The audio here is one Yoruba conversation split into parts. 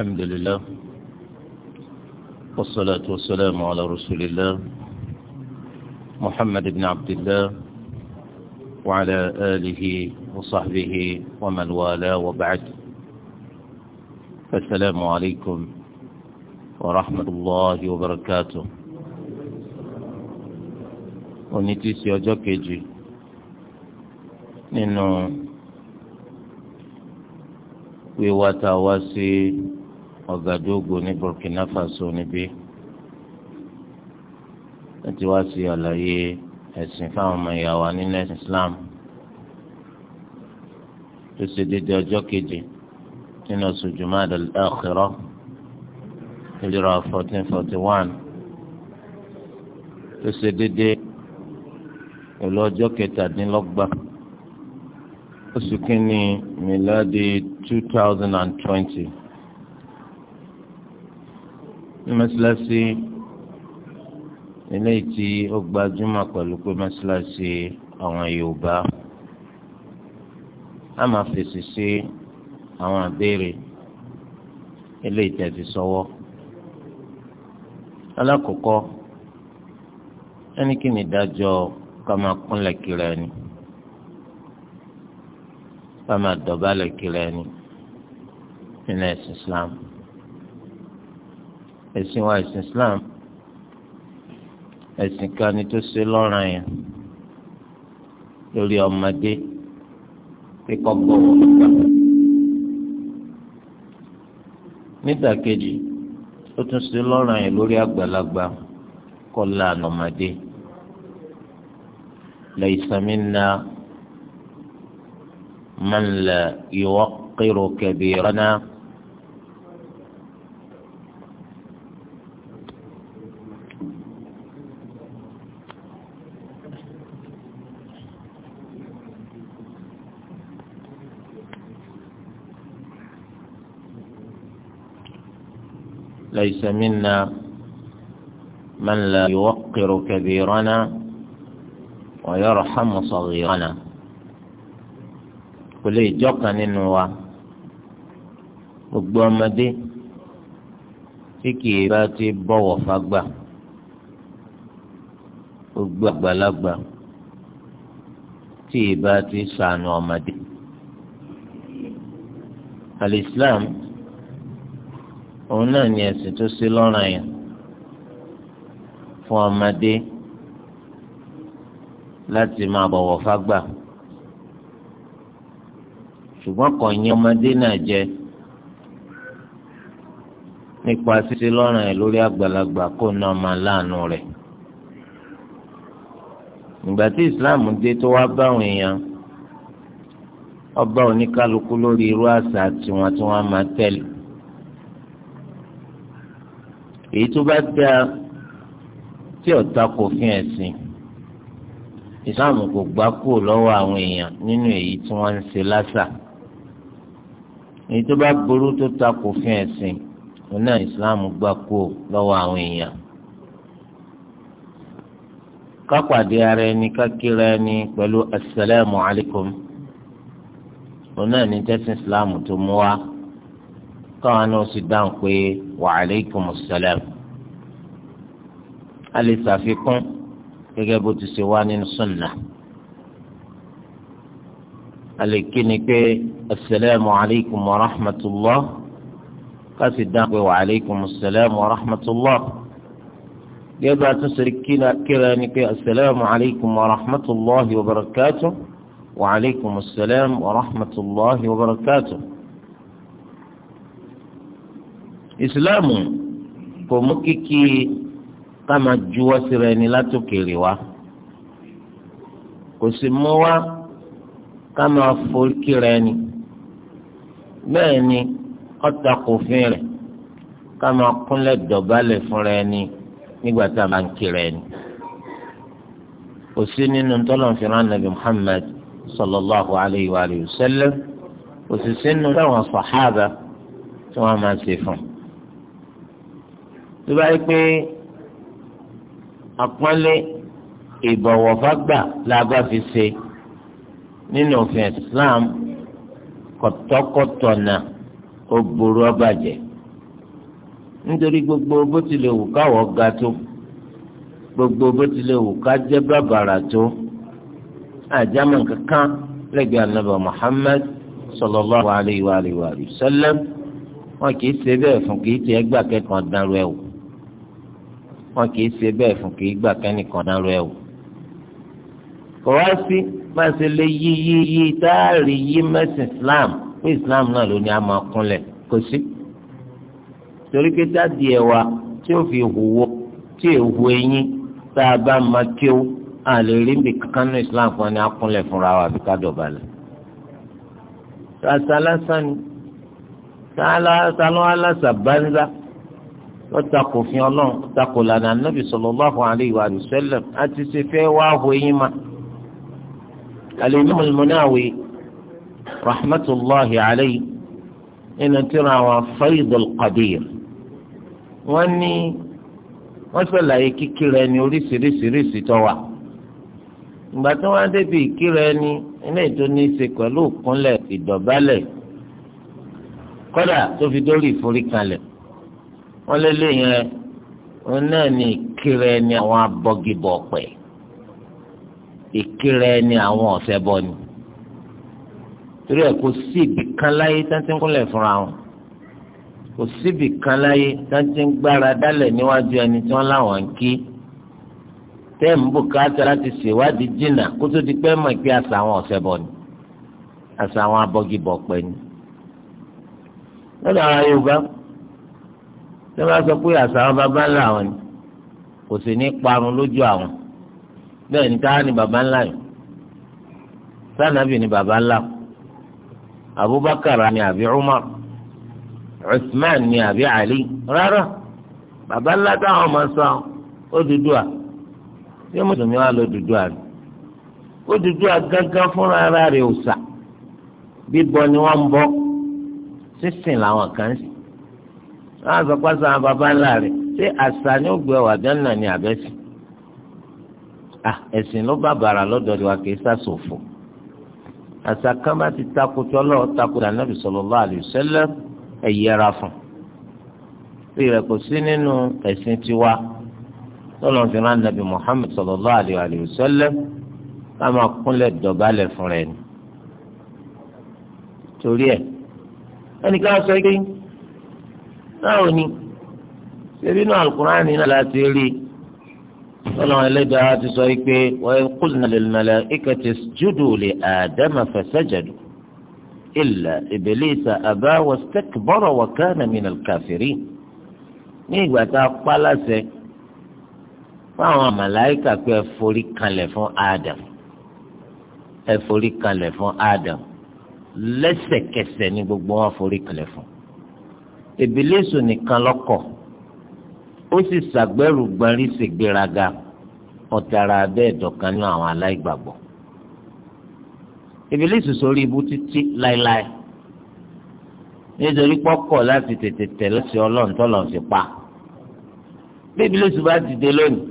الحمد لله والصلاة والسلام على رسول الله محمد بن عبد الله وعلى آله وصحبه ومن والاه وبعد السلام عليكم ورحمة الله وبركاته ونتيسي وجوكيجي إنه ويواتا واسي ọ̀gàdógò ní Burkina Faso níbí láti wá sí àlàyé ẹ̀sìn fáwọn ọmọ ìyá wa nínú ẹ̀sìn Islam tó ṣe dédé ọjọ́ keje nínú oṣù Jumada al-Akhirah ìlera fourteen forty one tó ṣe dédé pẹ̀lú ọjọ́ kẹtàdínlọ́gbọ̀n oṣù kínní miladi two thousand and twenty ní mọ́ṣáláṣí eléyìí tí ó gbajúmọ̀ pẹ̀lú pé mọ́ṣáláṣí àwọn Yorùbá a máa fèsì sí àwọn àbẹ̀rẹ̀ eléyìí tẹ̀sí sọ́wọ́ alákọ̀ọ́kọ́ ẹni kí ni ìdájọ́ ká máa kúnlẹ̀ kiri ẹni ká máa dọ̀bálẹ̀ kiri ẹni nínú ẹ̀sìn Islam ẹ̀sìn wa ẹ̀sìn Islam ẹ̀sìn kan ni tó ṣe lọ́ràn yẹn lórí ọmọdé kíkọ́ gbọ́wọ́ gbà. nídàkejì ó tún ṣe lọ́ràn yẹn lórí àgbàlagbà kọ́ lànà ọmọdé laysa minna man la yuwaqqiru kabirana. ليس منا من لا يوقر كبيرنا ويرحم صغيرنا kò lè jọ́kan nínú wa gbogbo ọmọdé tí kìí bá ti bọ̀wọ̀ fagbà gbogbo àgbàlagbà tí ì bá ti ṣàánú ọmọdé. Al-Islam. òun náà ni ẹ̀sìn tó ṣe lọ́ràn yẹn fún ọmọdé láti máa bọ̀wọ̀ fágbà ṣùgbọ́n kò yín ọmọdé náà jẹ nípa ṣíṣe lọ́ràn yẹn lórí àgbàlagbà kó náà máa láàánú rẹ̀ ìgbà tí Islam dé tó wá báwọn èèyàn ọba oníkálukú lórí irú àṣà tiwọn tí wọn máa tẹ̀lé èyí tó bá dáa tí ọ̀tá kò fi ẹ̀sìn ìsáàmù kò gbá kúrò lọ́wọ́ àwọn èèyàn nínú èyí tí wọ́n ń ṣe lásà èyí tó bá burú tó ta kò fi ẹ̀sìn òun náà ìsìláàmù gbá kúrò lọ́wọ́ àwọn èèyàn kápàdé ara ẹni kákìrá ẹni pẹ̀lú asalaamu alaykum òun náà ní tẹ́sán ìsìláàmù tó mú wa káwọn náà sì dáhùn pé. وعليكم السلام ألي سافيكم كجابو تسواني السنة ألي السلام عليكم ورحمة الله قاسي الدعوة وعليكم السلام ورحمة الله جابا تسرك كيراني السلام عليكم ورحمة الله وبركاته وعليكم السلام ورحمة الله وبركاته ìsìláàmù kò mú kíkí ká máa juwọ́ síra ẹni látòkèrè wa kò sì mú wa ká máa forí kíra ẹni bẹ́ẹ̀ ni ọ̀tà kò fin rẹ̀ ká máa kúnlẹ̀ dọ̀bálẹ̀ fúnra ẹni nígbà tá a máa ń kíra ẹni kò sí nínú tọ́lọ̀fìrán nàbì Muhammad sallallahu alayhi wa sallam kò sì sínú táwọn sàhábà tí wọ́n máa ṣe fún un tó bá yẹ pé àpọ́nlé ìbọ̀wọ̀fágbà la bá fi ṣe nínú òfin Islam kọ̀tọ́kọ̀tọ̀ náà ó burú ọbàjẹ́ nítorí gbogbo bó tilẹ̀ wù káwọ́ ga tó gbogbo bó tilẹ̀ wù ká jẹ́ bàbàrà tó àjámọ̀ kankan lẹ́gbẹ̀ẹ́ ànábì Muhammad sallallahu alayhi wa alihi wa sallam wọn kì í ṣe bẹ́ẹ̀ fún kì í ṣe ẹgbàá kẹ́kọ̀ọ́ dárú wọn kì í ṣe bẹ́ẹ̀ fún kì í gbà kẹ́nìkan dáró ẹ̀ wò. kò wá sí máa ṣe lè yí yí yí táàrí yí mẹ́sìn Islam pé Islam náà ló ní a máa kúnlẹ̀ kò sí. torí pé dáàdi ẹ̀ wa tí ó fi hùwọ́ tí èhu eyín tá a bá máa kéwò a lè rí ibi kankan ní Islam kan ní a kúnlẹ̀ fúnra wa àbí ká dọ̀bálẹ̀. sàṣà lásán ni sàlọ́ alásà bánzá. ó takò fi ọlọ́run ó lànà nàbì sallallahu alaihi wa sallam àti ṣe fẹ́ wá eyín ma. al-Imam al-Munawi rahmatulahi alayhi nínú tíra àwọn Faidul Qadir wọ́n ní wọ́n ṣàlàyé kíkìrẹ́ ni oríṣiríṣiríṣi ìgbà tí wọ́n á débi ìkìrẹ́ ni ní í ṣe pẹ̀lú ìdọ̀bálẹ̀ tó fi dórí wọ́n lélẹ̀ yẹn wọ́n náà ní ìkírẹ ni àwọn abọ́gibọ̀ pẹ̀ ìkírẹ ni àwọn ọ̀sẹ̀ bọ́ ni torí ẹ̀ kò sí ibì kan láyé tántínkúnlẹ̀ fúnra wọn kò síbì kan láyé tántínkúngbára dálẹ̀ níwájú ẹni tí wọ́n láwọn ń kí tẹ́ ń bò káàtà láti ṣèwádìí jìnnà kó tó di pẹ́ mọ̀ pé àṣà àwọn ọ̀sẹ̀ bọ̀ ni àṣà àwọn abọ́gibọ̀ pẹ̀ ni lọ́dọ̀ ara Yorùbá tí wọ́n bá sọ pé àṣà àwọn baba ńlá àwọn ni kò sì ní parun lójú àwọn bẹ́ẹ̀ ni táwọn ni baba ńlá yìí sanabi ni baba ńlá abubakar ni àbí umar usman ni àbí ali rárá baba ńlá táwọn ọmọ sọ ó dúdú à ṣé mùsùlùmí wa ló dúdú à ni ó dúdú à gángan fúnra ara rẹ̀ ò sà bíbọ ni wọ́n ń bọ sísìn làwọn kan sí náà sọ pé àṣà bàbá ńlá rẹ̀ ṣé àṣà ni ó gbé wàdánù ní àbẹ́sì ẹ̀sìn ló bá bàrà lọ́dọ̀ wa kì í sàṣòfò àṣà kan bá ti takùtọ̀ lọ́wọ́ takùtà nàbì sallallahu alaihi wasallam ẹ yẹra fún rírẹ̀ kò sí nínú ẹ̀sìn tiwa tọ́lọ́n fi rán nàbì Muhammad sallallahu alaihi wasallam ká máa kúnlẹ̀ dọ̀bálẹ̀ fún rẹ̀ ni torí ẹ̀ ẹnìkan sọ pé báwo ni ṣebí náà alukur'ani náà láti rí ọlọ́run ẹlẹ́dàá ti sọ pé wa qulna lil mala'ikati isjudu li Adama fasajadu illa Iblisa aba wastakbara wa kana minal kafirin ní ìgbà tá a pa láṣẹ fáwọn màláìkà pé ẹ forí kanlẹ̀ fún Adam ẹ forí kanlẹ̀ fún Adam lẹ́sẹ̀kẹsẹ̀ ni gbogbo wọn forí kanlẹ̀ fún ìbílẹ̀sù nìkan lọ́kọ̀ ó sì ṣàgbẹ́rù gbarí ṣègbéraga ọ̀tara bẹ́ẹ̀ dọ̀kan nínú àwọn aláìgbàgbọ́ ìbílẹ̀sù sórí ibú títí láéláé nítorí pọ́kọ̀ láti tètè tẹ̀ lọ́sẹ̀ ọlọ́run tọ́lọ́run sì pa bí ìbílẹ̀sù bá dìde lónìí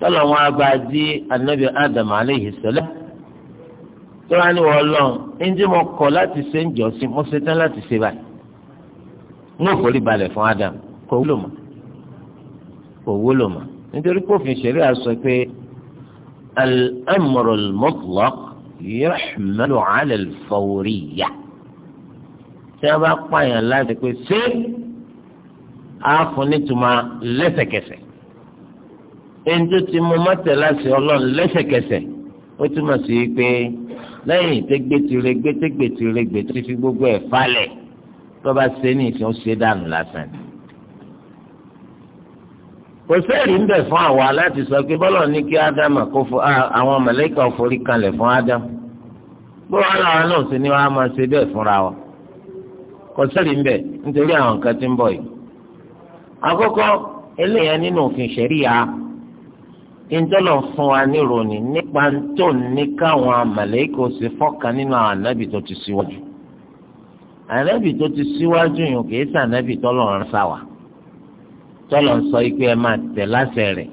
tọ́lọ́run á bá di anabi adam aleyhi sọlẹ́ tọ́lá ni wọ́n lọ́n ẹni tí mo kọ̀ láti ṣe ń jọ́sìn mo ṣetán láti ṣe báyìí ní òfòrí balẹ̀ fún Adam kò wúlò mọ́ kò wúlò mọ́ nítorí pófin ṣẹ̀rí àṣọ pé al-amru al-mutlaq yahmalu ala al-fawriyya tí wọ́n bá pààyàn láti pé ṣé a fún nítumọ̀ lẹ́sẹ̀kẹsẹ̀ ẹnjọ́ ti mú mọ́tẹ̀ láti ọlọ́run lẹ́sẹ̀kẹsẹ̀ ó túmọ̀ sí pé lẹ́yìn tẹ́gbẹ́tìrẹ́gbẹ́tẹ́gbẹ́tìrẹ́gbẹ́ fi gbogbo ẹ̀ falẹ̀. tọ́ba ṣe ní ìsìn ó dànù lásán. kò mbẹ ń bẹ̀ fún àwa láti sọ pé ní kí ádámà kó fún àwọn mọ̀lẹ́kà forí kanlẹ̀ fún ádám bóra làwọn náà sì ni wàá máa se bẹ́ẹ̀ fúnra wa kò sẹ́ẹ̀rí ń àwọn nǹkan ń bọ̀ nínú òfin ṣẹ̀ríya ìjọlọ fún wa níròyìn nípa tó ní káwọn mọ̀lẹ́kà ó ànábì tó ti síwájú yìí kì í sànábì tọ́lọ̀ ń sàwà tọ́lọ̀ ń sọ pé ẹ máa tẹ̀ láṣẹ rẹ̀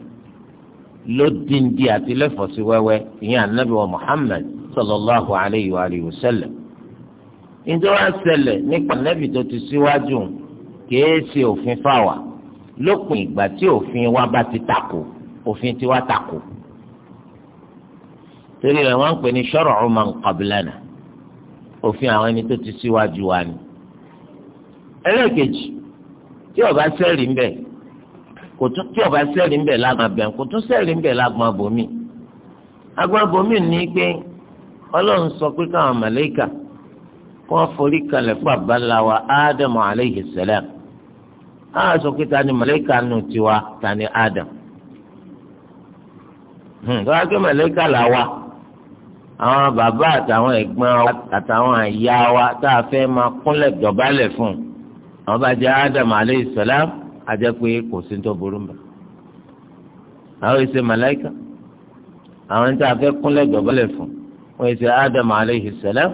lódìndí àti lẹ́fọ̀sí wẹ́wẹ́ ìyẹn ànábì wa Muhammad sallallahu alayhi wa alihi wa sallam. ìjọba ṣẹlẹ̀ nípa ànábì tó ti síwájú kì í ṣe òfin fáwà lópin ìgbà tí òfin wa bá ti takò òfin tiwa takò. torí rẹ̀ wọ́n ń pè ní shar'u man qablana. òfin àwọn ẹni tó ti síwájú wa ni. ẹlẹ́ẹ̀kejì tí ọba sẹ́ẹ̀rì ń kò tún tí ọba sẹ́ẹ̀rì ń la lágbọ̀n abẹ́ kò tún sẹ́ẹ̀rì ń lágbọ̀n abòmí. agbọ̀n abòmí ní pé ọlọ́run sọ pé káwọn màlẹ́kà kó forí kalẹ̀ fún aleyhi A sọ pé ta ni màlẹ́kà nù tiwa ta ni hmm, tọ́wá làwa. àwọn bàbá àtàwọn ẹ̀gbọ́n wa àtàwọn àyà wa tá a fẹ́ máa kúnlẹ̀ dọ̀bálẹ̀ fún àwọn bá jẹ́ Adam aleyhi salam àjẹpé kò sí tó burú mbà àwọn èsè màláìka àwọn tá a fẹ́ kúnlẹ̀ dọ̀bálẹ̀ fún wọ́n èsè Adam aleyhi salam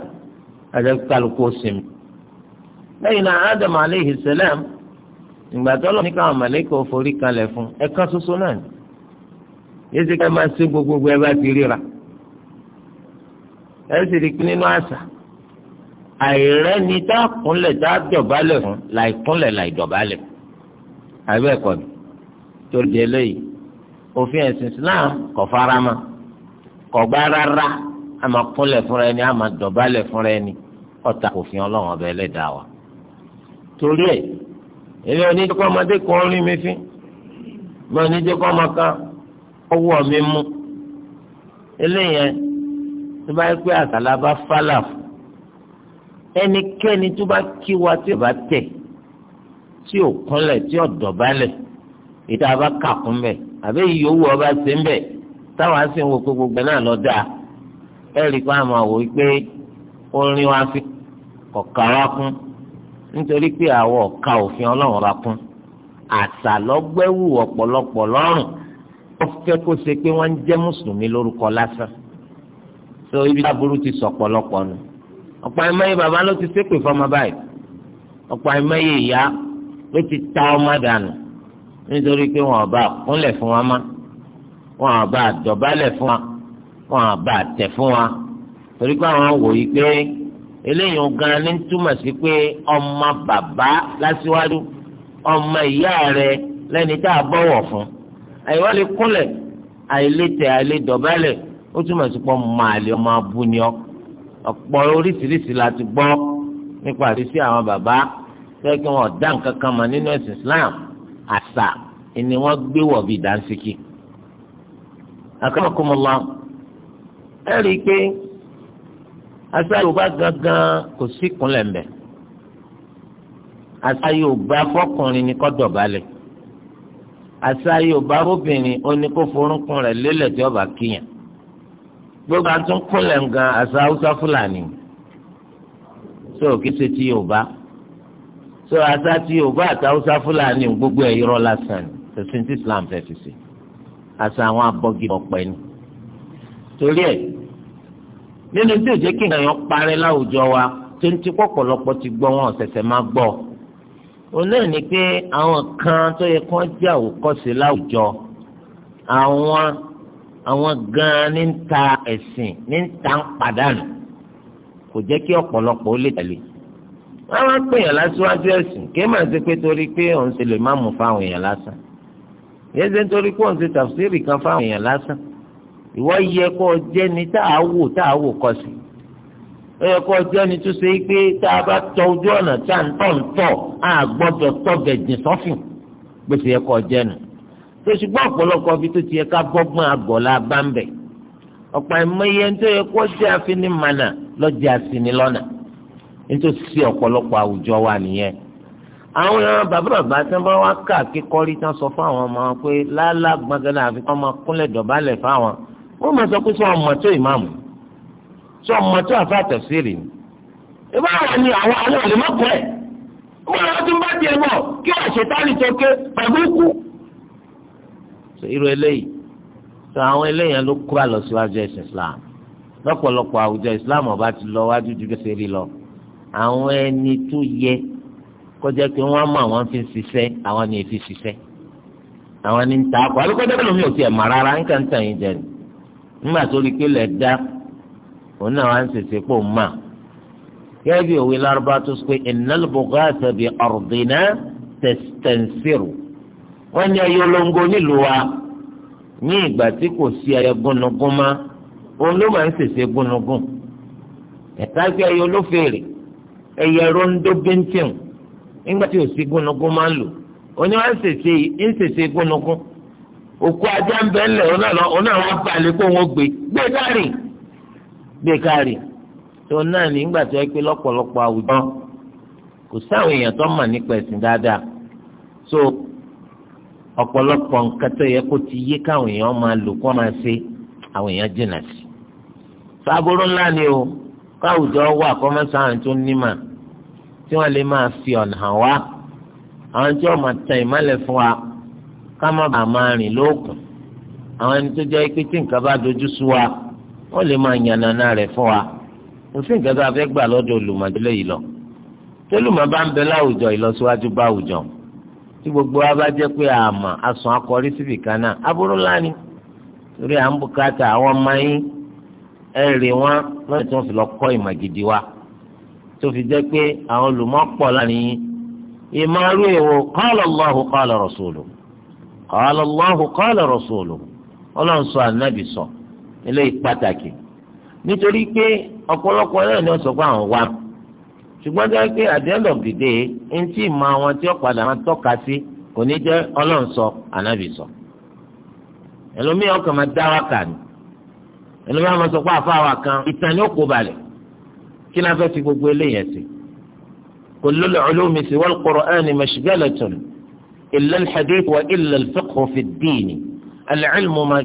àjẹpé kálukú sinmi lẹ́yìn náà Adam aleyhi salam ìgbà tó lọ ní káwọn màláìka ò forí kalẹ̀ fún ẹ̀ka ṣoṣo náà yéé ṣe ká máa ṣe gbogbogbò ẹ bá ti ríra ẹ sì rí i pé nínú àṣà àìrẹ́ni tá a kúnlẹ̀ tá a dọ̀bálẹ̀ fún láì kúnlẹ̀ láì dọ̀bálẹ̀ àbẹ́ ẹ̀kọ́ ni torí di eléyìí òfin ẹ̀sìn Islam kò farama kò gbá rárá a máa kúnlẹ̀ fúnra ẹni a máa dọ̀bálẹ̀ fúnra ẹni ọ̀tá òfin ọlọ́run ọbẹ̀ ẹlẹ́dàá wa torí ẹ̀ èmi ò ní jẹ́ kó ọmọdé kan rí mi fín mi ò ní jẹ́ kó ọmọ kan ọwọ́ mi mú eléyìí tó bá yẹ pé àsàlà bá fálà fún ẹnikẹ́ni tó bá kí wa tí ò bá tẹ̀ tí ò kúnlẹ̀ tí ò dọ̀bálẹ̀ ètò àbá kàkún bẹ̀ àbẹ́ ìyówó ọba ṣe ń bẹ̀ táwọn àṣẹ wo pé gbogbo náà lọ dáa ẹ̀rí kan àmọ́ àwò pé orin wa fi ọ̀kà wa kún nítorí pé àwọn ọ̀ka òfin ọlọ́run ra kún àṣà lọ́gbẹ́wù ọ̀pọ̀lọpọ̀ lọ́rùn ó fẹ́ kó ṣe pé wọ́n ń jẹ́ mùsùlùmí lórúkọ lásán so ibi aburú ti sọ pọ̀lọpọ̀ nù ọ̀pọ̀ ẹ̀mẹ́yẹ bàbá ló ti ṣépè fọmọ báyìí ọ̀pọ̀ ẹ̀mẹ́yẹ ìyá ló ti ta ọmọ dànù nítorí pé wọn ọba kúnlẹ̀ fún wa má wọn ọba dọ̀bálẹ̀ fún wa wọn ọba tẹ̀ fún wa torí pé àwọn wò yí pé eléyìí gan ni túmọ̀ sí pé ọmọ bàbá lásìwájú ọmọ ìyá rẹ lẹ́ni tá a bọ̀wọ̀ fún àyíwá lè kúnlẹ̀ àìlétẹ̀ àìlédọ̀bálẹ̀ ó túmọ̀ sí pọ́ màálì ọmọ abú ọ̀pọ̀ oríṣiríṣi la ti gbọ́ nípa àrísí àwọn bàbá fẹ́ kí wọ́n dá nǹkan kan mọ̀ nínú ẹ̀sìn Islam àṣà ni wọ́n gbé wọ̀ bíi dáńsíkì. àkàràkùnmọ̀lá ẹ rí i pé àṣà Yorùbá gangan kò sí ìkúnlẹ̀ mbẹ̀ àṣà Yorùbá fọkùnrin ni kó dọ̀bálẹ̀ àṣà Yorùbá fóbìnrin ó forúnkún rẹ̀ lélẹ̀ tí ó kíyàn gbogbo àtún kúnlẹ̀ nǹkan àṣà haúsá fúlàní so kì í ṣe ti yorùbá so àṣà ti yorùbá àti haúsá fúlàní gbogbo ẹ̀ irọ́ lásán ṣẹ̀ṣin tí islam fẹ́ fi ṣe àṣà àwọn abọ́gi ọ̀pẹ ni torí ẹ̀ nínú tí òjé kí nǹkan yẹn parẹ́ láwùjọ wa tó ń ti pọ̀pọ̀lọpọ̀ ti gbọ́ wọn ṣẹ̀ṣẹ̀ máa gbọ́ òun náà ni pé àwọn kan tó yẹ kí jẹ́ àwòkọ́ṣe láwùjọ àwọn àwọn gan-an ní ń ta ẹ̀sìn ní ń ta ń padànù kò jẹ́ kí ọ̀pọ̀lọpọ̀ ó lè tẹ̀lé wọ́n máa ń pè yàn lásìwájú ẹ̀sìn kí màá ṣe pé torí pé òun ṣe lè má mú fáwọn èèyàn lásán yéé ṣe nítorí pé òun ṣe tàfsírì kan fáwọn èèyàn lásán ìwọ yẹ kó o jẹ́ ni tá a wò tá a wò kọ sí ó yẹ kó o jẹ́ ni tó ṣe é pé tá a bá tọ ojú ọ̀nà tá à ń tọ̀ ń tọ̀ á gbọ́dọ̀ tọ̀ bẹ̀jìn sọ́fìn o jẹ́ nu tó ṣùgbọ́n ọ̀pọ̀lọpọ̀ fi tó ti yẹ ká bọ́gbọ́n àgọ́ la bá ń bẹ̀ ọ̀pọ̀ ẹ̀mọ́yẹ ń tó yẹ kó jẹ́ afinimànà lọ́jẹ́ asinilọ́nà nítòsí ọ̀pọ̀lọpọ̀ àwùjọ wa nìyẹn àwọn èèyàn bàbá bàbá tí wọn bá wá ká kíkọrí tán sọ fún àwọn ọmọ wọn pé lálá gbọngànà àfi kọ́ máa kúnlẹ̀ dọ̀bálẹ̀ fáwọn wọn máa sọ pé sọ ọmọ tó ìmáàmù sọ ọmọ tó àfa àtẹ̀sírì ni ìbá wà ní àwọn àwọn irú eléyìí tó àwọn eléyìí ló kúrò lọ síwájú ẹ̀sìn islam lọ́pọ̀lọpọ̀ àwùjọ islam ọba ti lọ wájú ju bẹ́sẹ̀ rí lọ àwọn ẹni tó yẹ kọjá pé wọ́n mọ àwọn fi ń ṣiṣẹ́ àwọn ni èfi ṣiṣẹ́ àwọn ni ń ta akọ alukọjá pẹ̀lú mi ò tiẹ̀ mọ rárá ń kàn tàn yín jẹ nígbà tó rí i dá òun náà wá ń ṣèṣe pò mà gẹ́gẹ́ bí òwe lárúbá tó sọ pé ìnálùbọ̀gá àtàbí ọ̀rọ̀dìnà tẹ̀sítẹ̀nsìrù wọ́n ní ẹyọ olóńgó nílùú wa ní ìgbà tí kò sí ẹyẹ gúnugún ma òun ló máa ń sèse gúnugún ẹ̀ka gbé ẹyọ olófèrè rondo bíntín nígbà tí ò sí ń lò òun ni ń sèse ń òkú ajá ń bẹ́ ńlẹ̀ òun náà kó gbé gbé gbé tó náà nígbà pé àwùjọ kò sáwọn èèyàn tó ọ̀pọ̀lọpọ̀ nǹkan tó yẹ kó ti yé káwọn èèyàn máa lò kó máa ṣe àwọn èèyàn jìnnà sí. sábúrú ńlá ni o káwùjọ wà kọ́mọ́sáwọn tó nímà tí wọ́n lè máa fi ọ̀nà hàn wá àwọn tí wọ́n máa tan ìmọ̀lẹ̀ fún wa ká má bàa máa rìn lóògùn àwọn ẹni tó jẹ́ pé tí nǹkan bá dojú sú wa wọ́n lè máa yànnàná rẹ̀ fún wa òfin nǹkan tó a fẹ́ gbà lọ́dọ̀ olùmọ̀dé lẹ́yìn lọ tí gbogbo wa bá jẹ́ pé àmà asùn akọrí síbi kan náà aburú lánìí torí à ń bùkátà àwọn ọmọ yín wọn fi lọ kọ́ ìmọ̀ gidi wa tó fi jẹ́ pé àwọn olùmọ̀ pọ̀ lánìí yín ìmọ̀ arú èwo qala Allahu qala rasuluhu Allahu qala sọ ànábì sọ eléyìí pàtàkì nítorí pé ọ̀pọ̀lọpọ̀ náà ni wọ́n ṣùgbọ́n jẹ́ pé at the end of the day ń tí ì mọ àwọn tí ó padà máa tọ́ka sí kò ní jẹ́ ọlọ́run sọ ànábì sọ. ẹlòmíì ọkàn máa dá wákà ni ẹlòmíì àwọn sọ pé àfa wa kan ìtàn ni ó kó balẹ̀ kí náà fẹ́ fi gbogbo eléyẹn sí. kullu al-ulumi siwa al-Qur'an mashghalatun illa al-hadith wa illa al fi ad-din al ma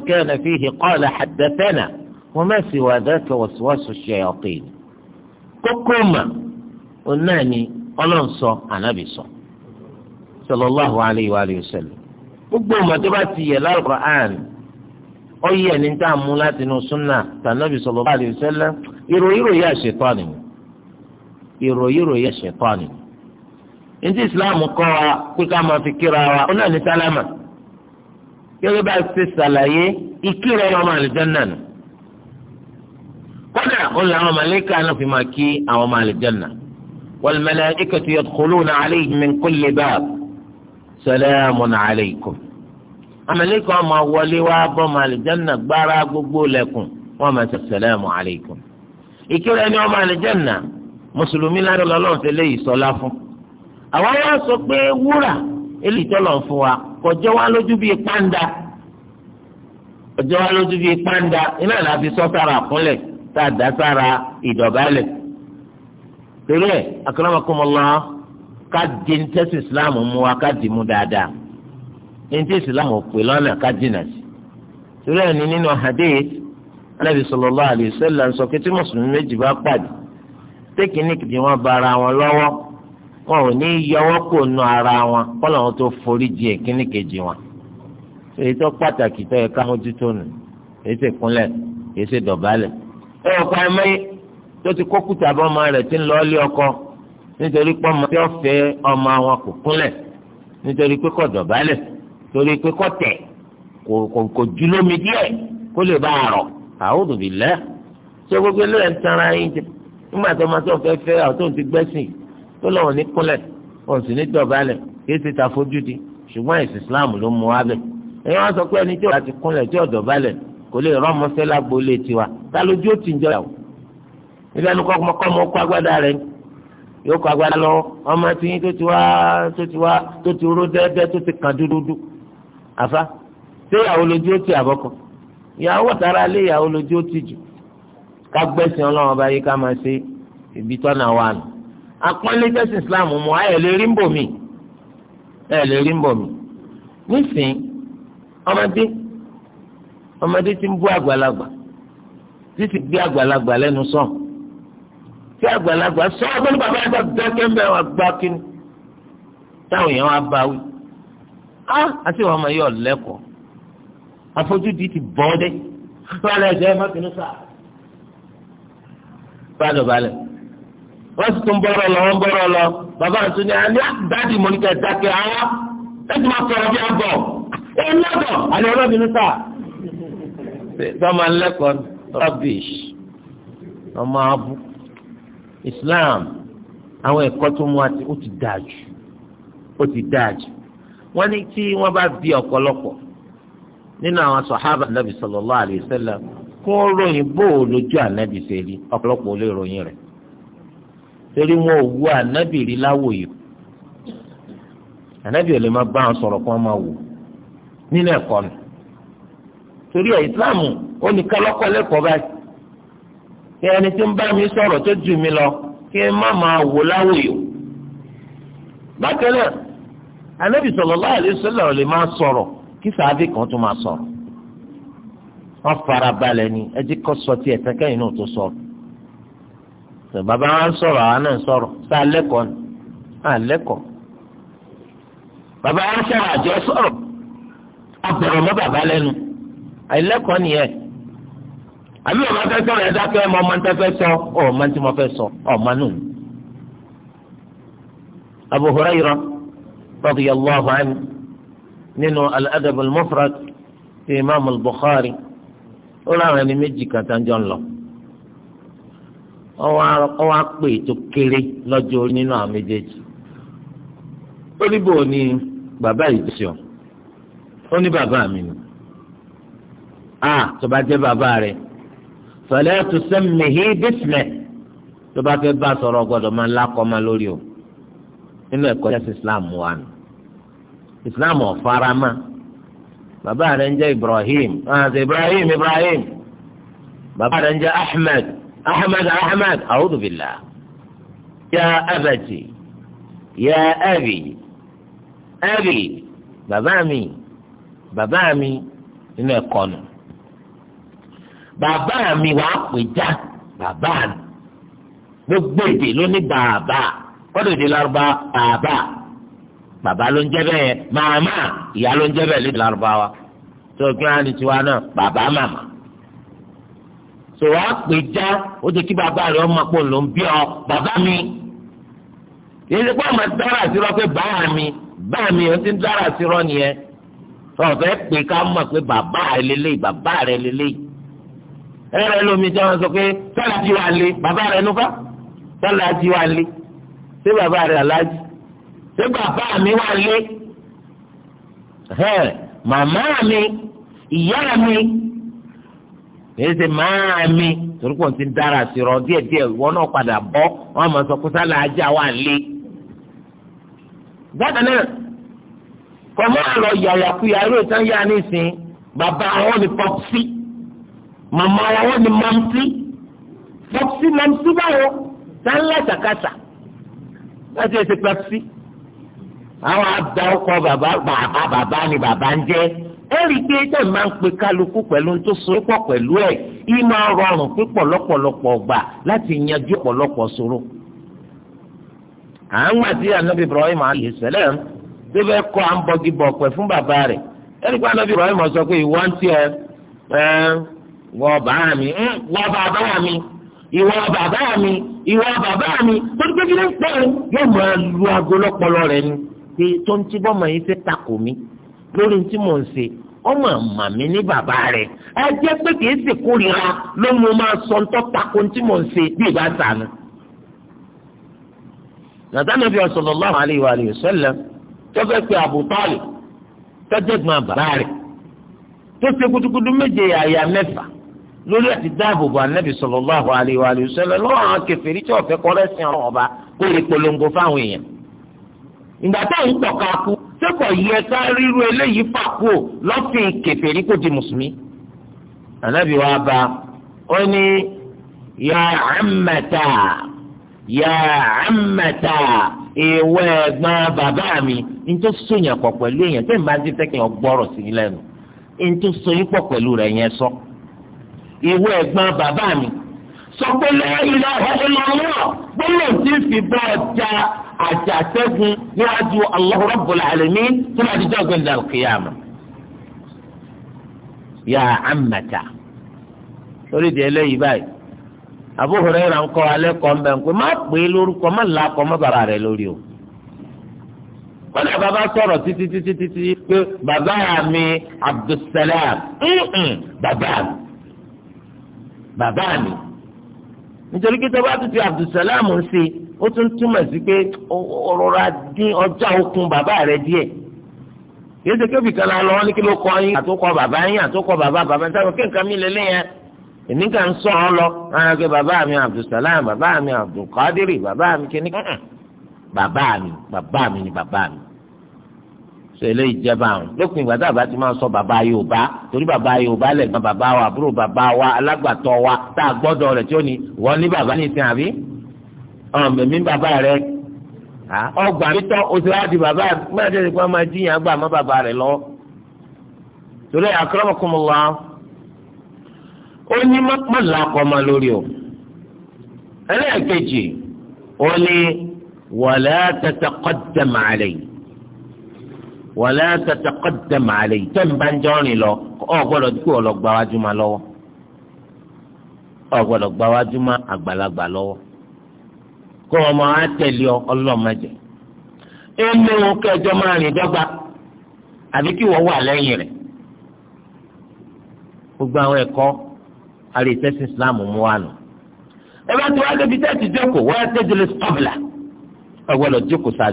kana òun náà ni ọlọ́run sọ ànábì sọ sallallahu alayhi wa alihi wa sallam gbogbo ọmọ bá ti yẹ l'Al-Qur'an ọyẹ ẹni tá a mú láti inú súnà tànábì ya alayhi wa sallam ìròyìnròyìn àṣetọ́ ni ìròyìnròyìn àṣetọ́ ni islam kọ́ wa pé ká máa fi kíra wa ó náà sálámà bá ti ọmọ nù ó làwọn والملائكة يدخلون عليه من كل باب سلام عليكم àmàlẹ́kọ̀ ọmọ wọlé wá bọ́mọ àlìjánná gbára gbogbo lẹ́kùn wọ́n máa ṣe sàlámù àlẹ́kùn. ìkírò ẹni ọmọ àlìjánná mùsùlùmí lára lọ́lọ́run ti lé ìsọlá fún. àwọn yóò sọ pé wúrà eléyìí tọ́lọ̀ ń fún wa kò jẹ́ wá lójú bíi pàǹdà kò jẹ́ wá lójú bíi pàǹdà iná làbí sọ́ sára àkúnlẹ̀ tá a dá sára ìdọ̀bálẹ̀. torí ẹ akramakumullah ká di ní islam mu wa ká di mú dáadáa ní islam pè lọ́nà ká dínà sí torí ẹ nínú hadith anabi sallallahu alayhi wa sallam sọ pé tí mùsùlùmí méjì bá pàdé tẹkíníkì tí wọ́n bara wọn lọ́wọ́ wọn ò ní kó nu ara wọn kọ́lọ̀ wọn tó forí jì ẹ̀kíní kejì wọn èyí tó pàtàkì tó yẹ ká mójútó nù tó ti kó kùtà bọ́ ọmọ rẹ̀ ti ń lọ ilé ọkọ nítorí pé ọmọ tí ó fẹ́ ọmọ àwọn kò kúnlẹ̀ nítorí pé kò dọ̀bálẹ̀ torí pé kò tẹ̀ kò kò kò ju lómi díẹ̀ kó lè bá a rọ̀ àwòrán bì lẹ́ ṣé gbogbo eléyà ń tanra yín jẹ nígbà tó ọmọ tó fẹ́ fẹ́ àwọn tó ń ti gbẹ́sìn tó lọ́wọ́ ní kúnlẹ̀ wọn sì ní dọ̀bálẹ̀ kí ti ta fojú di ṣùgbọ́n ẹ̀sìn Islam ló mú wa bẹ̀ ẹ̀yin wọn sọ pé ẹni tí ó bá ti kúnlẹ̀ tí ó dọ̀bálẹ̀ kò lè rọ́mọṣẹ́ lágbo níbi ẹnu kọ́ ọmọkọ́ ọmọ kó agbádá rẹ̀ yóò kó agbádá lọ ọmọ tí yín tó ti wá tó ti wá tó ti ró dẹ́dẹ́ tó ti kàn dúdúdú àfa ṣé ìyàwó lójú ó ti àbọ̀kọ ìyàwó tara lé ìyàwó lójú ó ti jù ká gbẹ́sìn ọlọ́run báyìí ká máa ṣe ibi tọ́nà wà nù àpọ́nlé tẹ́sí Islam mu ayẹ̀ lè rí ń bò mí lè rí ń bò mí ọmọdé ọmọdé ti ń bú àgbàlagbà títí gbé àgbàlagbà lẹ́nu sọ̀rọ̀ tí àgbàlagbà sọ ọ́ pẹ̀lú bàbá ẹ̀dá dákẹ́ mbẹ́ wà gbá kínní táwọn èèyàn wá bá wí. á àti wọn máa yọ lẹ́kọ̀ọ́ àfojúdi ti bọ́ dé balẹ̀ ẹ̀jẹ̀ ẹ̀ má bínú sá. balẹ̀ balẹ̀ wọ́n sì tún bọ́rọ̀ lọ wọ́n bọ́rọ̀ lọ bàbá àtúnyẹ àní àdáàdì mọ́nìkà dákẹ́ àwọn ẹ̀jẹ̀ máa sọ̀rọ̀ bí àbọ̀ ẹ̀ lọ́dọ̀ àní ọlọ́bìnrin sá. sọ́mọ alẹ́kọ̀ọ́ rọ́bìṣ ọmọ abú. Islam àwọn ẹ̀kọ́ tó mú àti ó ti dáa ó ti wọ́n ní wọ́n sallallahu kó lójú ànábì ṣe rí ọ̀pọ̀lọpọ̀ ròyìn rẹ̀ torí wọn ò wú ànábì rí ànábì ò lè bá wọn sọ̀rọ̀ kó wọn wò nínú ẹ̀kọ́ nù torí ẹ̀ kí ẹni tí ń bá mi sọ̀rọ̀ tó jù mí lọ kí ẹ má máa wò láwòyò. bákan náà anábì sallallahu alaihi wasallam lè máa sọ̀rọ̀ kí sàábì kan tó máa sọ̀rọ̀. wọ́n fara balẹ̀ ni ẹ kọ́ sọ tí ẹ̀ tẹ́kẹ́yìn náà tó sọ̀rọ̀. sọ bàbá wa ń sọ̀rọ̀ àwa náà ń sọ̀rọ̀ sá lẹ́kọ̀ọ́ ni bàbá wa ń sọ̀rọ̀ àjọ sọ̀rọ̀ àbí ọmọ fẹ́ sọ rẹ̀ dákẹ́ ọmọ ọmọ tẹ́ fẹ́ sọ ọmọ tí mo fẹ́ sọ ọmọ nù. Abu Hurayra radiyallahu anhu nínú al-adab al-mufrad ti imaamu al-Bukhari ó láwọn ẹni méjì kan tá ń jọ ń lọ ọ wá pè tó kéré lọ́jọ́ nínú àwọn méjèèjì ó ní bò ní bàbá ìjọsìn ó ní bàbá mi ni a ah, tó bá jẹ́ bàbá rẹ̀ fala tusammihi bismihi tó bá fẹ́ bá sọ̀rọ̀ gbọ́dọ̀ máa lákọ́ máa lórí o nínú ẹ̀kọ́ jẹ́sí islam wa nù islam ọ̀farama bàbá rẹ̀ ń jẹ́ ibrahim ọ̀hánṣẹ́ ah, ibrahim ibrahim bàbá rẹ̀ ń jẹ́ ahmed ahmed ahmed a'udhu billah abati ya abi abi bàbá mi bàbá mi nínú ẹ̀kọ́ nù bàbá mi wàá pè já bàbá mi gbogbo èdè ló ní bàbá kọ́dọ̀ èdè lárúbá bàbá bàbá ló ń jẹ́ bẹ́ẹ̀ màmá ìyá ló ń jẹ́ bẹ́ẹ̀ lédè lárúbá wa tó kí wọ́n á ní tiwa náà bàbá màmá tó wàá pè já ó ti kí bàbá rẹ̀ ọmọ pò ló ń bí ọ bàbá mi èyí ti àmọ́ dára sí pé bàá mi bàá mi ó ti dára sí nìyẹn tó o fẹ́ pè ká mọ̀ pé bàbá rẹ lélẹ́yìí bàbá rẹ lélẹ́yìí ẹrẹ lómi tí wọn sọ pé sọláàjì wà lé bàbá rẹ nufa sọláàjì wà lé ṣé bàbá rẹ aláàjì ṣé bàbá mi wà lé màmá mi ìyá mi èyí ṣe máa mi torí kò ti ń dára sí rọ díẹ̀ díẹ̀ wọn náà padà bọ́ wọn máa sọ pé sọláàjì wà lé gbọ́dọ̀ náà kọ máa lọ yàyàkuyà eré ìtàn yá nísìn bàbá wọn ni pọpsi mama wọn ni mamsi pepsi mamsi báwo sanla sakasa láti ẹsẹ pepsi àwọn àgbà ọkọ bàbá bàbá bàbá ni bàbá ń jẹ ẹ̀rí pé tẹ̀ máa ń pe kálukú pẹ̀lú tó so pọ̀ pẹ̀lú ẹ̀ yìí máa rọrùn pé pọ̀lọ́pọ̀lọpọ̀ gbà láti yanjú pọ̀lọ́pọ̀ ṣòro. à ń gbà tí anabi ibrahim alayhi salam tó fẹ́ kọ́ à ń bọ́gi bọ̀ pẹ̀ fún bàbá rẹ̀ ẹ̀rí pé anabi ibrahim sọ pé ìwọ ń tiẹ̀ ẹ̀ ìwọ hm, bàbá mi ìwọ bàbá mi ìwọ bàbá mi ìwọ bàbá mi tó ti gbégi ní pẹ́ẹ́rẹ́ yóò máa lu aago lọ́pọlọ rẹ ni pé tó ń tí bọ́mọ yìí fẹ́ takò mí lórí tí mò ń ṣe ọmọ màmá mi ní bàbá rẹ ẹ jẹ́ pé kì í sì kórìíra ló mú máa sọ ń takò tí mò ń ṣe bí ìbá sànù. nàdánù bí sallallahu alaihi wa alihi wasallam tó fẹ́ pe Abu Talib tọ́jẹ́gbọ́n bàbá rẹ̀ tó ṣe gudugudu méje àyà mẹ́fà lórí àti dáàbò bò anabi sallallahu alaihi wa alihi wasallam lọ́wọ́ àwọn kèfèrí tí ọfẹ kọrẹ sí àwọn ọba kó lè polongo fáwọn èèyàn ìgbà tó ń tọka kú sẹkọ yẹ ká ríru eléyìí fàkó lọfìn kèfèrí kó di mùsùlùmí anabi wa bá ó ní yà ammata yà ammata ìwọ ẹ̀gbọ́n bàbá mi nítorí sóyìn àpọ̀ pẹ̀lú èèyàn tẹ́ ìwé ẹ̀gbọ́n bàbá mi sọ pé lẹ́yìn ọhụrụ ọ̀hẹ́dẹ́lọ́wọ́ gbọ́dọ̀ tí ń fi bá ọjà àjàṣẹ́gun níwájú Allahu Rabbul Alamin tó máa di jọ́gbìn ya amata. á mẹ́ta lórí ìdí ẹlẹ́yìí báyìí Abu Hurairah ń kọ́ alẹ́ kọ́ ń bẹ̀ ń pé má pè é lórúkọ má là kọ́ rẹ̀ lórí o wọ́n bàbá sọ̀rọ̀ títí títí títí pé bàbá mi Abdulsalam mi. bàbá mi nítorí kí tọ́ba tún ti Abdulsalam ń ṣe ó tún túmọ̀ sí pé ọ̀rọ̀ra dín ọjà okun bàbá rẹ̀ díẹ̀ yóò ṣe kébì kan lọ wọn ní kí ló kọ yín àtúkọ bàbá yín àtúkọ bàbá bàbá táwọn kí nǹkan mi lélẹ̀ yẹn èmi kàn ń sọ ọ lọ àwọn akẹ́ bàbá mi Abdulsalam bàbá mi Abdulkadiri bàbá mi kìnnìkan bàbá mi bàbá mi ni bàbá mi sọ eléyìí jẹba àwọn lókun ìgbà tá a bá ti máa sọ bàbá Yorùbá torí bàbá Yorùbá lẹ́gbọ́n bàbá wa àbúrò bàbá wa alágbàtọ́ wa tá a gbọ́dọ̀ rẹ̀ tí ó ní wọ́n ní bàbá ní ìsìn àbí ọ̀n mẹ̀mí bàbá rẹ̀ ọgbà mi tọ́ oṣù láti bàbá gbọ́dọ̀ tẹ̀sí pé máa jiyàn gbà mọ́ bàbá rẹ̀ lọ. torí àkọ́rọ́mọkùnmọ́lá ó ní mọ́lá kọ́mọ lórí o ẹlẹ́ẹ̀kejì ó ní wala tataqaddam alayhi wàlẹ́ àtàtàkọ́dà màálẹ̀ yìí lọ ọ ọ ọ gbọ́dọ̀ àgbàlagbà lọ́wọ́ kó wọn máa tẹ̀lé ọlọ́mọdé ẹnu kẹjọ máa rìn dọ́gba àbí kí wọ́n wà lẹ́yìn rẹ̀ gbogbo àwọn ẹ̀kọ́ Islam mú wa nù ẹ bá ti wá débi jókòó wọ́n á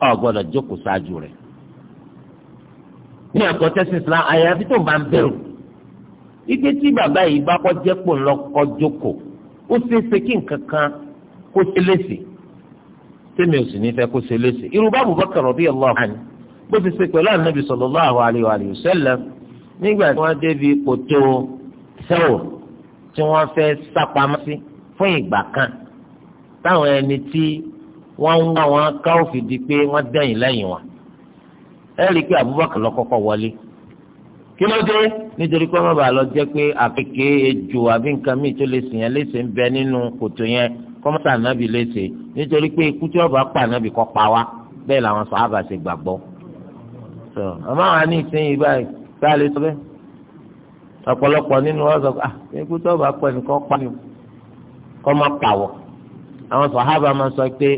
ọ gbọ́dọ̀ jókòó ṣáájú rẹ̀ ní ẹ̀kọ́ tẹsán islam àyàfi tó máa ń bẹ̀rù ike tí bàbá yìí bá kọ jẹpọ ńlọkọ jókòó ó ṣeé ṣe kí nǹkan kan kó ṣe léṣe tẹmí òsì nífẹ̀ẹ́ kó ṣe léṣe irú bá Abubakar radiyallahu anhu bó ti ṣe pẹ̀lú ànábì sallallahu alaihi wa sallam nígbà tí wọ́n débi kòtò sẹ́wọ̀ tí wọ́n fẹ́ sápamọ́ sí fún ìgbà kan táwọn ẹni tí wọ́n ń wá wọn ká ó fi di pé wọ́n dẹ́yìn lẹ́yìn wọn ẹ rí i pé Abubakar lọ kọ́kọ́ wọlé kí ló dé nítorí pé wọ́n bá lọ jẹ́ pé àkèké ejò àbí nǹkan míì tó lè sìn yẹn léṣe ń bẹ nínú kòtò yẹn kọ́mọ́tà ànábì léṣe nítorí pé ikú tí wọ́n bá pa ànábì kọ́ pa wá bẹ́ẹ̀ làwọn sàhábà ṣe gbàgbọ́ àmọ́ àwọn àní ìsinyìí báyìí bá a lè sọ bẹ́ẹ̀ ọ̀pọ̀lọpọ̀ nínú wọn sọ ah ikú tí wọ́n bá pa ẹnìkan pa ni kọ́ má pàwọ̀ àwọn sàhábà máa sọ pé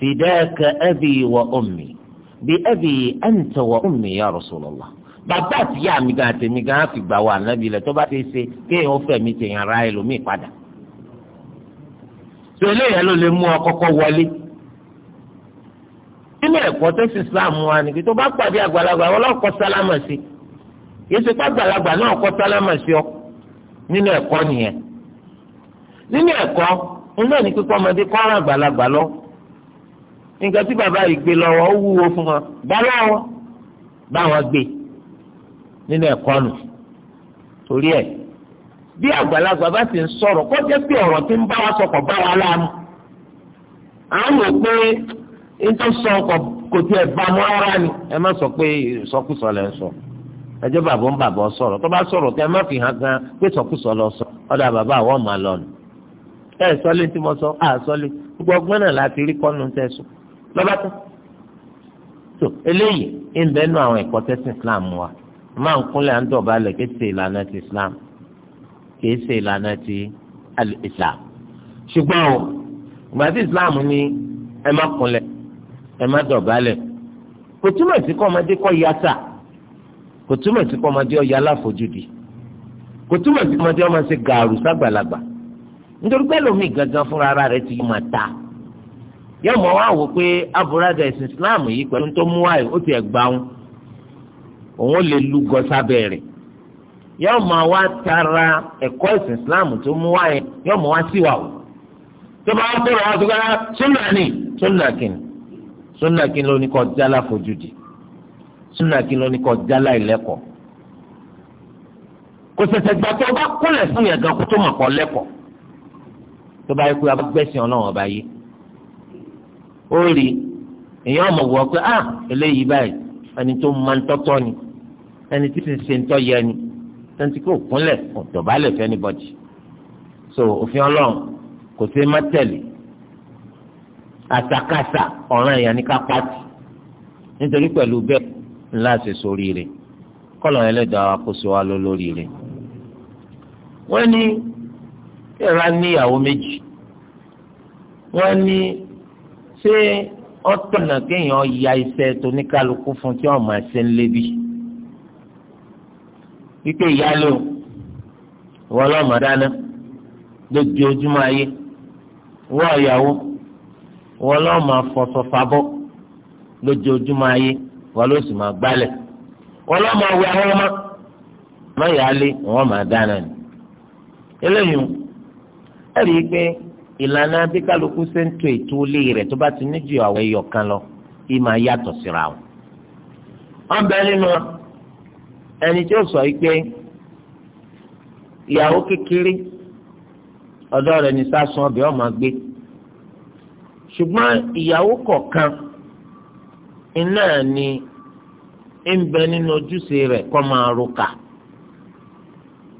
فداك أبي وأمي بأبي أنت وأمي يا رسول الله bàbá àtìyá mi gan àtẹ̀mí gan fi gbà wà nábì lẹ̀ tó bá ti ṣe kéèyàn fẹ̀mí tèèyàn ara ẹlòmíì padà. tó eléyà ló lè mú ọ kọ́kọ́ wọlé. wa ni tó bá pàdé àgbàlagbà wọn lọ́kọ́ sálámà sí yìí ṣe àgbàlagbà náà kọ́ sálámà sí ọ nínú ẹkọ nìyẹn. nínú nǹkan tí bàbá yìí gbé lọ́wọ́ ó wúwo fún wọn bá lọ́wọ́ bá wọn gbé nínú ẹ̀kọ́ nù torí ẹ̀ bí àgbàlagbà bá ti ń sọ̀rọ̀ kó jẹ́ pé ọ̀rọ̀ tí ń bá wa sọ̀kọ̀ bá wa láàmú àwọn ò pé nítorí sọ ọkọ̀ kò tiẹ̀ bá mọ́ ara ni ẹ má sọ pé ìsọkúsọ lẹ́ ń sọ ẹjọ́ bàbá ń bàbá sọ̀rọ̀ tó bá sọ̀rọ̀ kí ẹ má fi hàn gan pé ìsọkúsọ lọ sọ ọ̀dà bàbá àwọn ọ̀ma lọ nù ẹ sọ́lé tí mo sọ àsọ́lé gbogbo ọgbọ́n náà láti rí kọ́nù tẹ̀sùn lọ́ba tán so eléyìí ìbẹ́ nu àwọn ẹ̀kọ́ tẹ́sán islam wa máa ń kúnlẹ̀ à ń dọ̀bálẹ̀ kì ṣe ìlànà ti islam kì í ṣe ìlànà ti islam ṣùgbọ́n o ìgbà tí islam ní ẹ má kúnlẹ̀ ẹ má dọ̀bálẹ̀ kò túmọ̀ sí kọ́ ọmọdé kọ́ yàtà kò túmọ̀ sí kọ́ ọmọdé ọ̀yà aláfojúdi kò túmọ̀ sí kọ́ ọmọdé ọmọ ṣe gàrú sàgbàlagbà nítorí pẹ́ lómi gangan fúnra rẹ̀ ti yí máa ta yóò mọ̀ wá wò pé aburada ẹ̀sìn islam yìí pẹ̀lú tó mú wáyé ó ti ẹ̀ gbà wọn òun lè lu gọ́sà bẹ̀rẹ̀ yóò mọ̀ wá tara ẹ̀kọ́ ẹ̀sìn islam tó mú wáyé yóò mọ̀ wá síwà o tó bá wá bẹ̀rẹ̀ wá tó ká sunna ni sunna kìnnì sunna kìnnì ló ní kọ́ jálá fojúdi sunna kìnnì ló ní kọ́ jálá ìlẹ́kọ̀ọ́ kò sẹ̀sẹ̀ gbà tó o bá kúnlẹ̀ fún yẹn gan kó tó mọ̀ kọ́ lẹ́kọ̀ọ́ tó bá yẹ kó o bá gbẹ̀sìn ọlọ́run ọba yìí ó rí èèyàn mọ̀ wọ́ pé ah eléyìí báyìí ẹni tó máa ń tọ́tọ́ ni ẹni tí ń ṣe ń tọ́ yẹ ni tẹ́ntì kò kúnlẹ̀ kò dọ̀bálẹ̀ fẹ́ni bọ́dì so òfin ọlọ́run kò sí má tẹ̀lé àtàkàtà ọ̀ràn èèyàn ní ká pàtì nítorí pẹ̀lú bẹ́ẹ̀ ńlá ṣe sórí rẹ̀ kọ́lọ̀ ẹlẹ́dàá wa kó wa lọ lórí rẹ̀ wọ́n ní ìran níyàwó méjì wọ́n ní ṣé ọ̀tọ̀nà kéèyàn ya iṣẹ́ tóníkàlùkù fún tí wọ́n máa ṣe ń lébi wípé ìyálò ìwọ lọ́mọ dáná lójoojúmọ́ ayé ìwọ ìyàwó ìwọ lọ́mọ afọ̀sọ̀fàbọ̀ lójoojúmọ́ ayé ìwọ ló sì máa gbálẹ̀ ìwọ lọ́mọ awẹ àwọn ọmọ ọmọ ìyáálé ìwọ máa dáná ni eléyìí ẹ̀rí pé ìlànà bí ṣe ń to ètò ilé rẹ̀ tó bá ti ní ju àwọn ẹyọ kan lọ kí máa yàtọ̀ síra O wọ́n bẹ nínú ẹni tí ó sọ yìí pé ìyàwó kékeré ọ̀dọ́ rẹ̀ ní sásùn ọbẹ̀ ọmọ gbé ṣùgbọ́n ìyàwó kọ̀ọ̀kan iná ni ń bẹ nínú ojúṣe rẹ̀ kó máa ro kà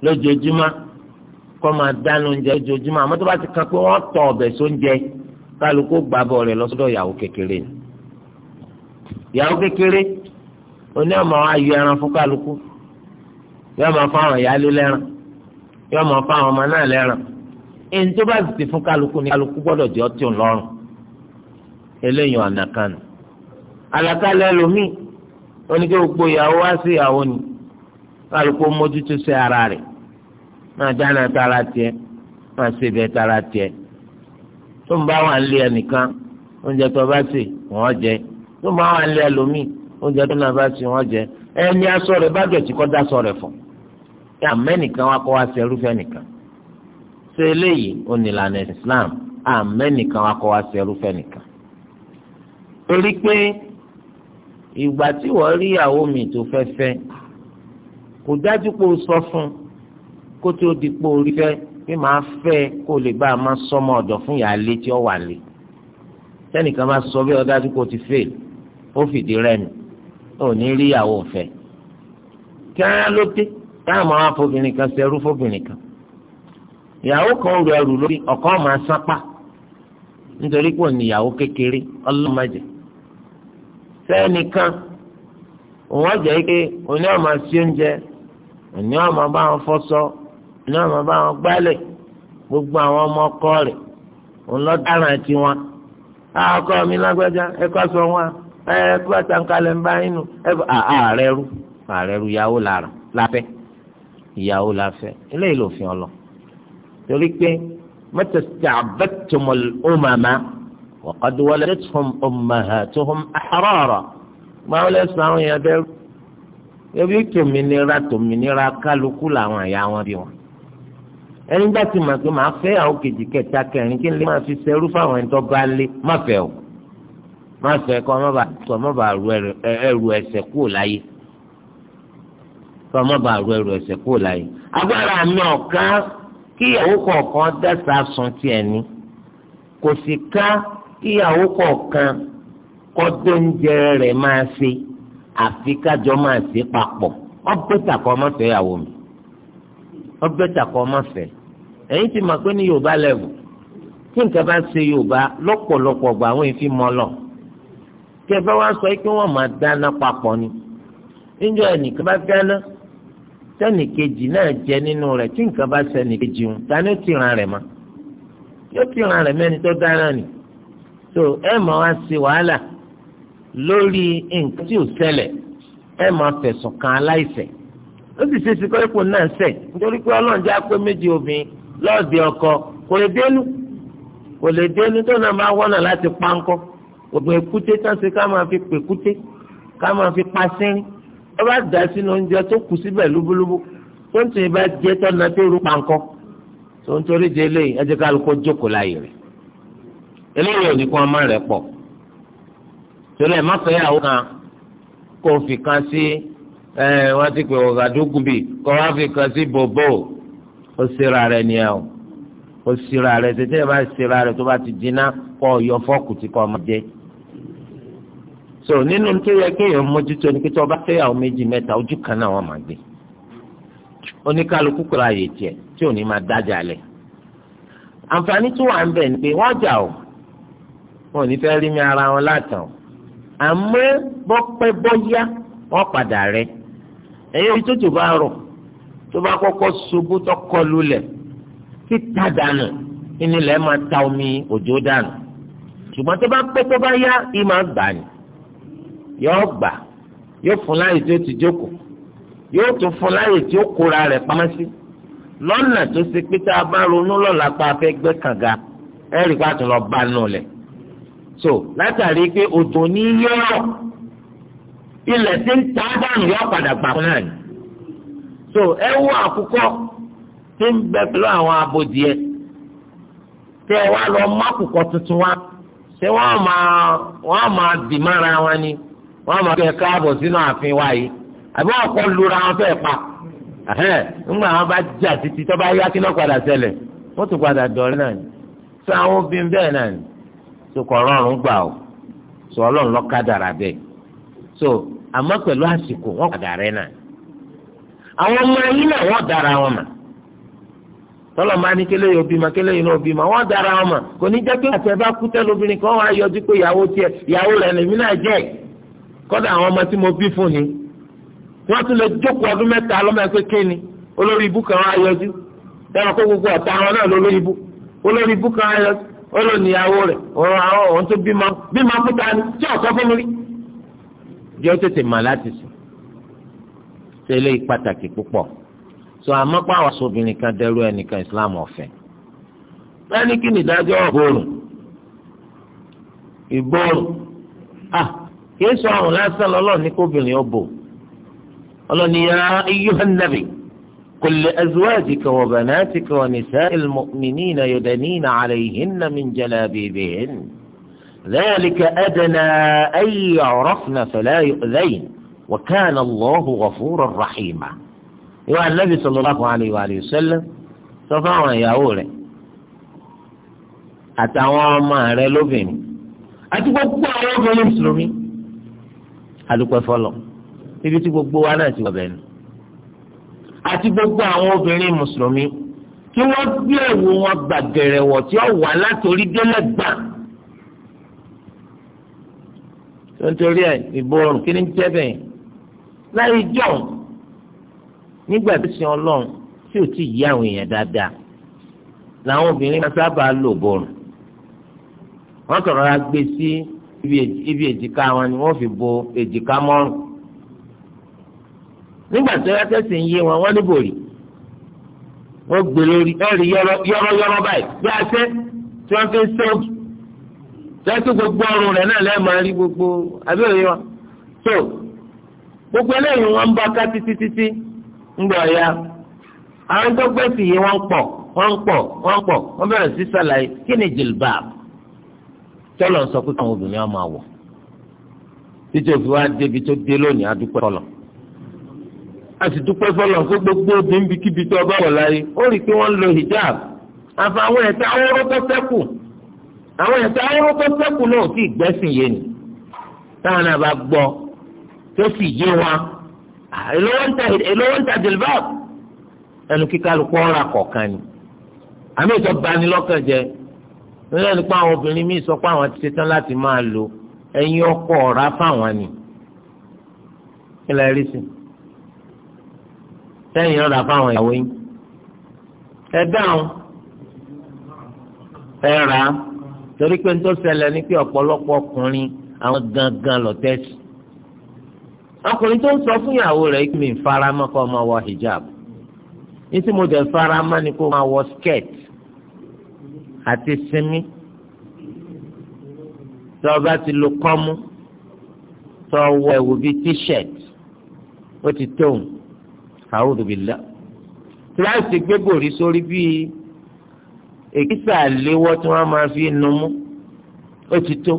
lójoojúmọ́ kọ́ máa dáná oúnjẹ ojoojúmọ́ àmọ́ tó bá ti kan pé wọ́n tọ ọbẹ̀ sóúnjẹ kálukú gbàbọ̀ rẹ̀ lọ́sọ́dọ̀ ìyàwó kékeré ni ìyàwó kékeré oní ọmọ ayọ ẹran fún kálukú yóò máa fún àwọn ìyáálé lẹ́ran yóò máa fún àwọn ọmọ náà lẹ́ran èyí tó bá ti fún kálukú ni kálukú gbọ́dọ̀ jẹ́ ọtí ńlọrùn eléyìí ọ̀nà kan nù àlàkalẹ̀ ẹlòmíì oníkẹ́ gbogbo ìyàwó wá sí ìyàwó ni kálukú mójútó sí ara rẹ̀ máa dáná tara tiẹ̀ máa ṣe bẹ́ẹ̀ tara tiẹ̀ tó ń bá wà lé ẹnìkan oúnjẹ tó bá sè wọ́n jẹ tó ń bá wà lé ẹlòmíì oúnjẹ tó náà bá sè wọ́n jẹ ẹni aṣọ rẹ̀ bá dọ̀tí kọ́ dáṣọ rẹ̀ fọ̀ kí àmẹ́nìkan wá kọ́ wá sí ẹrúfẹ́ nìkan ṣe eléyìí onílànà Islam àmẹ́nìkan wá kọ́ wá sí ẹrúfẹ́ nìkan torí pé ìgbà tí wọ́n rí ìyàwó mi tó fẹ́ fẹ́ kò dájú pé o sọ fún un kó tó di pé orí fẹ́ kó lè bá a máa sọmọ ọ̀dọ̀ fún ìyá alẹ́ tí ó wà lé sẹ́nìkan máa sọ bí ọ̀dájú ti fail ó fìdí rẹ́mi ó ní rí ìyàwó fẹ́ kí ló dé máa kan ṣerú fobìnrin kan ìyàwó kan rú ẹrù lórí ọkọ máa sápá nítorí pé òní ìyàwó kékeré ọlọ́mọdé òun sí oúnjẹ ní ọmọ bá wọn gbálẹ̀ gbogbo àwọn ọmọ ọkọ rẹ̀ òun lọ dáràn tiwọn. ọkọ mi lágbájá ẹkọ sọ wọn ẹ kí wọn ta nkalẹ̀ ń bá inú ẹ fọ ààrẹ ru ààrẹ ru ìyàwó lára láfẹ́ ìyàwó láfẹ́ eléyìí lòfin ọlọ torí pé mẹtẹsítẹ àbẹtùmọlì ọmọọmọ wọkọdù wọlé tùhùm ummahatuhum ahrara máa lè sọ àwọn èèyàn dẹrù ebi tòmìnira tòmìnira kálukú làwọn àyà wọn bí wọn ẹni gbà tí màá pé màá fẹ́ àwọn kejì kẹta kẹrin kí n lè máa fi ṣerú fáwọn ẹni tó bá lé má fẹ́ o má fẹ́ kọ́ má bàa tọ́ má bàa ru ẹrù ẹsẹ̀ kúrò láyé tọ́ má bàa ru ẹrù ẹsẹ̀ kúrò láyé. agbára mi ọ̀ká kí ìyàwó kọ̀ọ̀kan dẹ́sà sun tiẹ̀ ni kò sì ká kí ìyàwó kọ̀ọ̀kan kọ́dóúnjẹ rẹ̀ máa ṣe àfi kájọ máa ṣe papọ̀ ọ́ pẹ́tà kọ́ mọ́tò ìyàwó mi ọgbẹ́ta kọ́ ọmọ fẹ́ ẹ̀yin ti mọ̀ pé ní yorùbá lẹ́wù tí nǹkan bá ṣe yorùbá lọ́pọ̀lọpọ̀ gbà àwọn èèfin mọ́ lọ kí ẹ bá wá sọ pé wọ́n máa dáná papọ̀ ni níjọ́ ẹnìkan bá dáná tẹ́nìkejì náà jẹ nínú rẹ̀ tí nǹkan bá ṣẹnìkejì ń ta ni ó ti ran rẹ̀ mọ́ yóò ti ran rẹ̀ mẹ́ni tó dáná ni so ẹ máa wá ṣe wàhálà lórí nǹkan tí ò ṣẹlẹ̀ ẹ máa fẹ̀sùn kan aláìṣẹ̀ ó sì ṣe sí kọ́lẹ́kù náà sẹ̀ nítorí pé ọlọ́run jẹ́ apẹ́ méjì obìnrin lọ́ọ̀dẹ ọkọ kò lè dénú kò lè dénú tó náà máa wọ́nà láti pánkọ́ ògùn èkúté tán ṣe ká máa fi pèkúté ká máa fi pa sínrin ó bá dà sínú oúnjẹ tó kù síbẹ̀ lúbúlúbú tó ń tún ibà jẹ́ tọ́nà tó rú pánkọ́ tó ń torí de eléyìí ẹ ká lóko jókòó láyè rẹ̀ eléyìí ò ní kó ọmọ rẹ̀ pọ̀ torí ẹ̀ má fẹ́ yàwó ẹ wọ́n ti pè ọ̀gàdógùnbì kọ́ wá fi kàn sí bòbò ó síra rẹ̀ ni ẹ̀ o ó síra rẹ̀ tètè bá síra rẹ̀ tó bá ti jiná kọ́ ọ̀yọ́ fọ́ọ̀kù tí kò jẹ́ so nínú tó yẹ kéèyàn mójútó ni kíkọ́ bá fẹ́yàwó méjì mẹ́ta ojú kan náà wọ́n máa gbé oníkálukú kura yè tiẹ̀ tí ò ní máa dájà lẹ̀ àǹfààní tó wà ń bẹ̀ ni pé wọ́n jà o wọn ò ní fẹ́ rí mi ara wọn látàn àmọ́ bọ́pẹ́ bọ́yá wọ́n padà rẹ̀ ẹ̀yẹ́ omi tó tó bá rọ̀ tó bá kọ́kọ́ ṣubú tó kọ lulẹ̀ títa dànù ìnílẹ̀ máa ta omi òjò dànù ṣùgbọ́n tó bá pẹ́ tó bá yá ìmọ̀ gbà ní yọ gbà yóò fún láyè tí ó ti jókòó yóò tún fún láyè tí ó kóra rẹ̀ pamọ́ sí lọ́nà tó ṣe pé tá a bá ronú lọ́la pa afẹ́ gbẹ́ kànga ẹ̀rí pàtó lọ bá nù lẹ̀ so látàrí pé òtò ní yọ̀rọ̀. ilẹ̀ tí ń ta dànù yọ padà gbà fún so ẹ wú àkùkọ tí ń bẹ pẹ̀lú àwọn abodìẹ tẹ wá lọ tuntun wa ṣé wọ́n máa wọ́n máa dì mára wọn ni wọ́n máa kẹ́ káàbọ̀ sínú ààfin wa yìí àbí wọ́n kọ́ lura wọn fẹ́ pa ńgbà wọn bá jà títí tó bá yá kí padà ṣẹlẹ̀ wọ́n tún padà náà ni sọ àwọn obìnrin bẹ́ẹ̀ náà ni gbà ó sọ ọlọ́run so àmọ pẹ̀lú àsìkò wọ́n padà rẹ náà àwọn ọmọ yín náà wọ́n na wọn mà tọ́lọ̀ máa ní kéléyìí òbí ma kéléyìí náà òbí ma wọ́n dara wọn mà kò ní jẹ́ pé àti ẹ̀ bá kú tẹ́lóbìnrin kan wọ́n á yọjú ìyàwó tiẹ̀ ìyàwó rẹ̀ lèmi náà jẹ́ kọ́dà àwọn ọmọ tí mo bí fún ni wọ́n tún lè jókòó ọdún mẹ́ta lọ́mọ ẹ̀ kéènì olórí ibú kan kó gbogbo wọn náà ibú olórí ibú kan jẹ́ ó tètè mà láti sùn ṣe eléyìí pàtàkì púpọ̀ sọ àmọ́ pa àwọn aṣọ́bìnrin kan dẹrú ẹnìkan Islam ọ̀fẹ́ lẹ́ni kí ni ìdájọ́ ìbòrùn ìbòrùn ah kì í sọ àrùn lásán lọ́lọ́ ní kóbìnrin ó bò ọlọ́ni ya ayyuhan nabi qul li azwajika wa banatika wa nisa'il mu'minina yudanina alayhinna min jalabibihinna. ذلك أدنى أن يعرفن فلا يؤذين وكان الله غفورا رحيما ìwà nàbì sallallahu alayhi wa sallam sọ fáwọn ìyàwó rẹ̀ àtàwọn ọmọ rẹ̀ lóbìnrin àti gbogbo àwọn obìnrin mùsùlùmí alùpùpù fọlọ ibi tí gbogbo wa náà ti wọ bẹ́ẹ̀ ni àti gbogbo àwọn obìnrin mùsùlùmí kí wọ́n gbé ewu wọn gbàgẹrẹ wọ tí ó wà látòrí délẹgbàá nítorí ẹ̀ ìbòrùn kí ni ń jẹ́ bẹ́ẹ̀ láyé jọ̀ọ́ nígbà tó sin ọlọ́run tí ò tí yí àwọn èèyàn dáadáa làwọn obìnrin máa sábà lò bòrùn wọ́n sọ̀rọ̀ ra gbé sí ibi èjìká wọn ni wọ́n fi bo èjìká mọ́rùn nígbà tó yá tẹ̀sí ń yé wọn wọ́n ní bòrì wọ́n gbé lórí ẹ̀rí yọ́rọ́yọ́rọ́ báyìí bí a ṣe tí wọ́n fi ń sẹ́wọ́n jẹ́sí gbogbo ọrùn rẹ̀ náà lẹ́ẹ̀ máa rí gbogbo abẹ́rẹ́ wa tó gbogbo eléyìí wọ́n ń bá ká títí títí ń gbọ̀ ya àwọn tó gbẹ́sì yìí wọ́n ń pọ̀ wọ́n ń pọ̀ wọ́n pọ̀ wọ́n bẹ̀rẹ̀ sí sàlàyé kí ni jilbab tọ́lọ̀ ń sọ pé káwọn obìnrin á máa wọ̀ títí òfin wa débi tó dé lónìí adúpẹ́ fọlọ̀ a sì dúpẹ́ fọlọ̀ fún gbogbo obìnrin bíkíbi tó lo hijab àfàwọn ẹ̀ta ọ̀rọ̀ tó sẹ́kù àwọn ẹ̀sẹ̀ ayéwo tó sẹ́kù náà ti gbẹ́sìn yé ni táwọn náà bá gbọ́ tó sì yé wọn èlówó ń ta jìlbáàbù ẹnu kíkálukú ọ̀rọ̀ àkọ̀kan ni àmì ìjọba ni lọ́kàn jẹ́ nílẹ̀ nípa àwọn obìnrin míì sọ pé àwọn ti ṣetán láti máa lo ẹyin ọkọ ọ̀rá fáwọn ni kí lẹ rí sí sẹ́yìn ọ̀rá fáwọn ìyàwó yín ẹ dáhùn ẹ rà á torí pé nítorí ṣẹlẹ̀ ni pé ọ̀pọ̀lọpọ̀ ọkùnrin àwọn gangan lọ́tẹ́sì ọkùnrin tó ń sọ fún ìyàwó rẹ̀ kí mi faramọ́ kó máa wọ hijab ní tí mo dẹ̀ faramọ́ ni kó máa wọ skirt àti sinmi tí ọba ti lo kọ́mú tí ọwọ́ ẹ̀wù bíi t-shirt ó ti tóun a'udhu billah tí wọ́n á sì gbé bòrí sórí bíi èkìsà léwọ́ tí wọ́n máa fi nu mú ó ti tó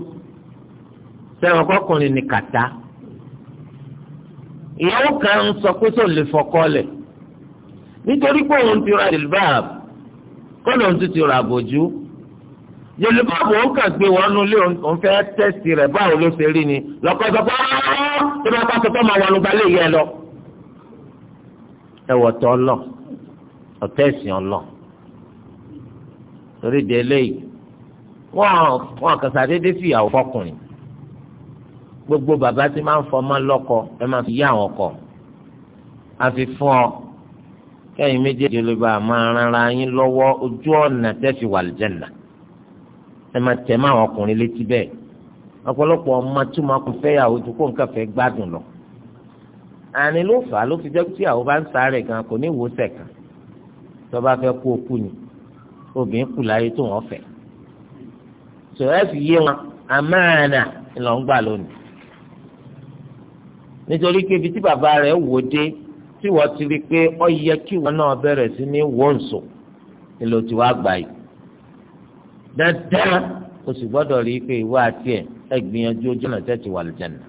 sẹ́wọ̀n kọkùnrin ní kàtá ìyàwó kan ń sọ pé sóun lè fọkọ lẹ̀ nítorí pé òun ti ra jìlbáàbù kọ́nà òun ti ti ra àbòjú jìlbáàbù òun kàn gbé wọn nulẹ̀ òun fẹ́ tẹ́sì rẹ̀ báwo ló ṣe rí ni lọ́kọ́ sọ pé ọ́ọ́ tó bá máa wọnú balẹ̀ yẹ lọ. ẹ̀wọ̀ tọ́ lọ ọ̀tẹ́sìn ọlọ́ọ̀ torí di eléyìí wọn wọn kàṣà déédéé fi ìyàwó fọkùnrin gbogbo bàbá tí máa ń fọmọ lọ́kọ ẹ máa fi yá àwọn ọkọ àfi fún ọ kẹyìn méjèèjì ló bá máa rárá yín lọ́wọ́ ojú ọ̀nà tẹ́sí wà lìjẹ̀nà ẹ máa tẹ̀ máa ọkùnrin létí bẹ́ẹ̀ ọ̀pọ̀lọpọ̀ ọmọ tó máa kún fẹ́yàwó tó kó nǹkan fẹ́ gbádùn lọ àní ló fà á ló fi jẹ́ kí àwọn bá ń sáré gan kò ní ìwòsàn kan tó bá fẹ́ kú okú ni obìnrin kù láyé tó wọ́n fẹ́ sọ ẹ fi yé wọn àmàna lọ ń gbà lónìí nítorí pé ibi tí bàbá rẹ̀ wò dé tí wọ́n ti rí i pé ó yẹ kí wọ́n náà bẹ̀rẹ̀ sí ní wọ́nsọ̀ nílò tí wọ́n á gbà yìí dáadáa o sì gbọ́dọ̀ rí i pé ìwọ àti ẹ̀ ẹ gbìyànjú ojú ọ̀nà tẹ́tí wà lùjẹ̀nà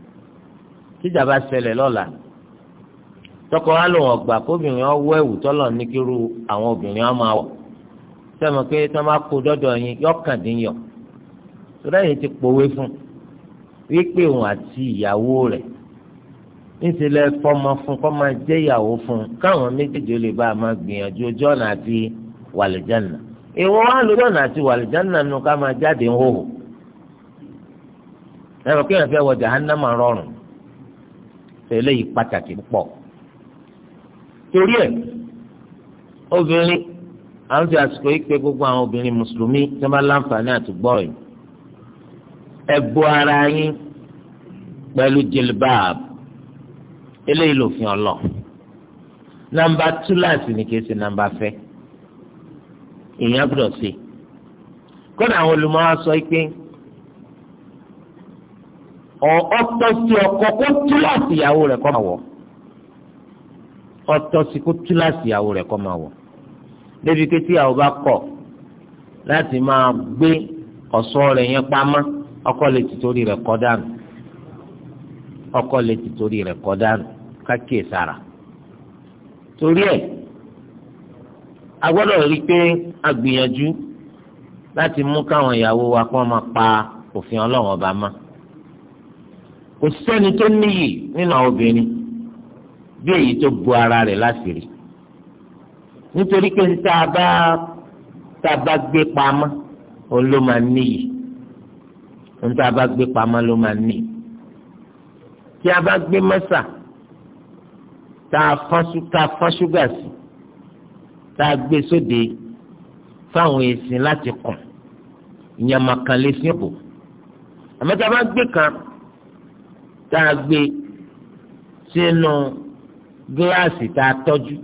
tíjà bá ṣẹlẹ̀ lọ́la tọkọ wa lòun ọgbà kóbìnrin ọwọ́ ẹ̀wù tọ́lọ̀ ní kírú àwọn obìnrin ọmọ àwọ̀ sẹ́mi pé tí wọ́n bá kó yín ti pòwe fún wípé òun àti ìyàwó rẹ̀ níṣẹ́ fọmọ fún kọ máa jẹ́ ìyàwó fún káwọn méjèèjì ó lè bá a máa gbìyànjú ojú ọ̀nà àti wàlìjánà ìwọ wa lórí ọ̀nà àti wàlìjánà ká máa jáde ńhòhò kí wọ jahannama rọrùn torí obìnrin à ń fi àsìkò yìí pé gbogbo àwọn obìnrin mùsùlùmí tí wọ́n bá láǹfààní àti gbọ́ yìí ẹ bo ara yín pẹ̀lú jilbab eléyìí lòfin ọlọ nàmbà túláàsì ni kìí ṣe nàmbà fẹ́ èèyàn gbọ́dọ̀ ṣe kọ́nà àwọn olùmọ̀ọ́ sọ pé ọ̀tọ̀ sí ọkọ kó túláàsì ìyàwó rẹ̀ kọ́ máa wọ̀ ọ̀tọ̀ sí kó túláàsì ìyàwó rẹ̀ kọ́ máa wọ̀ débi pé tí àwọn bá kọ̀ láti máa gbé ọ̀ṣọ́ rẹ̀ yẹn pamọ́ ọkọ lè ti torí rẹ̀ kọ́ dànù ọkọ lè ti torí rẹ̀ kọ́ dànù kákìí sára torí ẹ̀ a gbọ́dọ̀ rí i pé a gbìyànjú láti mú káwọn ìyàwó wa kó máa pa òfin ọlọ́run ọba mọ́ kò sẹ́ni tó níyì nínú àwọn obìnrin bí èyí tó bu ara rẹ̀ láṣìírí nítorí pé tá a bá tá a bá gbé pamọ́ òun ló máa níyì òun tá a bá gbé pamọ́ ló máa níyì tí a bá gbé mẹ́sà tá a fọ́n ṣúgà sí tá a gbé sóde fáwọn èsìn láti kàn ìyẹn máa kan lé sí ìbò àmọ́ tá a bá gbé kan tá a gbé sínú gíláàsì tá a tọ́jú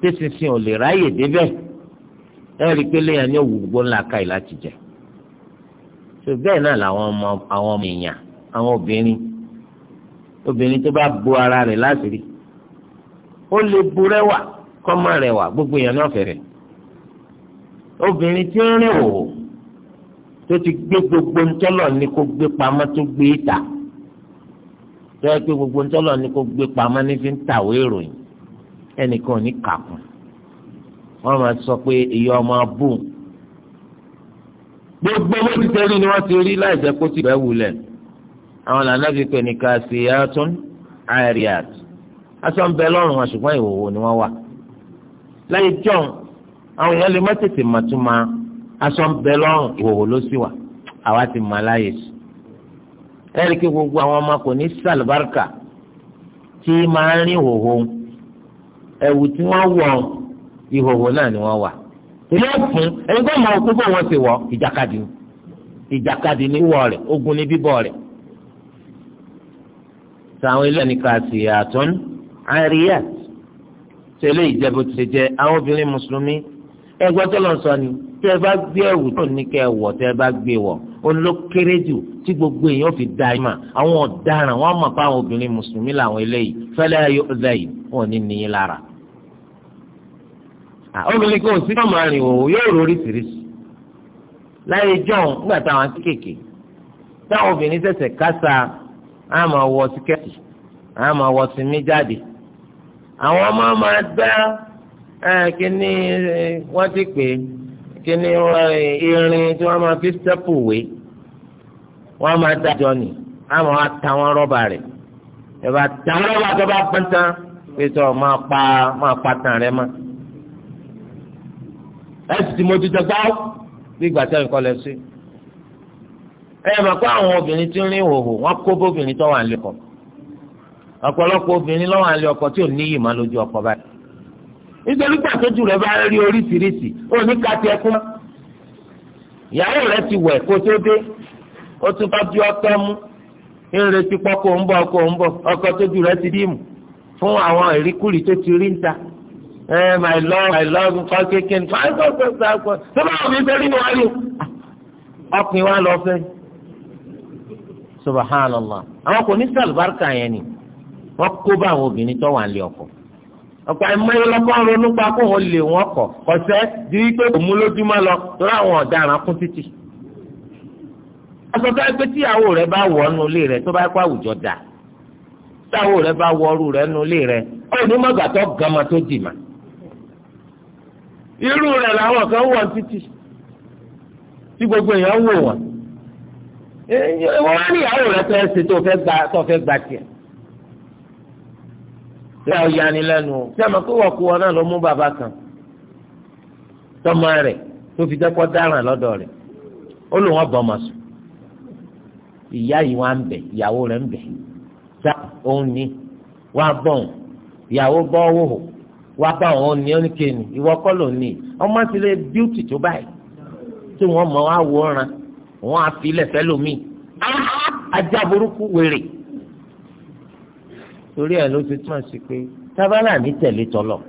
tẹsinsin ò lè ráyè débẹ̀ ẹ rí i pé léyìn ní òwú gbogbo ńlá káyì láti jẹ tó bẹ́ẹ̀ náà làwọn ọmọ àwọn ọmọ èèyàn àwọn obìnrin obìnrin tó bá bo ara rẹ̀ láti rí ó lè bu rẹwà kọ́mọ rẹwà gbogbo èèyàn náà fẹ̀rẹ̀ obìnrin tí ń rìn òwò tó ti gbé gbogbo ńtọ́lọ̀ ni kó gbé pamọ́ tó gbé ìta tó yẹ pé gbogbo ńtọ́lọ̀ ni kó gbé pamọ́ ní fi ń tàwé ìròyìn ẹnìkan ò ní kàkùn wọ́n máa sọ pé ìyá ọmọ abú gbogbo owó ti tẹ́lẹ̀ ni wọ́n ti rí láì jẹ́ kó ti bẹ́ wulẹ̀ àwọn làná fi pè ní kàṣíyàtún àìríàt aṣọ ń lọ́rùn wọn ṣùgbọ́n ìhòòhò ni wọ́n wà láyé jọ́n àwọn èèyàn lè má tètè mà tún ma aṣọ ń bẹ lọ́rùn ìhòòhò ló sì wà àwa ti mà láyè sí ẹ̀rí kí gbogbo àwọn ọmọ kò ní sàlùbáríkà tí máa ń rí ìhòòhò ń ẹ̀wù tí wọ́n wọ̀ ìhòòhò náà ni wọ́n wà ilé ọ̀fun ẹni tó mọ òkú bò wọ́n ti wọ̀ ìjàkadì ìjàkadì ní wọ̀ rẹ̀ ogun ní bíbọ̀ rẹ̀ sàwọn ilé ẹni ká sì àtọ́n àríyá tẹ̀lé ìjẹ́bù ti jẹ́ àwọn obìnrin mùsùlùmí ẹgbẹ́ tó sọ ni tẹ́ ẹ bá gbé ẹ̀wù tó ní kẹ́ ẹ wọ̀ tẹ́ ẹ bá gbé wọ̀ olókéré jù tí gbogbo èèyàn fi da ẹ̀ mà àwọn ọ̀daràn wọn mọ̀ pé obìnrin mùsùlùmí làwọn eléyìí fẹ́lẹ́ ayọ̀ ọ̀dà yìí wọn ò ní níyìn lára Ah, obìnrin kan ò sí ọmọ rìn òwò yóò rórí tìrìsì láyé john nígbà táwọn kéékèèké táwọn obìnrin ṣẹ̀ṣẹ̀ kásá àmọ́ wọ síkẹ́ẹ̀tì àmọ́ wọ sinmi jáde àwọn ọmọ máa dá kíní wọ́n ti pè kíní irin tí wọ́n máa fi sẹ́pù wé wọ́n máa dá jọ nì àmọ́ wọn àtàwọn rọ́bà rẹ̀ ẹ̀ bá tàwọn rọ́bà tó bá pẹ́ tán pé tó máa pa máa pa tàn rẹ̀ máa ẹ sì ti mójú tẹ gbáwó bí ìgbà tẹ́ nǹkan lẹ sí. ẹ yẹ mọ̀ pé àwọn obìnrin tí ń rìn ìhòòhò wọ́n kó bóbìnrin tó wà ń lé ọkọ ọ̀pọ̀lọpọ̀ obìnrin lọ́wọ́ à ń lé ọkọ tí ò ní ìmọ̀ lójú ọkọ báyìí. nítorí pàtójú rẹ bá rí oríṣiríṣi ó ní ká tiẹ̀ kú. ìyàwó rẹ ti wẹ̀ kó tó dé ó tún bá bí ọtọ́ mú ń retí pọ́kó ń bọ̀ ọkọ̀ ń bọ̀ ọkọ̀ tójú rẹ ti dìímù fún àwọn ìríkùrí tó ti rí ń ta ẹ my love my love nǹkan kékeré nǹkan àìsàn àìsàn àìsàn tó bá wọn bẹ nínú wáyé ọkùnrin wa lọ fẹ́ subhanallah àwọn kò ní sàlùbáríkà yẹn ni wọn kó bá àwọn obìnrin tó wà nílé ọkọ ọ̀pọ̀ àìmọye lọ́kọ́ ronú pa kó wọn lè wọn kọ̀ ọ̀sẹ́ di wípé kò mú lójúmọ́ lọ torí àwọn ọ̀daràn kún títì. asọ̀tọ̀ ẹgbẹ́ tíyàwó rẹ bá wọ̀ ọ́nú ilé rẹ tó bá kó àwùjọ dà tíyàwó rẹ bá wọ ọrú rẹ nú ilé rẹ ó ní mọ̀gàtọ̀ gàmà tó dì mà irú rẹ̀ làwọn kan wọ̀ títì tí gbogbo èèyàn wò wọ́n wọ́n wá ní ìyàwó rẹ̀ tó ẹ ṣe tó fẹ́ gba tó fẹ́ gba tiẹ̀ ṣé ọ yani lẹ́nu o ṣé àmọ́ pé wọ́n kú wọn náà ló mú bàbá kan tọmọ rẹ̀ tó fi dẹ́kọ́ dáràn lọ́dọ̀ rẹ̀ ó lò wọ́n bọ́ ọmọ sùn ìyá yìí wá ń bẹ̀ ìyàwó rẹ̀ ń bẹ̀ ṣá òun ni wá bọ̀ ìyàwó bọ́ wò ó wá bá wọn ní oníkèéni ìwọ kọ́ ló ní ọmọ ti lè bíútì tó báyìí tí wọ́n mọ̀ wá wòran wọ́n á fi ilẹ̀ fẹ́ lómi ajá burúkú wèrè torí ẹ̀ ló ti túmọ̀ sí pé tábàlà ní tẹ̀lé tọlọ̀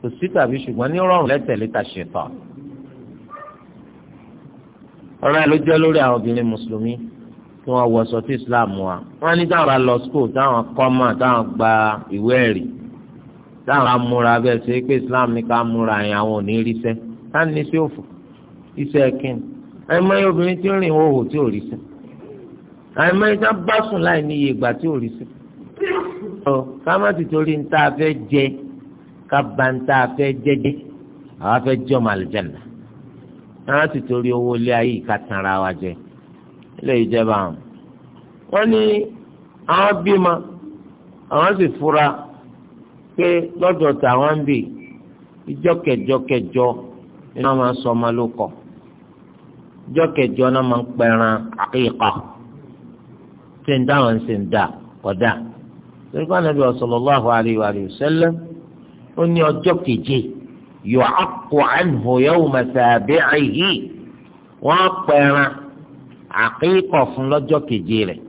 kò sí tàbí ṣùgbọ́n ní rọrùn lẹ́tẹ̀lé ta ṣètò ọ̀rọ̀ ẹ̀ ló jẹ́ lórí àwọn obìnrin mùsùlùmí tí wọ́n wọṣọ tí islam wa wọ́n ní táwọn bá lọ school táwọn kọ́ mọ̀ táwọn gba ìwé ẹ̀rí táwọn amúra bẹ́ẹ̀ ṣe pé islam ní ká múra yẹn àwọn ò ní rí sẹ́ ká ní sí òfò iṣẹ́ kíni àìmọ́ yẹn obìnrin tí ń rìn òhò tí ò rí sẹ́ àìmọ́ yẹn tá bá sùn láì ní iye ìgbà tí ò rí sẹ́ ká má ti torí ń tá a fẹ́ jẹ ká ba ń tá a fẹ́ jẹ́jẹ́ àwa fẹ́ jẹ́ ọmọ àlùjánnà ká má ti torí owó ilé ayé ká tan ara wa jẹ ilé ìjẹba wọn ní àwọn bímọ àwọn sì fura pé lọ́dọ̀ tàwọn ń bì ìjọ kẹjọ kẹjọ ni wọ́n máa sọ ọmọ ló kọ̀ ìjọ kẹjọ náà máa ń pẹran àkíkà ṣe ń dáhùn ṣe ń dà kọ̀dà torí pé Ànábì sallallahu alayhi wa sallam ó ní ọjọ́ keje yu'aqqu anhu yawma sabi'ihi wọ́n pẹran àkíkà fún lọ́jọ́ keje rẹ̀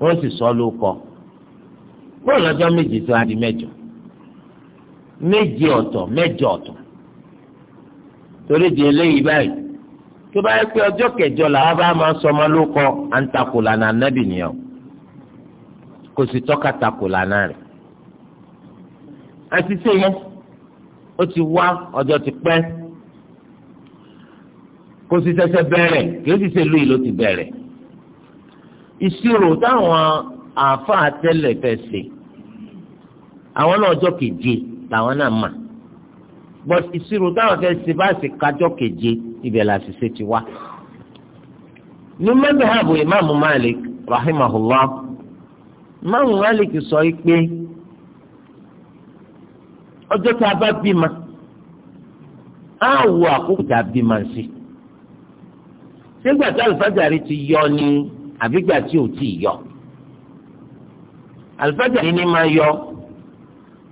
wọ́n sì sọ ló bóun lọ́jọ́ méje tó adi mẹ́jọ méje ọ̀tọ̀ mẹ́jọ ọ̀tọ̀ torí di eléyìí báyìí tó bá yẹ pé ọjọ́ kẹjọ làwọn bá máa sọmọ ló kọ àǹtakò lànà ànábì nìyẹn kò sì tọ́ka takò lànà rẹ̀ àti sèyàn ó ti wá ọjọ́ ti pẹ́ kò sì ṣẹ̀ṣẹ̀ bẹ̀rẹ̀ kì í sì ṣe lóyè ló ti bẹ̀rẹ̀ ìṣirò táwọn àáfàá tẹ́lẹ̀ fẹ́ ṣe àwọn náà ọjọ́ keje làwọn náà mà but ìṣirò táwọn fẹ́ẹ́ ṣe bá ṣe kájọ́ keje ibẹ̀ là ṣiṣẹ ti wá. ní mẹ́tẹ̀hàbù Malik rahimahullah Malik sọ pé ọjọ́ tá a bá bímọ á wo àkókò tá a bímọ sí tí alifájàre ti yọ ni àbígbà tí ò tí ì yọ alifájàre ni máa yọ.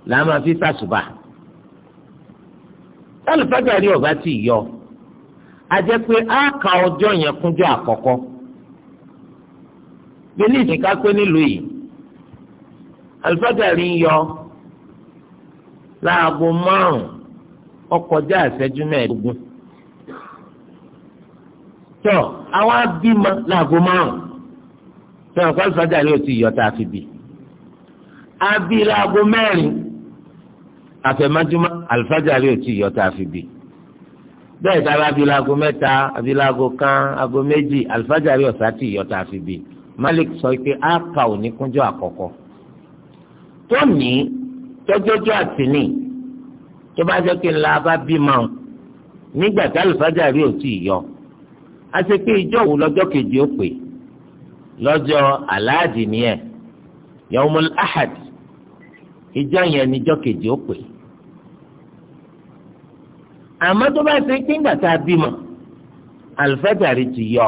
làá máa fi sàṣùbà alùpàgàrí ọba ti yọ ajẹ́ pé á ka ọjọ́ yẹn kúnjọ́ àkọ́kọ́ bílí ìsìnká pé nílùú yìí alùpàgàrí ń yọ láago márùn ọkọjá ìṣẹ́jú mẹ́ẹ̀ẹ́dógún tọ àwọn abímọ láago márùn tọ ọkọ alùpàgàrí ò ti yọ tá a fi bì abí láago mẹ́rin àfẹ̀mọ́júmọ́ àlùfájàrí ò tí ì yọta àfi bì bẹ́ẹ̀ tá a bá abilago mẹ́ta abilago kan ago méjì àlùfájàrí ọ̀sá tí yọta àfi Malik sọ pé a kà ò ní kúnjọ́ àkọ́kọ́ tó ní tọ́jọ́jọ́ àtìní tó bá jẹ́ pé ńlá bá bímọ nígbà tá àlùfájàrí ò tí ì yọ a ṣe pé ìjọ òwú lọ́jọ́ kejì ó pè lọ́jọ́ aláàdì nìyẹn yawmul ahad ìjọ yẹn níjọ́ kejì ó pè é àmọ́ tó bá ṣe pé ńgbà tá a bímọ àlùfẹ́tàrí ti yọ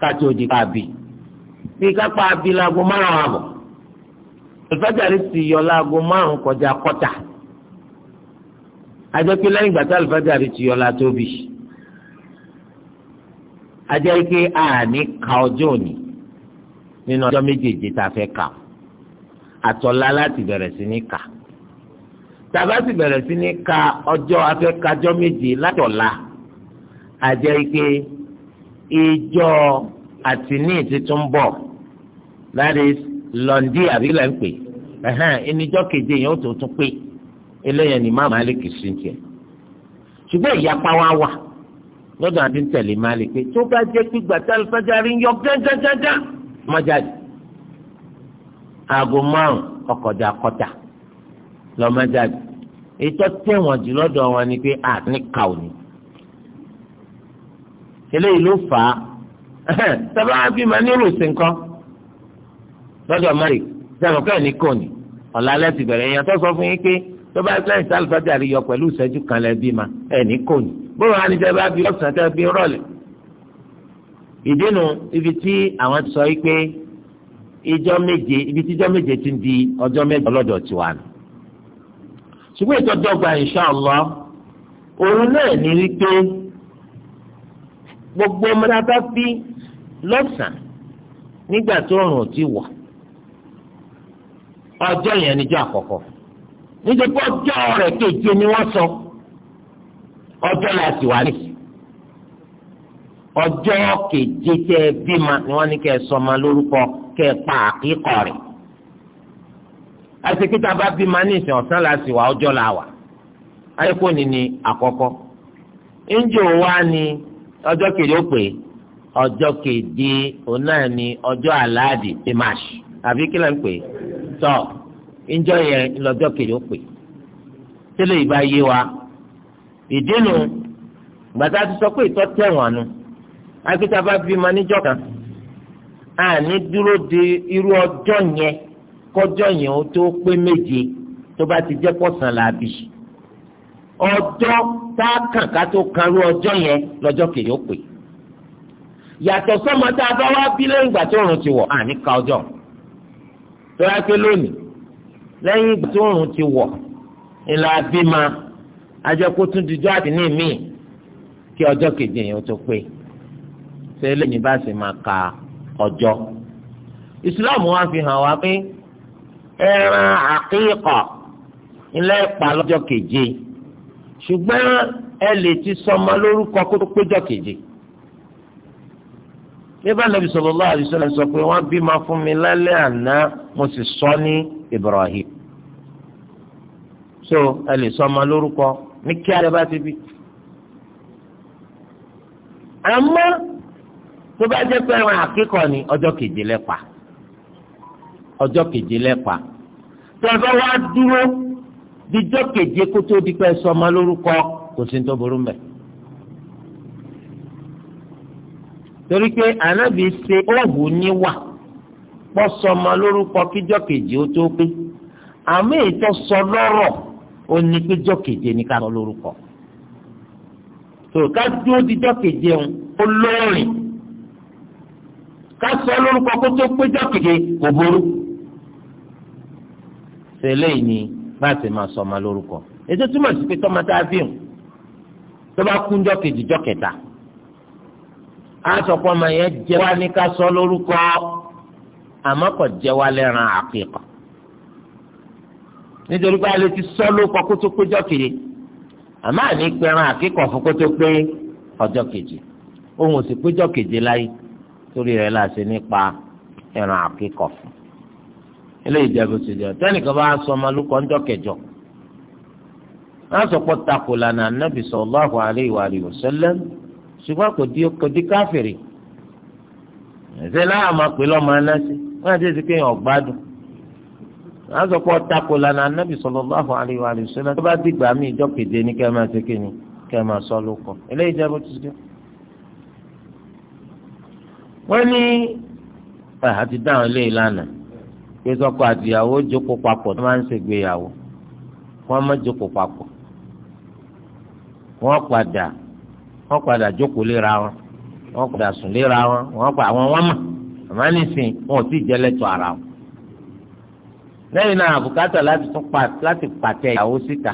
kátó di ká bí bí kápá bí láago márùn àbọ̀ àlùfẹ́tàrí ti yọ láago márùn kọjá kọ́tà ajẹ́ pé lẹ́yìn ìgbà tá àlùfẹ́tàrí ti yọ la tó bí ajẹ́ pé àní ka ọjọ́ òní nínú ọjọ́ méjèèjì tá a fẹ́ kà àtọ̀lá láti bẹ̀rẹ̀ sí ní kà tàbá sì bẹ̀rẹ̀ sí ní ka ọjọ́ afẹ́kájọ́ méje látọ̀la àjẹ́ ike ìjọ àtìní tuntun bọ̀ that is lọ́ndì àbílẹ̀ ń pè ẹnìjọ́ keje yẹn ó tó tún pé eléyẹn ni má Malik sí ń tiẹ̀ ṣùgbọ́n ìyapa wa wà lọ́dọ̀ àti ń tẹ̀lé Malik pé tó bá jẹ́ gbígbà tálífájà rí ń yọ gángangángán má jáde aago márùn-ún ọkọ̀dà kọta lọ́mọ jáde ètò tẹ̀wọ̀n jù lọ́dọ̀ wọn ni pé àní kà ò ní. eléyìí ló fà á sábà bí ma ní rùsì nǹkan lọ́dọ̀ mari sẹ́wọ̀n kẹ́ ẹ̀ ní kò ní ọ̀la lẹ́sìn bẹ̀rẹ̀ yẹn tó sọ fún yín pé tó bá sẹ́yìn tí alùpàdé àríyọ pẹ̀lú ìṣẹ́jú kan lẹ́ bí ma ẹ̀ ní kò ní bóyá wọn á bá bí ọ̀sán tẹ́ bí rọ̀lẹ́. ìdínú ibi tí àwọn sọ yìí pé ìjọ méje ibi tí ìjọ méje ti ń di ọjọ́ méje ọlọ́dọ̀ tiwa nù ṣùgbọ́n ìtọ́jọ́gba ìṣàlọ́ òun náà ní wípé gbogbo ọmọdé bá bí lọ́sàn-án nígbà tó rùn ti wọ̀ ọjọ́ yẹn níjọ́ àkọ́kọ́ nítorí ọjọ́ rẹ̀ keje ni wọ́n sọ ọjọ́ láti wà ní ọjọ́ keje tẹ́ bímọ ni wọ́n ní kẹ́ ẹ sọ lórúkọ kẹ́ ẹ pa àkíkọ̀ rẹ̀. àṣekítà bá bí ma ní ìsìn ọ̀sán wà ọjọ́ la wà ayékò ní ni àkọ́kọ́ ńjọ wa ni ọjọ́ kejì ó pè ọjọ́ kejì òun ni ọjọ́ aláàdì dimash àbí kí ló ń pè tọ́ ńjọ yẹn lọ́jọ́ kejì ó pè tẹ́lẹ̀ ìbá yé ti sọ pé ìtọ́ tẹ̀wọ̀n nu bá bí ma kan àní dúró di irú ọjọ́ yẹn. kọjọ́ yẹn ó tó pé méje tó bá ti jẹ́ pọ̀sán làbí ọjọ́ tá a kàn ká tó kanrú ọjọ́ yẹn lọ́jọ́ kejì ó pè yàtọ̀ sọ́mọ tá a bá wá bí lẹ́yìn ìgbà tó rùn ti wọ̀ àní ká ọjọ́ tó yá pé lónìí lẹ́yìn ìgbà tó rùn ti wọ̀ ìlà bímọ ajẹ́kó tún dijọ́ àdínní míì kí ọjọ́ kejì yẹn ó tó pé ṣé lẹ́yìn bá sì máa ka ọjọ́ ìsìláàmù wa fi hàn wá pé. ẹran àkíkà ilé keje ṣùgbọ́n ẹ lè ti sọmọ lórúkọ kó tó péjọ nígbà nàbì sọ pé wọ́n ma fún mi àná mo sì sọ ní Ibrahim so ọjọ́ keje lẹ́pa tọ́lá wá dúró díjọ́ keje kó tó di pé sọmọ lórúkọ kò sí tó burú mbẹ. torí pé ànábì ṣe ọ̀hún níwà pọ́ sọmọ lórúkọ kíjọ́ keje ó tó pé àmì ìtọ́ sọ lọ́rọ̀ ó ní kíjọ́ keje ní ká sọ lórúkọ. tó dúró díjọ́ keje ń olórin ká sọ lórúkọ kó tó péjọ́ keje kò burú tẹ́lẹ̀ yìí ni bá a ti máa sọ ọmọ lórúkọ ètò túmọ̀ sí pé tọ́mọ tá a bí òun tó bá kú jọ́ kejì jọ́ kẹta a sọ pé ọmọ yẹn jẹ́ wá ní ká sọ lórúkọ àmọ́ kò jẹ́ wá lẹ́ran àkíkà nítorí pé a lè ti sọ lórúkọ kó tó pé jọ́ àmọ́ àní pẹran àkíkà fún kó tó pé ọjọ́ kejì òun ò sì péjọ́ keje láyé torí rẹ̀ la ṣe nípa ẹran àkíkà fún eléyìí ìjàgbọ́ ti jẹ́ tẹ́nìkan bá sọ ọmọ lukọ ńjọ́ kẹjọ wọ́n sọ pé tako lànà anábì sallallahu alaihi wa alihi wasallam ṣùgbọ́n kò di kò di káfìrì ẹ̀sẹ̀ láà máa pè lọ́mọ aláṣẹ wọ́n àti èsì kéèyàn ọ̀gbádùn wọ́n sọ wa ti wọ́n ní dáhùn eléyìí lánàá. pé sọ́kọ àtìyàwó jókòó papọ̀ tó máa ń ṣègbéyàwó wọ́n má jókòó papọ̀ wọ́n padà wọ́n padà jókòó léra wọn wọ́n padà sùn léra wọn wọ́n pa àwọn wọn mọ̀ àmọ́ nísìn wọn ò tí ì jẹ́lẹ́tọ̀ ara wọn. lẹ́yìn náà àbùkátà láti tún pa láti pàtẹ ìyàwó síta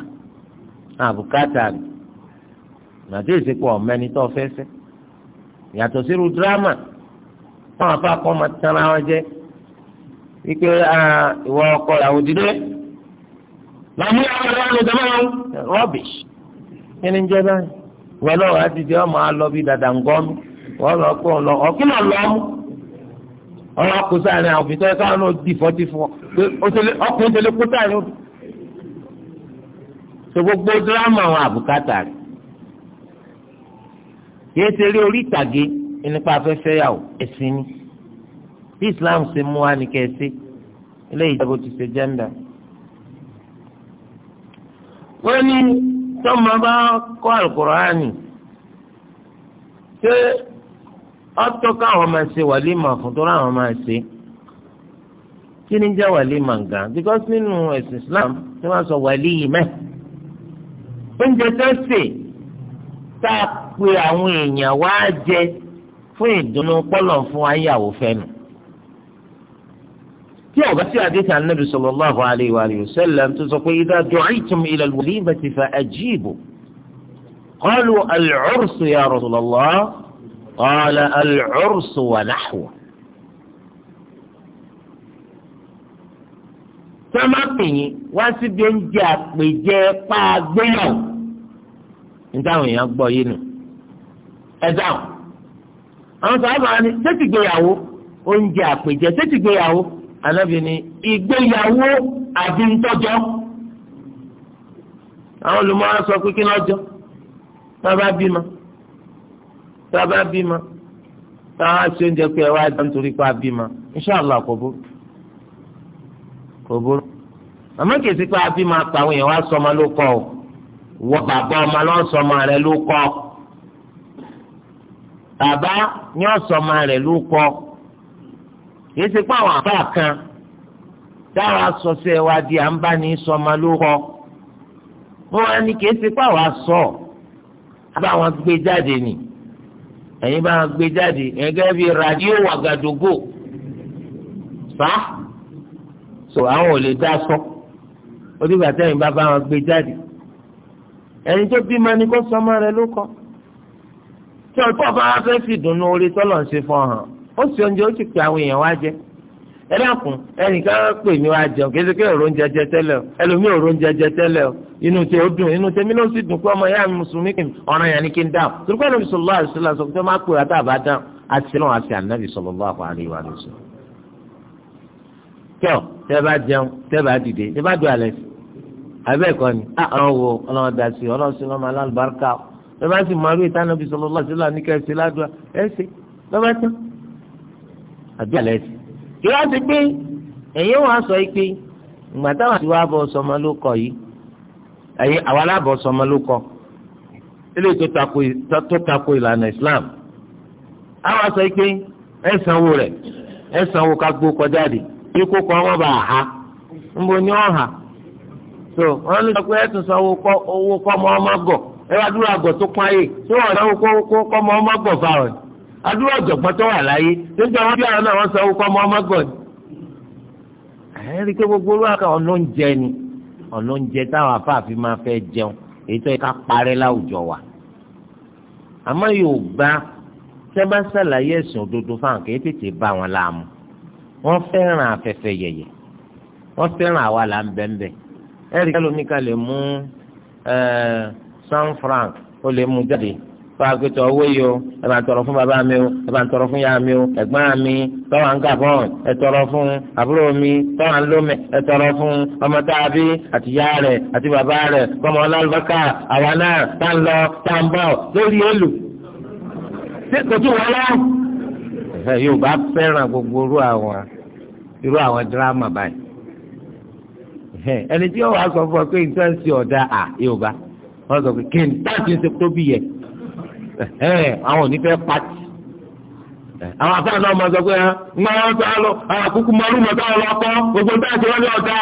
àbùkátà nàdé ìsèpọ̀ ọ̀mẹ́ni tó fẹ́ fẹ́ yàtọ̀ sírú dírámà wọn àfa kọ́ máa tẹ́ra wọn jẹ́ ike ah, ìwọ ọkọ ìyàwó dídé làmú ìyàwó ìyàwó ló dábàá rubbish kí ni ń jẹ báyìí ìwọ lọ́wọ́ àti ìdí ọmọ alọ bíi dàdà ń gọ́mí wọ́n lọ kó lọ ọ̀kí náà lọ mú ọ̀rọ̀ kó sáàrin àwọn òfin tó yẹ káwọn náà di fọ́tí fún ọ ọkùnrin tó lè kó sáàrin ó so gbogbo dírámà àwọn àbùkátà rẹ̀ kí ẹ ti rí orí ìtàgé nípa afẹ́fẹ́ yà ó ẹ̀sìn ni bí islam ṣe mú wa ní kẹsí eléyìí ìjọba ti ṣe jẹ́ńdà. wọ́n ní tọ́mọ bá kọ́ àlùkùránì ṣé ọtọ́ káwọn máa ṣe wàlímà fún tó ráwọn máa ṣe kí ni jẹ́ wàlímà gan because nínú ẹ̀sìn islam tí wọ́n sọ wàlímà oúnjẹ tó ṣe tá a pe àwọn èèyàn wá jẹ fún ìdùnnú pọ́lọ̀ fún ayáwó fẹ́nu. tí ọba sí àdéhùn anábì sallallahu alayhi wa alihi wa sallam tó sọ pé idha du'itum ila al-walimati fa ajibu qalu al-'ursu ya rasulallah qala al-'ursu wa nahwa. sọ́mà pìyìn wá síbi oúnjẹ àpèjẹ pàgbéyàn nítawọn èèyàn gbọ́ yìí nù ẹ dáhùn àwọn sọ̀rọ̀ bàbá ni sẹ́tìgbéyàwó oúnjẹ àpèjẹ sẹ́tìgbéyàwó. anábì ní ìgbéyàwó àbí ntọ́jọ́ àwọn olùmọ̀ọ́ sọ pé kí lọ́jọ́ bàbá bímọ bàbá bímọ táwọn aṣọ oúnjẹ pé ẹ wá dá nítorí pé a bímọ inṣàlá kò burú kò burú àmọ́ kìí sí pé a bímọ àtàwọn èèyàn wá sọmọ ló kọ́ ọ wọ bàbá ọmọ lọ sọmọ rẹ ló kọ́ bàbá ni ọ̀sọ̀mọ rẹ ló kọ́ yìí ṣe àwọn àbá kan dára sọsẹ wa di à ń bá ní sọmọ ló kọ wọn wá ní kìí ṣe pé àwọn asọ àbá wọn gbé jáde nì ẹ̀yin bá wọn gbé jáde gẹ́gẹ́ bí rádíò wàgàdógò fa so àwọn ò lè dá sọ ó dìgbà tẹ́yìn bá bá wọn gbé jáde ẹni tó bímọ ni kó sọmọ rẹ ló kọ tí ọ̀tọ̀ bá wọn fẹ́ fi dùnnú orí tọ́lọ̀ ń ṣe fọ́ hàn ó sì oúnjẹ ó sì pè àwọn èèyàn wá jẹ ẹ dákun ẹnìkan pè mí wá jẹun kí ẹsẹkẹ òrò ń jẹjẹ tẹlẹ o ẹlòmíì òrò ń jẹjẹ tẹlẹ o inú tẹ ó dùn inú tẹmí ló sì dùn pé ọmọ ìyá mi mùsùlùmí kì í ọ̀ràn yẹn ni kí n dáhùn torí pé ẹnìkan sọlọ àṣìlá sọ pé má pè wá tá a bá dáhùn àti náà àti ànábì sọlọ àpò àríwá ló sọ. tẹ́ tẹ́ bá jẹun tẹ́ bá dìde tẹ́ bá dùn àlẹ́ sí abẹ́ẹ̀kọ́ ni ah, ọ̀ràn àbí àlẹ́ sí. kí wọ́n ti pín ẹ̀yin wọn sọ pé ìgbà táwọn àti wá bọ̀ sọmọ ló kọ yìí ẹ̀yin sọmọ ló kọ Islam sọ sanwó rẹ̀ sanwó kọjá a ha ńbo ni wọn so wọn lè sọ pé ẹ tún kọ owó kọ́ ọmọ ọmọ gọ̀ ẹ wá dúró àgọ̀ tó pọ́n tí adúlọ̀ ọ̀jọ̀gbọ́n tó wà láyé nígbà wọn bí àwọn náà wọ́n sọ orúkọ ọmọ ọmọgàn ni. àyẹ̀rí pé gbogbo olú àkà ọ̀nà oúnjẹ ni ọ̀nà oúnjẹ táwọn afáàfin máa fẹ́ jẹun èyí tó yẹ ká parẹ́ láwùjọ wa. àmọ́ Yorùbá tẹ́ bá ṣàlàyé ẹ̀sìn òdodo fáwọn kì í tètè bá wọn láàmú wọ́n fẹ́ràn afẹ́fẹ́ yẹ̀yẹ̀ wọ́n fẹ́ràn àwa là ń bẹ́ńbẹ́ ẹ̀rí kálómi ká lè mú San Franc ó lè mú jáde fún akéwìtì owó yìí o ẹ bá ń tọrọ fún bàbá mi o ẹ bá ń tọrọ fún yàrá mi o ẹ̀gbọ́n mi tọ́wọ́ ń gàbọ́n ẹ tọrọ fún àbúrò mi tọ́wọ́ ń lómẹ ẹ tọrọ fún ọmọ tá a bí àtìyá rẹ̀ àti bàbá rẹ̀ kọ́mọ ọlọ́lùbákà àwa náà tá ń lọ tá ń bọ̀ lórí èlò kò tún wọn lọ. yóò bá fẹ́ràn gbogbo irú àwọn irú àwọn dírámà báyìí ẹni tí yóò wá sọ fún ọ pé nǹkan àwọn ò ní fẹ́ pati àwọn afáàná ọmọ sọ pé ẹ wọn sọ àlọ àwọn àkúkú mọlú mọtò àwọn ọkọ gbogbo nǹkan àti wọn ní ọjà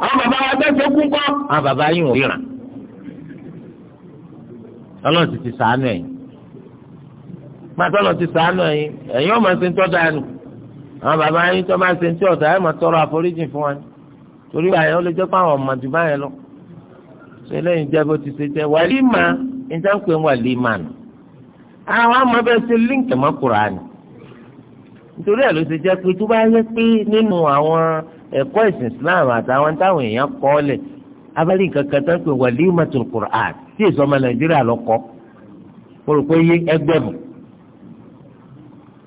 àwọn bàbá wa tẹsẹ kú kọ. àwọn bàbá yìí ò ti ti sàánú ẹ̀yìn pátọ́lọ́ ti sàánú ẹ̀yìn ẹ̀yìn ọmọ ṣe ń tọ́ da ẹnu àwọn bàbá yìí tó máa ṣe ń tí ẹ̀ tọrọ àforíjì fún wa torí ó lè jẹ́ pé àwọn ọmọ níta ń pè ń wà liman àwọn amọ̀bẹ́sẹ̀ líǹkì mọ́ kùránì nítorí ẹ̀ ló ṣe jẹ́ pé tó bá yẹ pé nínú àwọn ẹ̀kọ́ ìsìn Islam àtàwọn táwọn èèyàn kọ́ lẹ̀ abẹ́lé nǹkan kan tó ń pè wà limatul Qur'an tí èso ọmọ Nàìjíríà lọ kọ́ mo rò pé yé ẹgbẹ́ bù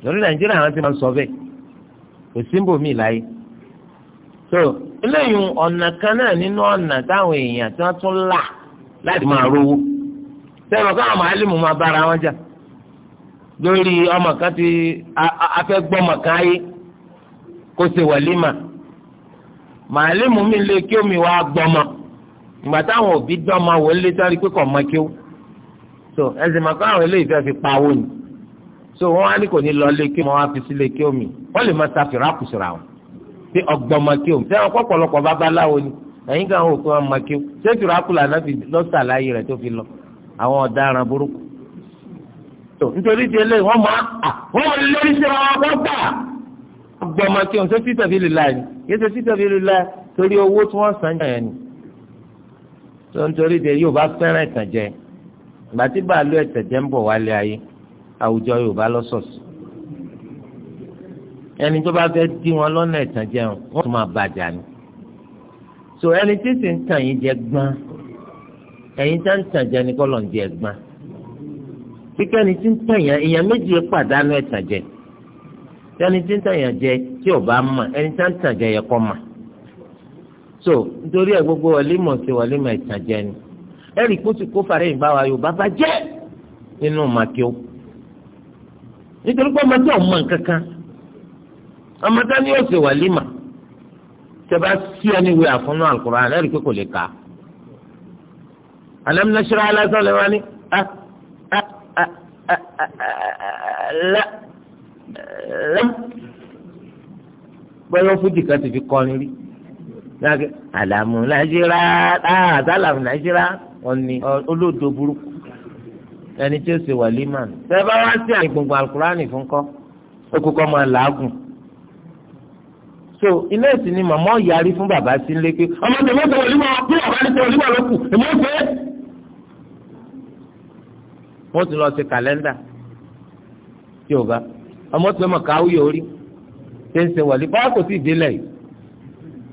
lórí Nàìjíríà wọn ti máa ń sọ bẹ́ẹ̀ kò símbò mí láyé so eléyìí ọ̀nà kan náà nínú ọ̀nà táwọn èèyàn tí wọ́n tún là láti máa rówó sẹ́wọ̀n káwọn màálìmù máa bára wọn jà lórí ọmọ kan ti afẹ́gbọ́mọ kan ayé kó ṣe wàlímà màálìmù mi lè kí omi wá gbọ́mọ ìgbà táwọn òbí dọ́mọ wò lé sáré pé kò mọ kí ó so ẹsìn màkà àwọn eléyìí fẹ́ fi pawó ni so wọ́n á ní kò ní lọ lé kí wọ́n á fi sílé kí omi wọ́n lè máa ṣàfihàn àkùsùrà wọn sí ọgbọ́mọ kí omi sẹ́wọ̀n kọ́pọ̀lọpọ̀ babaláwo ni ẹ̀yin kan ò kí wọ́n mọ kí ó ṣé tìrọ̀ àkùlà náà fi lọ́sàlàyé àwọn ọ̀daràn burúkú tó nítorí ti eléyìí wọ́n máa wọ́n máa lórí sí wọn wọ́n gbà gbọmọ kí n ṣe títẹ̀ fi lè la ni kí n ṣe títẹ̀ fi lè la torí owó tí wọ́n san yẹn ni tó nítorí ti yóò bá fẹ́ràn ìtànjẹ ìgbà tí bàálù ẹ̀tẹ̀jẹ̀ ń bọ̀ wálé ayé àwùjọ Yorùbá lọ́sọ̀ọ̀sì ẹni tó bá fẹ́ dí wọn lọ́nà ìtànjẹ wọn tún máa bàjá ni so ẹni tí sì ń tàn yín jẹ gbọ́n ẹ̀yin tá ń tàn jẹ di ẹ̀gbọ́n kíkẹ́ ni tí ń tàn yàn èèyàn méjì pàdánù ẹ̀tàn jẹ ẹni tí ń tàn yẹ kọ́ mọ̀ so nítorí ẹ̀ gbogbo wàlímọ̀ sí wàlímọ̀ ẹ̀tàn jẹ ni ẹ̀rì kùtù kó fàrẹ́yìn bá wa Yorùbá bá jẹ́ nínú màkíó nítorí pé ọmọdé ọmọ ọmọdé ni yóò ṣe wàlímọ̀ tẹ bá sí ẹni wí àfúnú alam nashra alásán lè wá ní lẹ́m bọ́lá fújì kan ti fi kọrin rí lágbé àlàmù nàìjíríà àtàlàmù nàìjíríà ọ̀nì olódo burúkú ẹni tí ó ṣe wàlímà tẹ́fà wá sí àyè gbogbo alukurani fún kọ́ okùnkọ́ máa làágùn so iná ìsìn ni màmá ọ̀yarí fún bàbá sí lé pé ọmọdé mọ́tò wàlímà bí bàbá ní sọ wàlímà lókù èmi ò fẹ́. wọ́n tún lọ sí kàlẹ́ndà tí ò bá ọmọ tó mọ̀ ká wúyọ̀ orí ṣe ń ṣe wọ̀lé kò sí yìí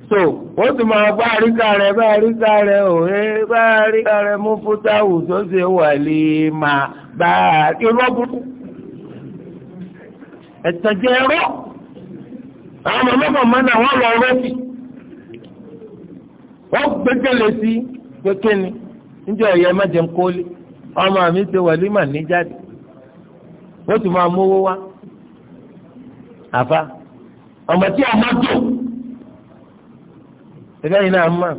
so ó sì máa bá àríkà bá àríkà òwe bá àríkà mú ma tó ṣe wọ̀lé máa bá irọ́ burúkú ẹ̀tàn jẹ́ ẹ̀rọ àwọn ọmọ mọ́kànmọ́ náà wọ́n lọ wọ́n gbẹ́gbẹ́ ọmọ mi ṣe wẹ̀límà ní jáde ó sì máa mówó wá àfa ọmọ tí a máa tó ẹgbẹ́ yìí náà mọ̀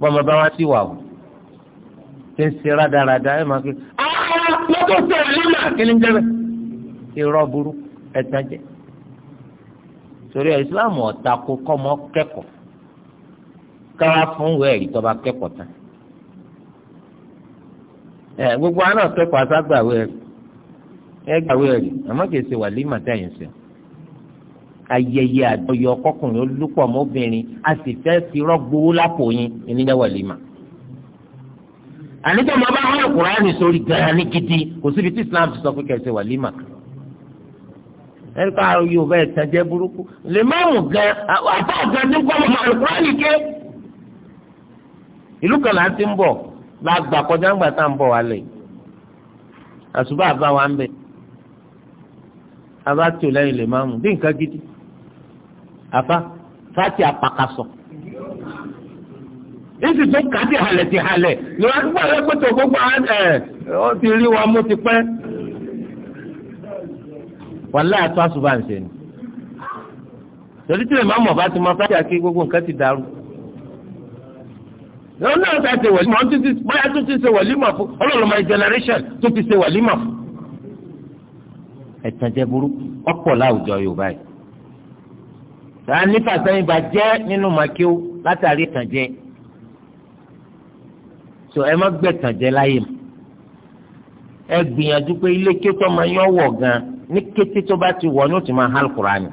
bọ́mọ bá wá sí wà o ṣe ń ṣe rádaràda ẹ̀ máa ké lọ́tọ̀ ah, sọ wẹ̀límà kí ni jẹ́ irọ́ burú ẹ̀tàn jẹ́ torí ẹ̀ Islam ọ̀tako kọ́ kẹ́kọ̀ọ́ káwá fún wẹ́ẹ̀rì tó bá kẹ́kọ̀ọ́ tán ẹ gbogbo àná kẹ́kọ̀ọ́ aságbàwé ẹ̀rí ẹgbàwé ẹ̀rí àmọ́ kìí ṣe wà límà táyìn sí. ayẹyẹ àjọyọ̀ ọkọkùnrin olùpọ̀ ọmọbìnrin a sì fẹ́ fi rọ́gbó lápò yín ìníjẹ́ wà bá sórí gan-an ní gidi kò síbi tí Islam ti sọ pé kẹ́sẹ̀ wà yóò bẹ́ẹ̀ burúkú lè má mú gan bá gbà kọjá ńgbà tá à ń bọ̀ wá lẹ̀ àṣùbà bá wa ń bẹ̀ abá tó lẹ́yìn lè máa mú bí nǹkan gidi àfa fati apakasọ èsì tó kà á ti halẹ̀ ti halẹ̀ ni wọ́n á gbọ́ ẹ pẹ́tọ́ gbogbo ẹ ọ ti rí wa mú ti pẹ́ wàhálà àtọ́ àṣùbà ń ṣe ni torí tí mọ̀ bá ti mọ fati àti gbogbo nǹkan ti dàrú lọ́wọ́ náà ta ṣe wẹ̀límọ̀ ọ́n títí bóyá tó ti ṣe wẹ̀límọ̀ fún ọlọ́run my generation tó ti ṣe wẹ̀límọ̀ fún. ẹ̀tàn jẹ́ burúkú ọ̀pọ̀ láwùjọ yorùbá yìí. sàá nípa sẹ́yìn bá jẹ́ nínú màkíó látàrí ẹ̀tàn jẹ́. tó ẹ má gbẹ̀tàn jẹ́ láyè mọ́. ẹ gbìyànjú pé ilé kétọ́ máa yán wọ̀ gan ní kété tó bá ti wọ̀ ní ó ti máa hálùkùránì.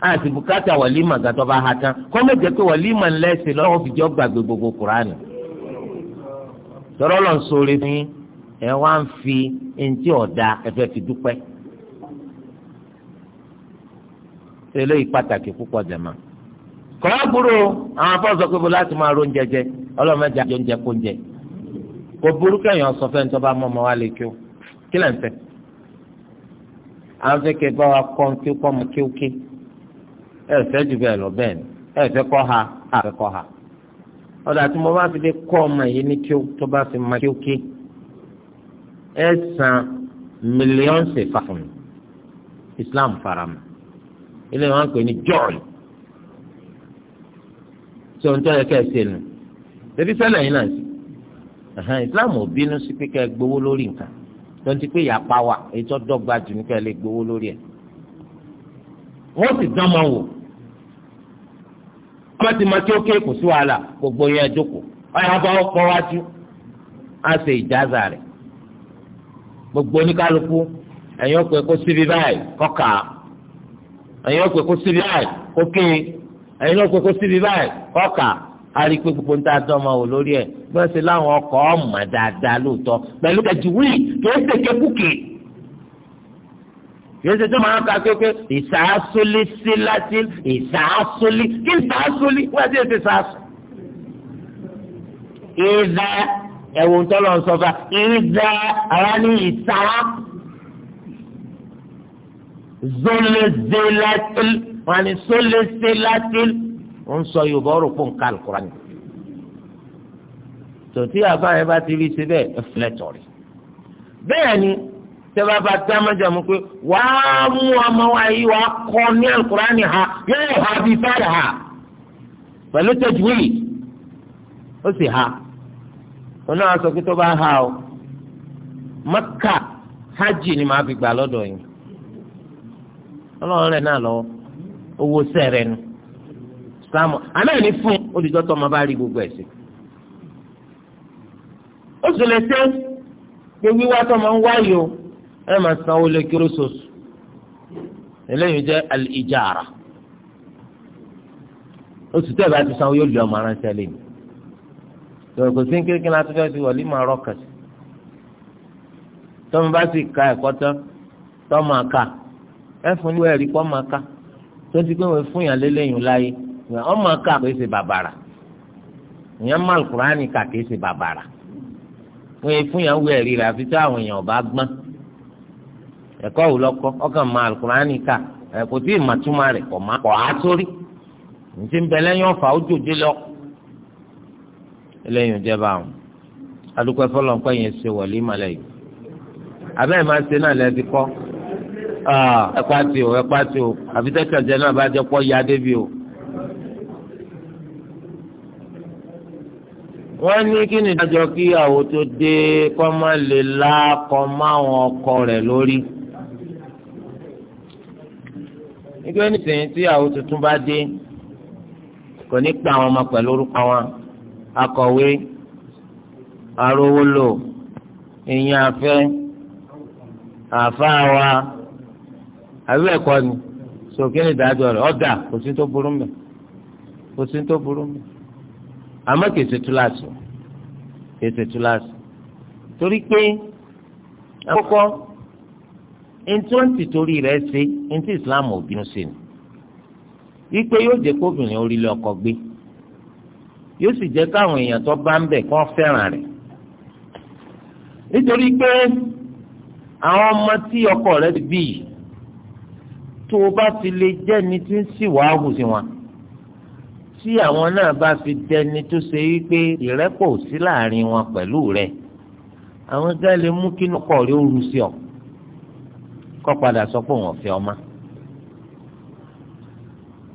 àti bùkátà wàlímà gàtọ́ bá ha tán kọ́ méje pé wàlímà ńlẹ́sìn lọ́wọ́ gbàgbé gbogbo lọ sóore ẹ wá ń fi eŋti ọ̀dà ẹ̀fẹ́ fi dúpẹ́ eléyìí pàtàkì púpọ̀ jẹ̀mọ́ kọ́lá gbúrò àwọn afọ́sọ pé bó láti máa ro oúnjẹ jẹ ọlọ́mọdé àjọ oúnjẹ kó oúnjẹ kò burú kẹ́yìn ọ̀sọ̀ fẹ́ nítorí ọmọ wa lè kí o kí ẹ fẹ́ jù bẹ́ẹ̀ lọ bẹ́ẹ̀ ni ẹ fẹ́ kọ́ ha a fẹ́ kọ́ ha ọ̀dà tí mo bá fi lè kọ́ ọmọ yìí ní kí tó bá fi máa kí ó ké ẹ san mílíọ̀nù sèfà fún mi Islam farama ilé wọn pè ní jọ́ọ̀lù tí ohun tó yẹ kẹ́ ẹ ṣe nù bẹ́bí sẹ́lẹ̀ yìí náà sí Islam ò bínú sí pé kẹ́ ẹ gbowó lórí nǹkan tó pé ìyapa wà èyí tó jù ní kẹ́ ẹ lè gbowó lórí ẹ̀ wọ́n sì dán mọ́ wò wọ́n ti máa kí ó ké kò sí wàhálà gbogbo yẹn jókòó ọ̀yà bá ọkọ̀ wájú á ṣe ìjáza rẹ̀ gbogbo oníkálukú ẹ̀yin ọ̀pẹ kó síbi báyìí kọ́kà ẹ̀yin ọ̀pẹ kó síbi báyìí kó ẹ̀yin ọ̀pẹ kó síbi báyìí kọ́kà ari pé gbogbo níta dán ọmọ wò lórí ẹ̀ bí wọ́n láwọn ọkọ̀ ọ̀mọ̀ dáadáa lóòótọ́ pẹ̀lú ẹ̀jú wíì kì í ṣe kékúkè yóò ṣe tó máa ń ka kéke ìsàásólé sí láti ìsàásólé kí ìsàásólé wọ́n ti ṣe sàásù. ìdá ẹ̀wọ̀n tọ́lọ̀ ń sọ́fà ìdá ara ní ìsà zólésílátìl wọ́n ní sólésílátìl ń sọ yorùbá ọ̀rọ̀ pọ̀ nǹkan àlùkùrá ni. tòtí àbáyé bá ti rí síbẹ̀ ẹ̀fúlẹ̀ tọ̀rí. bẹ́ẹ̀ ni tẹ́lá bá dá májàmú pé wàá mú ọmọ wa yìí wàá kọ́ ní alukurani ha yóò ha bí báyà ha pẹ̀lú tajwid ó sì ha òun náà sọ pé tó bá ha o maka hajj ni màá fi gbà lọ́dọ̀ yìí ọlọ́run rẹ̀ náà lọ owó sẹ́rẹ̀ nu sàmù àmẹ́rin ní fún olùdókítà ọmọ bá rí gbogbo ẹ̀ sí ó sì lè ṣe pé wíwá tó máa ń wáyé o ẹ máa sanwó lé kírósòsò eléyìí jẹ́ alìjára oṣù tẹ́ bá ti sanwó yóò lé ọmọ aránṣẹ́ lé mi tòun kò sí kékeré láti fẹ́ fi wọlé máa rọ́kàtì tọ́mọ bá sì ka ẹ̀kọ́ tán tọ́mọ àka ẹ fún ní ẹ̀rí pọ́ máa ka tó ti pé wọ́n fún yàn lélẹ́yìn láyé ọmọ àka kò ṣe bàbàrà ìyẹn má alukurani kà kì ṣe bàbàrà wọ́n fún yàn wọ ẹ̀rí rẹ̀ àfi tí àwọn èèyàn ọba gbọ́n ẹ̀kọ́ wò lọ́kọ́ ọkàn máa alukurani ká kò tí ì mà túmọ̀ rẹ̀ kọ̀ má kọ̀ á sórí ntí ń bẹ lẹ́yìn ọ̀fà ó jòjé lọ. eléyìí ò jẹ́ bá wọn adúpẹ́ fọlọ́nkọ́ yẹn ṣe wọ̀lé malẹ̀ yìí abẹ́ máa ṣe náà lẹ́ẹ̀fi kọ́ ẹ̀pá ti o ẹ̀pá ti o àfi tẹ́kẹ̀jẹ́ náà bá jẹ́ pọ́ ya débi o. wọ́n ní kí ni ìdájọ́ kíyàwó tó dé kọ́ máa lè la kọ́ máa wọn ọkọ rẹ̀ lórí. nígbà nísìnyí tí àwọn tuntun bá dé kò ní pa àwọn ọmọ pẹ̀lú orúkọ wọn akọ̀wé arówólò ìyẹn afẹ́ àáfàá wa àbí ẹ̀kọ́ ni sòkè ní ìdájọ́ rẹ̀ ọ̀dà kò sí tó burú mẹ́ kò sí tó burú mẹ́ àmọ́ kìí ṣe túláàsì kìí ṣe túláàsì torí pé àkọ́kọ́ ntí wọ́n ti torí rẹ̀ ṣe ntí islam ò bínú sí ni wípé yóò jẹ́ kóbìnrin orílẹ̀ ọkọ gbé yóò sì jẹ́ káwọn èèyàn tó bá ń bẹ̀ kó fẹ́ràn rẹ̀ nítorí pé àwọn ọmọ tí ọkọ rẹ̀ ti bí yìí tó o bá fi lè jẹ́ ni tí ń sì wàá hù sí wọn tí àwọn náà bá fi dẹni tó ṣe wípé ìrẹ́pọ̀ sí láàrin wọn pẹ̀lú rẹ̀ àwọn gá mú kí ọkọ rẹ̀ ó ru sí ọ kọ́ padà sọ pé òun ọ̀fẹ́ ọmọ.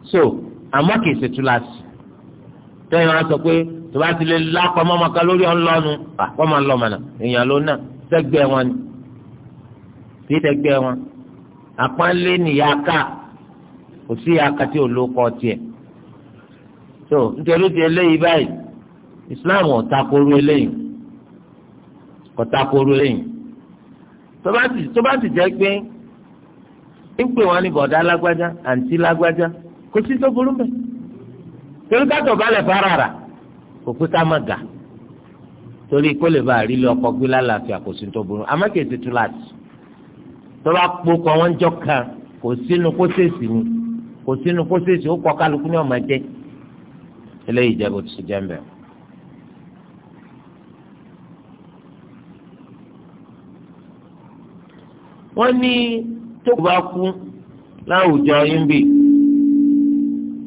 so àmọ́ kìí ṣe túláàsì tẹ́yìn wọn sọ pé tó bá ti lè lápá mọ́mọ́ kan lórí ọlọ́nu àpọ́ máa ń lọ mọ̀nà èèyàn ló náà sẹ́gbẹ́ wọn ni kìí sẹ́gbẹ́ wọn àpọ́nlé nìyàká kò sí ìyàká tí ò ló kọ́ tiẹ̀ so nítorí ti eléyìí báyìí Islam ò takoru eléyìí kò takoru eléyìí tó bá ti jẹ́ pé ń pè wọ́n ní bọ̀dá lágbájá àǹtí lágbájá kò sí tó burú mbẹ torí kátó balẹ̀ fara òkúta má ga torí kó lè ba àrílé ọkọ gbé lálàáfíà kò sí tó burú àmọ́ kìí ti tún láti tó bá kpó kọ wọn jọ kan kò sínú kó sèṣì ni kò sínú kó sèṣì ó kọ kálukú ní ọmọ jẹ eléyìí jẹ bó ti sùn jẹ wọ́n ní tó bá kú láwùjọ yín bì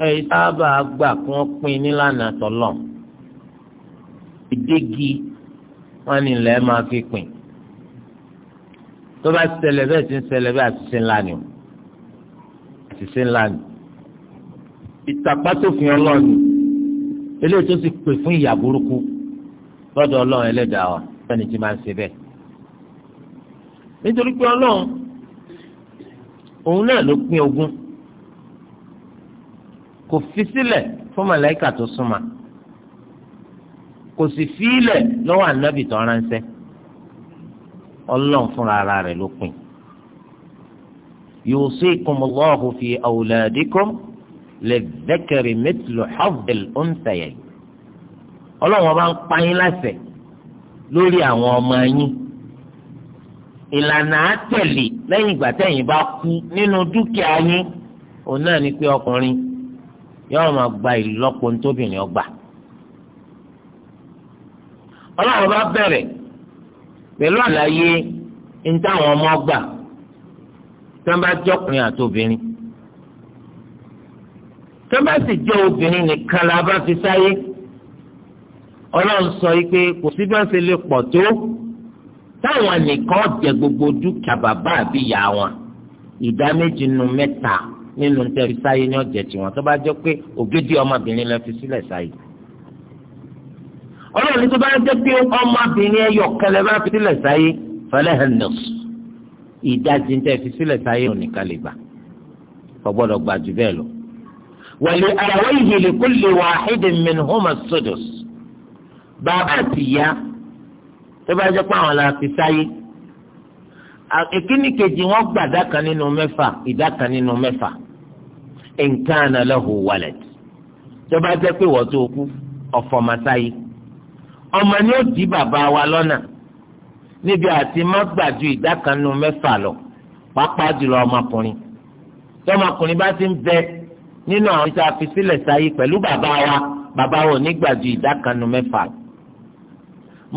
ẹ̀yìn sábà gbà kí wọ́n pín nílànà tọ́lọ̀ ìdégi wọn ni ilẹ̀ máa fi pín tó bá ṣẹlẹ̀ bẹ́ẹ̀ ti ń ṣẹlẹ̀ bẹ́ẹ̀ àṣìṣe ńlá ni àṣìṣe ńlá ni ìtàpá tó fi ọlọ́ọ̀nù eléyìí tó ti pè fún ìyà burúkú lọ́dọ̀ ọlọ́run ẹlẹ́dàá wa ẹni tí máa ń ṣe bẹ́ẹ̀ nítorí pé ọlọ́run òun náà ló pín ogún kò fi sílẹ̀ fún màláìkà tó súnmọ́ kò sì fi ilẹ̀ lọ́wọ́ ànábì tó ránṣẹ́ ọlọ́run fúnra ara rẹ̀ ló pín yusikumullahu fi awladikum lidhakari mithlu hazzil unthayayn ọlọ́run ọba ń pa yín láṣẹ lórí àwọn ọmọ yín ìlànà àtẹ̀lé lẹ́yìn ìgbà tẹ̀yìn bá kú nínú dúkìá yín òun náà ni pé ọkùnrin yóò máa gba ìlọ́po nítòbìnrin ọgbà. ọlọ́run bá bẹ̀rẹ̀ pẹ̀lú àlàyé ń táwọn ọmọ gbà tí wọ́n bá jẹ́ ọkùnrin àtòbìnrin. tí wọ́n bá sì jẹ́ obìnrin nìkan la bá fi sáyé ọlọ́run sọ yìí pé kò sí ń ṣe lè pọ̀ tó táwọn nìkan jẹ gbogbo dúkìá bàbá àbí ìyá wọn ìdá méjì nínú mẹ́ta nínú tẹbi sáyé ni ọjẹ tiwọn tó bá jẹ pé ògidì ọmọbìnrin lọ fi sílẹ̀ sáyé Ọlọ́run ní tó bá jẹ pé ọmọbìnrin ẹyọ kẹlẹ bá fi sílẹ̀ sáyé fẹlẹ hẹnẹs ìdajì tẹ fi sílẹ̀ sáyé ò nìkan lè gbà kò gbà jù bẹ́ẹ̀ lọ. wẹ̀lẹ̀ àwọ̀ ìhìlẹ̀ kó lè wà áhídìmínú homer sodus bàbá àti ìyá tó bá jẹ́ pé àwọn la fi sáyé ìkíni kejì wọn gbà dákan nínú mẹ́fà ìdákan nínú mẹ́fà in kana lahu walad tó bá jẹ́ pé wọ́n tó kú ọ̀fọ̀mọ́sáyé ọmọ ni ó di bàbá wa lọ́nà níbi àti má gbà ju ìdákan nínú mẹ́fà lọ pàápàá jùlọ ọmọkùnrin tọmọkùnrin bá ti ń bẹ nínú àwọn ìta fi sílẹ̀ sáyé pẹ̀lú bàbá wa bàbá wa ò ní gbà ju ìdákan nínú mẹ́fà lọ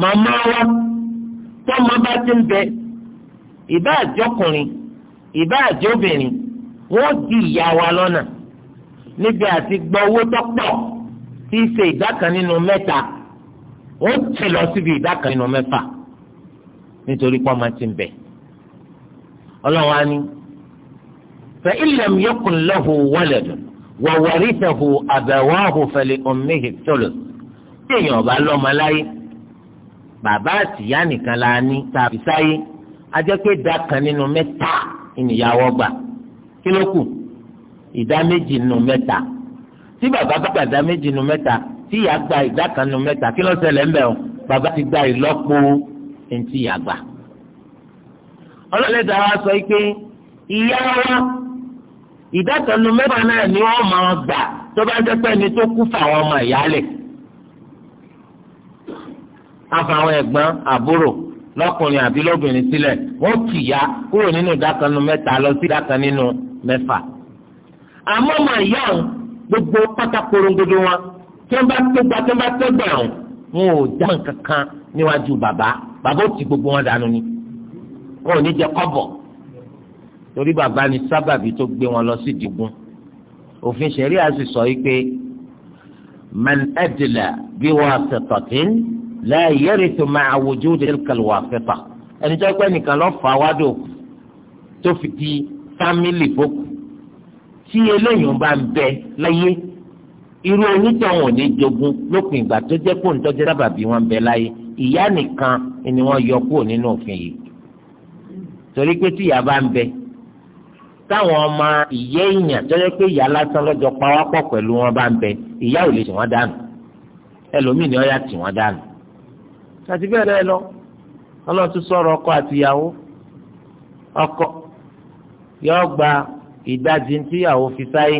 màmá wa tọ́mọ bá ti ń bẹ ìbá àjọkùnrin ìbá àjọbìnrin wọ́n di ìyá wa lọ́nà níbi àti gba owó tọ́pọ̀ tí í ṣe ìdá kan nínú mẹ́ta wọ́n ti lọ síbi ìdá kan nínú mẹ́fà nítorí pọ́n máa ti ń bẹ. ọlọ́run á ní fa illam yakun lahu waladun wa warithahu abawahu fali ummihi thuluth. bí èèyàn bá lọ́mọ láyé bàbá àtìyá nìkan la ní tàbí sáyé ajẹ́pẹ́ ìdá kan nínú mẹ́ta ìníyàwó gbà kí ló kù ìdá méjì nínú mẹ́ta tí bàbá bá gba ìdá méjì nínú mẹ́ta tí ìyá gba ìdá kan nínú mẹ́ta kí ló ṣẹlẹ̀ ń bẹ̀ o bàbá ti gba ìlọ́po ẹni ìyá gbà. ọlọ́lẹ́dàá wa sọ pé ìyá wa ìdá kan nínú mẹ́ta náà ni wọ́n máa gbà tó bá jẹ́ pé ẹni tó kú fáwọn ọmọ ìyálẹ̀ àfàwọn ẹ̀gbọ́n àbúrò lọ́kùnrin àbí lóbìnrin sílẹ̀ wọ́n kì ya kúrò nínú ìdákanu mẹ́ta lọ sí ìdákan nínú mẹ́fà. àmọ́ màá yá òun gbogbo pátákórongodo wọn tí wọ́n bá tó gba tí wọ́n bá tó gbà òun wọn ò dá nǹkan kan níwájú bàbá bàbá ò ti gbogbo wọn dànù ni wọn ò ní jẹ kọ́bọ̀ torí bàbá ni sábàbí tó gbé wọn lọ sí ìdìgún òfin ṣẹ̀ríà sì sọ yìí pé man adla bí wọ́n ṣe tọ̀tí la yarithu ma'a wujudi tilka al-wafita ẹni tó pẹ́ nìkan lọ́ fà wá dò tó fi di fámìlì fòkù tí eléyìí bá ń bẹ láyé irú onítọ̀hún ò ní jogún lópin ìgbà tó jẹ́ kó ń tọ́jú dábàá bí wọ́n ń bẹ láyé ìyá nìkan ni wọ́n yọ kúrò nínú òfin yìí torí pé tí ìyá bá ń bẹ táwọn ọmọ ìyá èèyàn tó yẹ pé ìyá lásán lọ́jọ́ pawápọ̀ pẹ̀lú wọn bá ń bẹ ìyá ò lè tì wọ́n dànù ẹlòmíì ni ó yà tì wọ́n dànù àti bẹ́ẹ̀ bẹ́ẹ̀ lọ ọlọ́run tún sọ̀rọ̀ ọkọ àtìyàwó ọkọ yóò gba ìdajì tíyàwó fi sáyé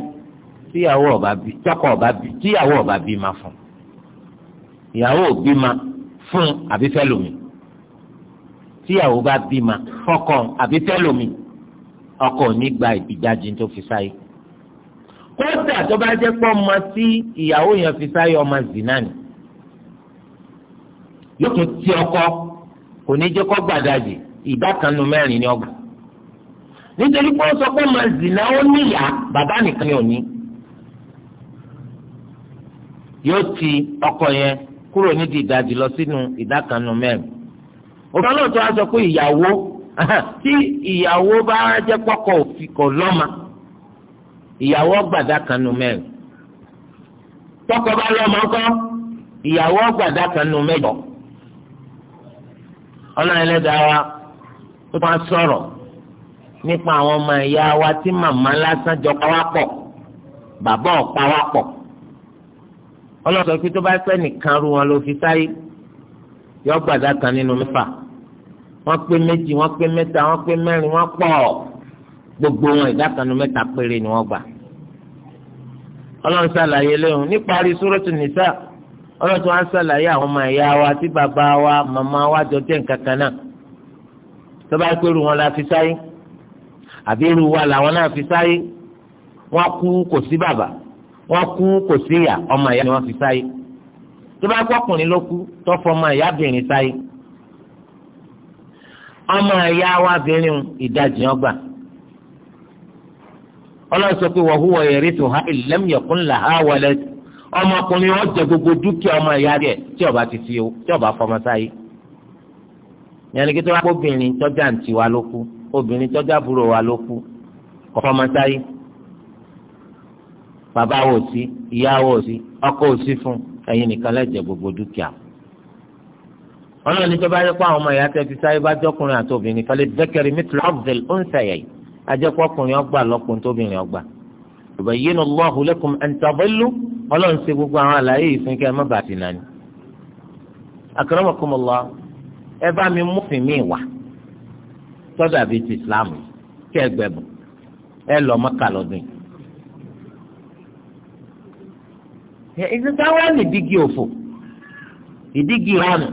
tíyàwó ọba bí tọkọ ọba bí tíyàwó ọba bí ma fún ìyàwó òbí ma fún àbí fẹ́lòmí tíyàwó bá bí ma fọkọ àbí fẹ́lòmí ọkọ ní gba ìdajì tó fi sáyé kódà tó bá jẹ́ ìyàwó yẹn fi sáyé ọmọ zìnnà yóò tún ti ọkọ kò ní jẹ́ kọ́ gbàdájì ìdá kan nu mẹ́rin ní ọgbà nítorí pé ó sọ pé máa zìnà ó níyà bàbá nìkan yóò ní yóò ti ọkọ yẹn kúrò nídìí ìdajì lọ sínú ìdá kan nu mẹ́rin òfin náà tó wá sọ pé ìyàwó tí ìyàwó bá jẹ́ pọ́kọ kò lọ́mà ìyàwó gbàdá kan nu mẹ́rin tọkọ bá lọ́mọ kọ́ ìyàwó gbàdá kan nu mẹ́jọ ọlọ́run ẹlẹ́dàá wa tó bá sọ̀rọ̀ nípa àwọn ọmọ ìyá wa tí màmá lásán jọ pawápọ̀ bàbá ò pawápọ̀ ọlọ́run sọ pé tó bá pẹ́ nìkan ru wọn ló fi sáyé yọ gbàdá kan nínú mẹ́fà wọ́n pé méjì wọ́n pé mẹ́ta wọ́n pé mẹ́rin wọ́n pọ̀ gbogbo wọn ìdá kan nínú mẹ́ta péré ni wọ́n gbà ọlọ́run sàlàyé lẹ́hìn níparí Suratul Nisa ọlọ́run tó wá ń sàlàyé àwọn ọmọ ẹ̀yà wa tí bàbá wa màmá wa jọ jẹ́ nǹkan kan náà tó bá pé irú wọn la fi sáyé àbí irú wa làwọn náà fi sáyé wọ́n kú kò sí bàbá wọ́n kú kò sí ìyá ọmọ ẹ̀yà ni wọ́n fi sáyé tó bá ló kú tó fọmọ ẹ̀yà bìnrin sáyé ọmọ ẹ̀yà wa bìnrin ìdajì ọgbà ọlọ́run sọ pé yẹ̀rì tó ha ìlẹ́mìyẹ̀kùn làhá wọlé sí ọmọkùnrin wọn jẹ gbogbo dúkìá ọmọ ìyá rẹ̀ tí ọba ti fi tí ọba fọmọ sáyé yẹnni kí tó wá obìnrin tọ́jà ń tiwa ló kú obìnrin tọ́jà búrò wa ló kú kò fọmọ sáyé bàbá wò sí ìyá wò sí ọkọ wò sí fún ẹ̀yin nìkan lẹjẹ gbogbo dúkìá ọlọ́ọ̀ni tó bá yẹ kó àwọn ọmọ ìyá tẹ́ ti sáyé bá jọkùnrin àti obìnrin falẹ̀ dẹ́kẹ̀rì mítìlọ́ọ̀dẹ̀l yubayyinu Allahu lakum an tadillu ọlọ́run ṣe gbogbo àwọn àlàyé yìí fún kẹ́ ẹ má bàa ti nà ní. akramakumullah ẹ bá mi mufin mi wà tọ́jà bíi ti islam kí ẹ gbẹ̀bùn ẹ lọ mọ́kà lọ́dún yìí. ìsìnká wá ní ìdígi òfò ìdígi ìranù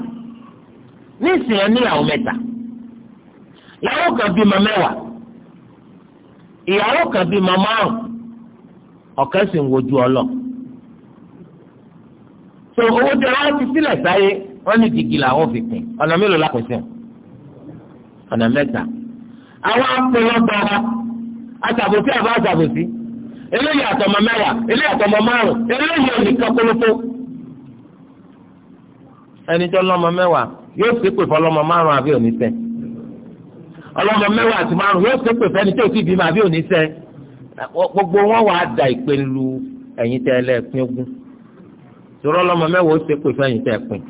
ní ìsìn ẹ níyàwó mẹ́ta ìyàwó kan bíi mọ mẹ́wàá ìyàwó kan bíi mọ márùn ọ̀kẹ́ sì ń wojú ọ lọ. so owó tẹ wá ti sílẹ̀ sáyé wọ́n ní dìgì làwọn fi pín ọ̀nà mélòó la pèsè ọ̀nà mẹ́ta. àwọn apẹ̀lọ́gbà aṣàbòsí àbá aṣàbòsí eléyìí àtọmọ mẹ́wàá eléyìí àtọmọ márùn eléyìí ònìkan kólótó. ẹni tó lọ́mọ mẹ́wàá yóò ṣépè fọlọ́mọ márùn àbí òní sẹ́ ọlọ́mọ mẹ́wàá àti márùn yóò ṣépè fẹ́ni tó ti bímọ àbí òní sẹ́ gbogbo wọn wàá da ìpinnu ẹ̀yin tẹ́ ẹlẹ́ẹ̀pin ogún sọ̀rọ̀ ọlọ́mọ mẹ́wàá ó ṣépè fún ẹ̀yin tẹ́ ẹ̀pin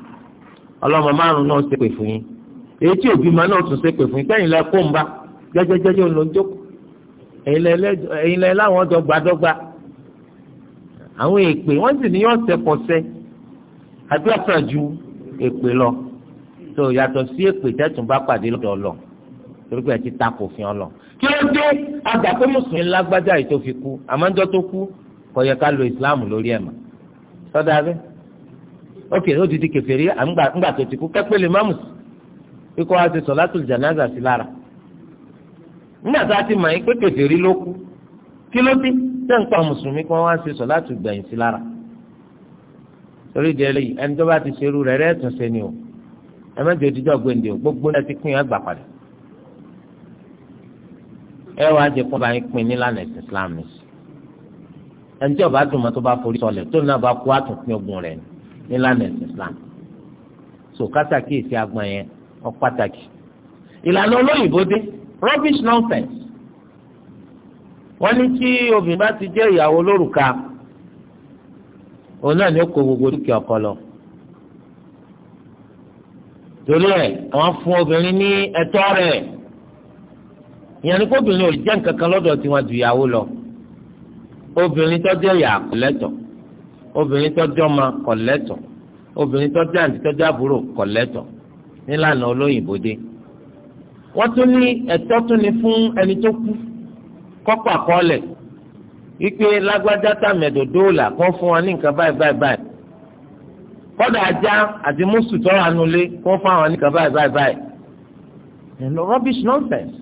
ọlọ́mọ márùn-ún náà ó ṣépè fún yín èyí tí òbí máa náà tún ṣépè fún yín kẹ́yìn lẹ kó ń bá jẹ́jẹ́jẹ́jẹ́ òun ló ń jókòó ẹ̀yin lẹ láwọn dọ́gbadọ́gba àwọn èpè wọ́n sì ní ọ̀sẹ̀ pọ̀sẹ̀ àbí ọ̀sẹ̀ ju èpè lọ tó yàtọ̀ sí èpè tẹ́tùn bá pàdé lọ́dọ̀ torí pé ẹ ti ta kò fi ọ lọ kí ló dé àgbà pé mùsùlùmí lágbájá yìí tó fi kú àmọ́ tó kú kò yẹ ká lo islam lórí ẹ̀ mà sọ́dọ̀ abẹ́ ok ó ti di kèfèrí àǹgbà tó ti kú kẹ́pẹ́ lè má mùsùlùmí kíkọ́ wa ti sọ̀látùl jánásà sí lára nígbà tá a ti mọ̀ yín pé kèfèrí ló kú kí ló dé tẹ́ ń pa mùsùlùmí kí wọ́n wá ṣe sọ̀látùl gbẹ̀yìn sí lára torí ìdílé yìí ẹni tó bá ti ṣerú rẹ̀ rẹ̀ tún ṣe ni o ẹ ẹ wá jẹ kó bá yín pin nílànà ẹ̀sìn Islam ni ẹni tí ọba dùnmọ́ tó bá forí sọlẹ̀ tó náà bá kó àtúnpín ogun rẹ̀ nílànà ẹ̀sìn Islam so kátàkì èsì agbọn yẹn ọ pàtàkì ìlànà olóyìnbó dé rubbish nonsense wọ́n ní tí obìnrin bá ti jẹ́ ìyàwó lórúkà òun náà ní kó gbogbo dúkìá ọkọ lọ torí ẹ̀ wọ́n fún obìnrin ní ẹ̀tọ́ rẹ̀ ìyẹn ni kóbìnrin ò lè jẹ́ nǹkan kan lọ́dọ̀ tiwọn ju ìyàwó lọ obìnrin tọ́jú ẹ̀yà kò lẹ́tọ̀ obìnrin tọ́jú ọmọ kò lẹ́tọ̀ obìnrin tọ́jú àǹtí tọ́jú àbúrò kò lẹ́tọ̀ nílànà olóyìnbó dé wọ́n tún ní ẹ̀tọ́ tún ní fún ẹni tó kú kọ́pọ̀ àkọọ́lẹ̀ wípé lágbájá tàmẹ̀dò dóòlà kan fún wa ní nǹkan báyìí báyìí báyìí kọ́dà ajá àti mùsùlùmí tọ́ra nulẹ̀ fún àwọn ní nǹkan báyìí báyìí báyìí rubbish nonsense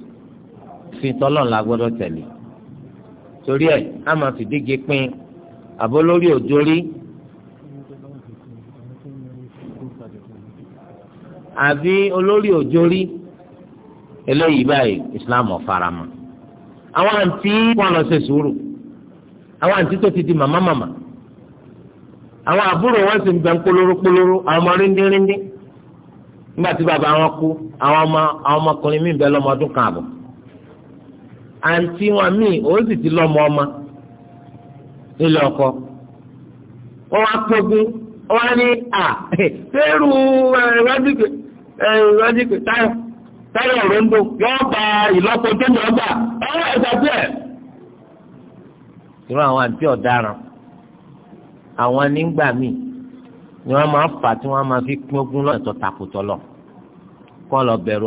òfin tọ́lọ́n la gbọ́dọ̀ tẹ̀lé torí ẹ̀ á máa fìdíje pín àbó lórí òjòrí àbí olórí òjòrí eléyìí báyìí Islam ọ̀farama àwọn àǹtí wọn lọ ṣe sùúrù àwọn àǹtí tó ti di màmá màmá àwọn àbúrò wọn sì ń bẹ ń polóró àwọn ọmọ ríndín nígbà tí bàbá wọn kú àwọn ọmọ ọmọkùnrin míì bẹ lọmọ kan àbọ̀ àǹtí wọn míì ó sì ti lọ́mọ ọmọ ọkọ ó wá pẹ́gun ó ní à fẹ́rù ìwádìí ìwádìí táyọ̀ táyọ̀ òrondo yóò tó ní ọgbà ọwọ́ ẹ̀ka àwọn àǹtí ọ̀daràn àwọn nígbà míì ni wọ́n máa fà tí wọ́n máa fi pín ogún lọ́nà lọ kọ́ lọ bẹ̀rù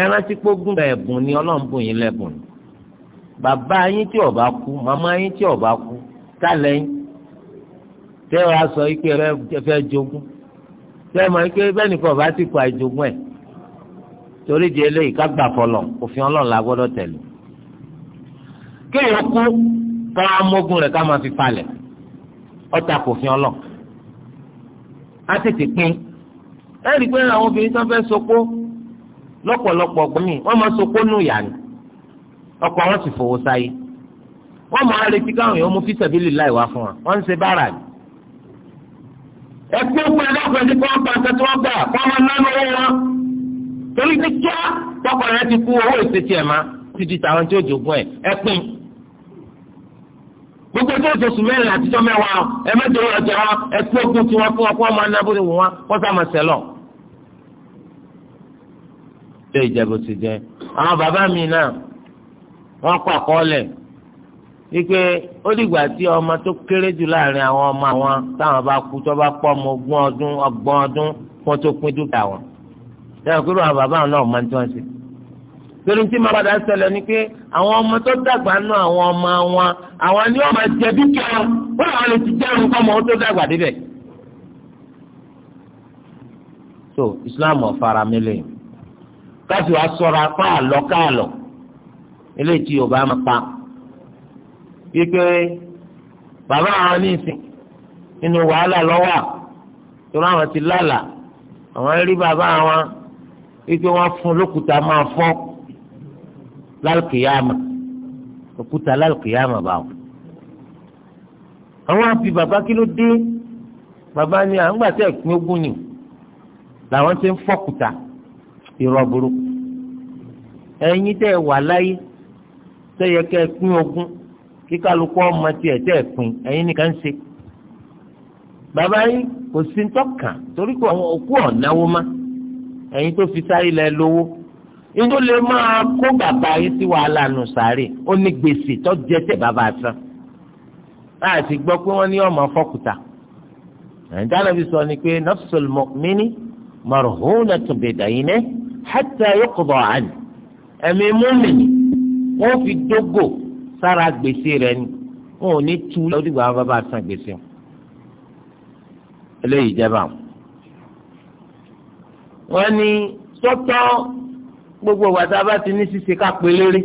ẹ rántí pé ni ọlọ́run bùn yín lẹ́bùn bàbá yín tí ó bá kú màmá yín tí ó bá kú kálẹ̀ yín tẹ́ wàá sọ ike rẹ fẹ́ jogún tẹ́ mọ̀ ike bẹ́ẹ̀ nìkan ọba ti kọ àìjogún ẹ̀ torí di eléyìí ká gbà fọlọ̀ òfin ọlọ́run la gbọ́dọ̀ tẹ̀lé kéèyàn kú kọ́ amógún rẹ̀ ká máa fi falẹ̀ ọ̀tà kò fi ọlọ́ á tètè pín ẹ rí i pé àwọn obìnrin tó fẹ́ sopó lọ́pọ̀lọpọ̀ gbọ́n mi wọ́n máa sopó nù yàrá ọkọ wọn sì fowó sáyé wọn máa retí káwọn èèyàn mú fíṣẹbílì láì wá fún wa wọn ń ṣe bára ni. ẹgbẹ́ òkú ẹ̀dá ọ̀fẹ́ni kọ́ ọ̀pá àtẹ tí wọ́n gbà kọ́ ọmọ náà lọ́wọ́ wọn. torí pé kíá tọkọ rẹ ti kú owó ìṣètì ẹ̀ máa ti di tàwọn tí ó jogún ẹ̀ ẹ pín. gbogbo tó oṣooṣù mẹ́rin àtijọ́ mẹ́wàá ẹ mẹ́jọ wọn jẹ wọn ẹ pín ogún tí wọ́n fún wọn kó ọmọ náà bó wọn wọ́n sá máa ṣẹlọ̀. ilé ìjẹ́bù ti jẹ́ àwọn bàbá mi náà wọ́n kọ́ àkọọ́lẹ̀ wípé ó dìgbà tí ọmọ tó kéré jù láàrin àwọn ọmọ àwọn táwọn bá kú tó bá pọ̀ ọmọ ogún ọdún ọgbọ̀n ọdún kó tó pín dúkìá wọn. sẹ́wọ̀n kúrò àwọn bàbá náà máa ń tí wọ́n ṣe. torí tí màá padà ṣẹlẹ̀ ni pé àwọn ọmọ tó dàgbà nù àwọn ọmọ wọn àwọn ni wọ́n máa jẹ dúkìá wọn wọ́n àwọn lè ti jẹ́rù kọ́mọ tó dàgbà débẹ̀. so Islam ọ̀faramẹ́lẹ̀ káfíwá sọ̀rọ̀ apá káàlọ́ eléyìí tí yorùbá máa pa wípé bàbá àwọn ní ìsìn nínú wàhálà lọ́wọ́ tó láwọn ti lálà àwọn rí bàbá àwọn wípé wọ́n fún lókùtà máa fọ́ lálùkìyàmà òkúta lálùkìyàmà báwọn. àwọn àbí bàbá kí ló dé bàbá ni à ń gbà tẹ́ ẹ̀pín ogún ni làwọn ti ń fọ́kùtà irọ́ burúkú ẹ̀yin tẹ́ wà láyé tó yẹ kẹ́ pín ogún kí kálukú ọmọ tiẹ̀ tẹ́ pín ẹ̀yin nìkan ṣe bàbá yìí kò sí tọkàn torí pé àwọn òkú ọ̀náwó má ẹ̀yin tó fi sáré lẹ lówó inú lè máa kó bàbá yìí sí wàhálà nù sáré ó ní gbèsè tó jẹ tẹ bàbá san láti gbọ́ pé wọ́n ní ọmọ fọ́kùtà ẹ̀ńdáná fi sọ ni pé nafsul mu'mini marhunatun bidaynihi hatta yuqda anhu ẹ̀mí múmi wọ́n fi dógò sára gbèsè rẹ̀ ni wọn ò ní tú lọ́dìgbà wọn bá san gbèsè wọn. eléyìí jẹba wọn ní sọ́tọ̀ gbogbo wàtá bá ti ní ṣíṣe ká pé léré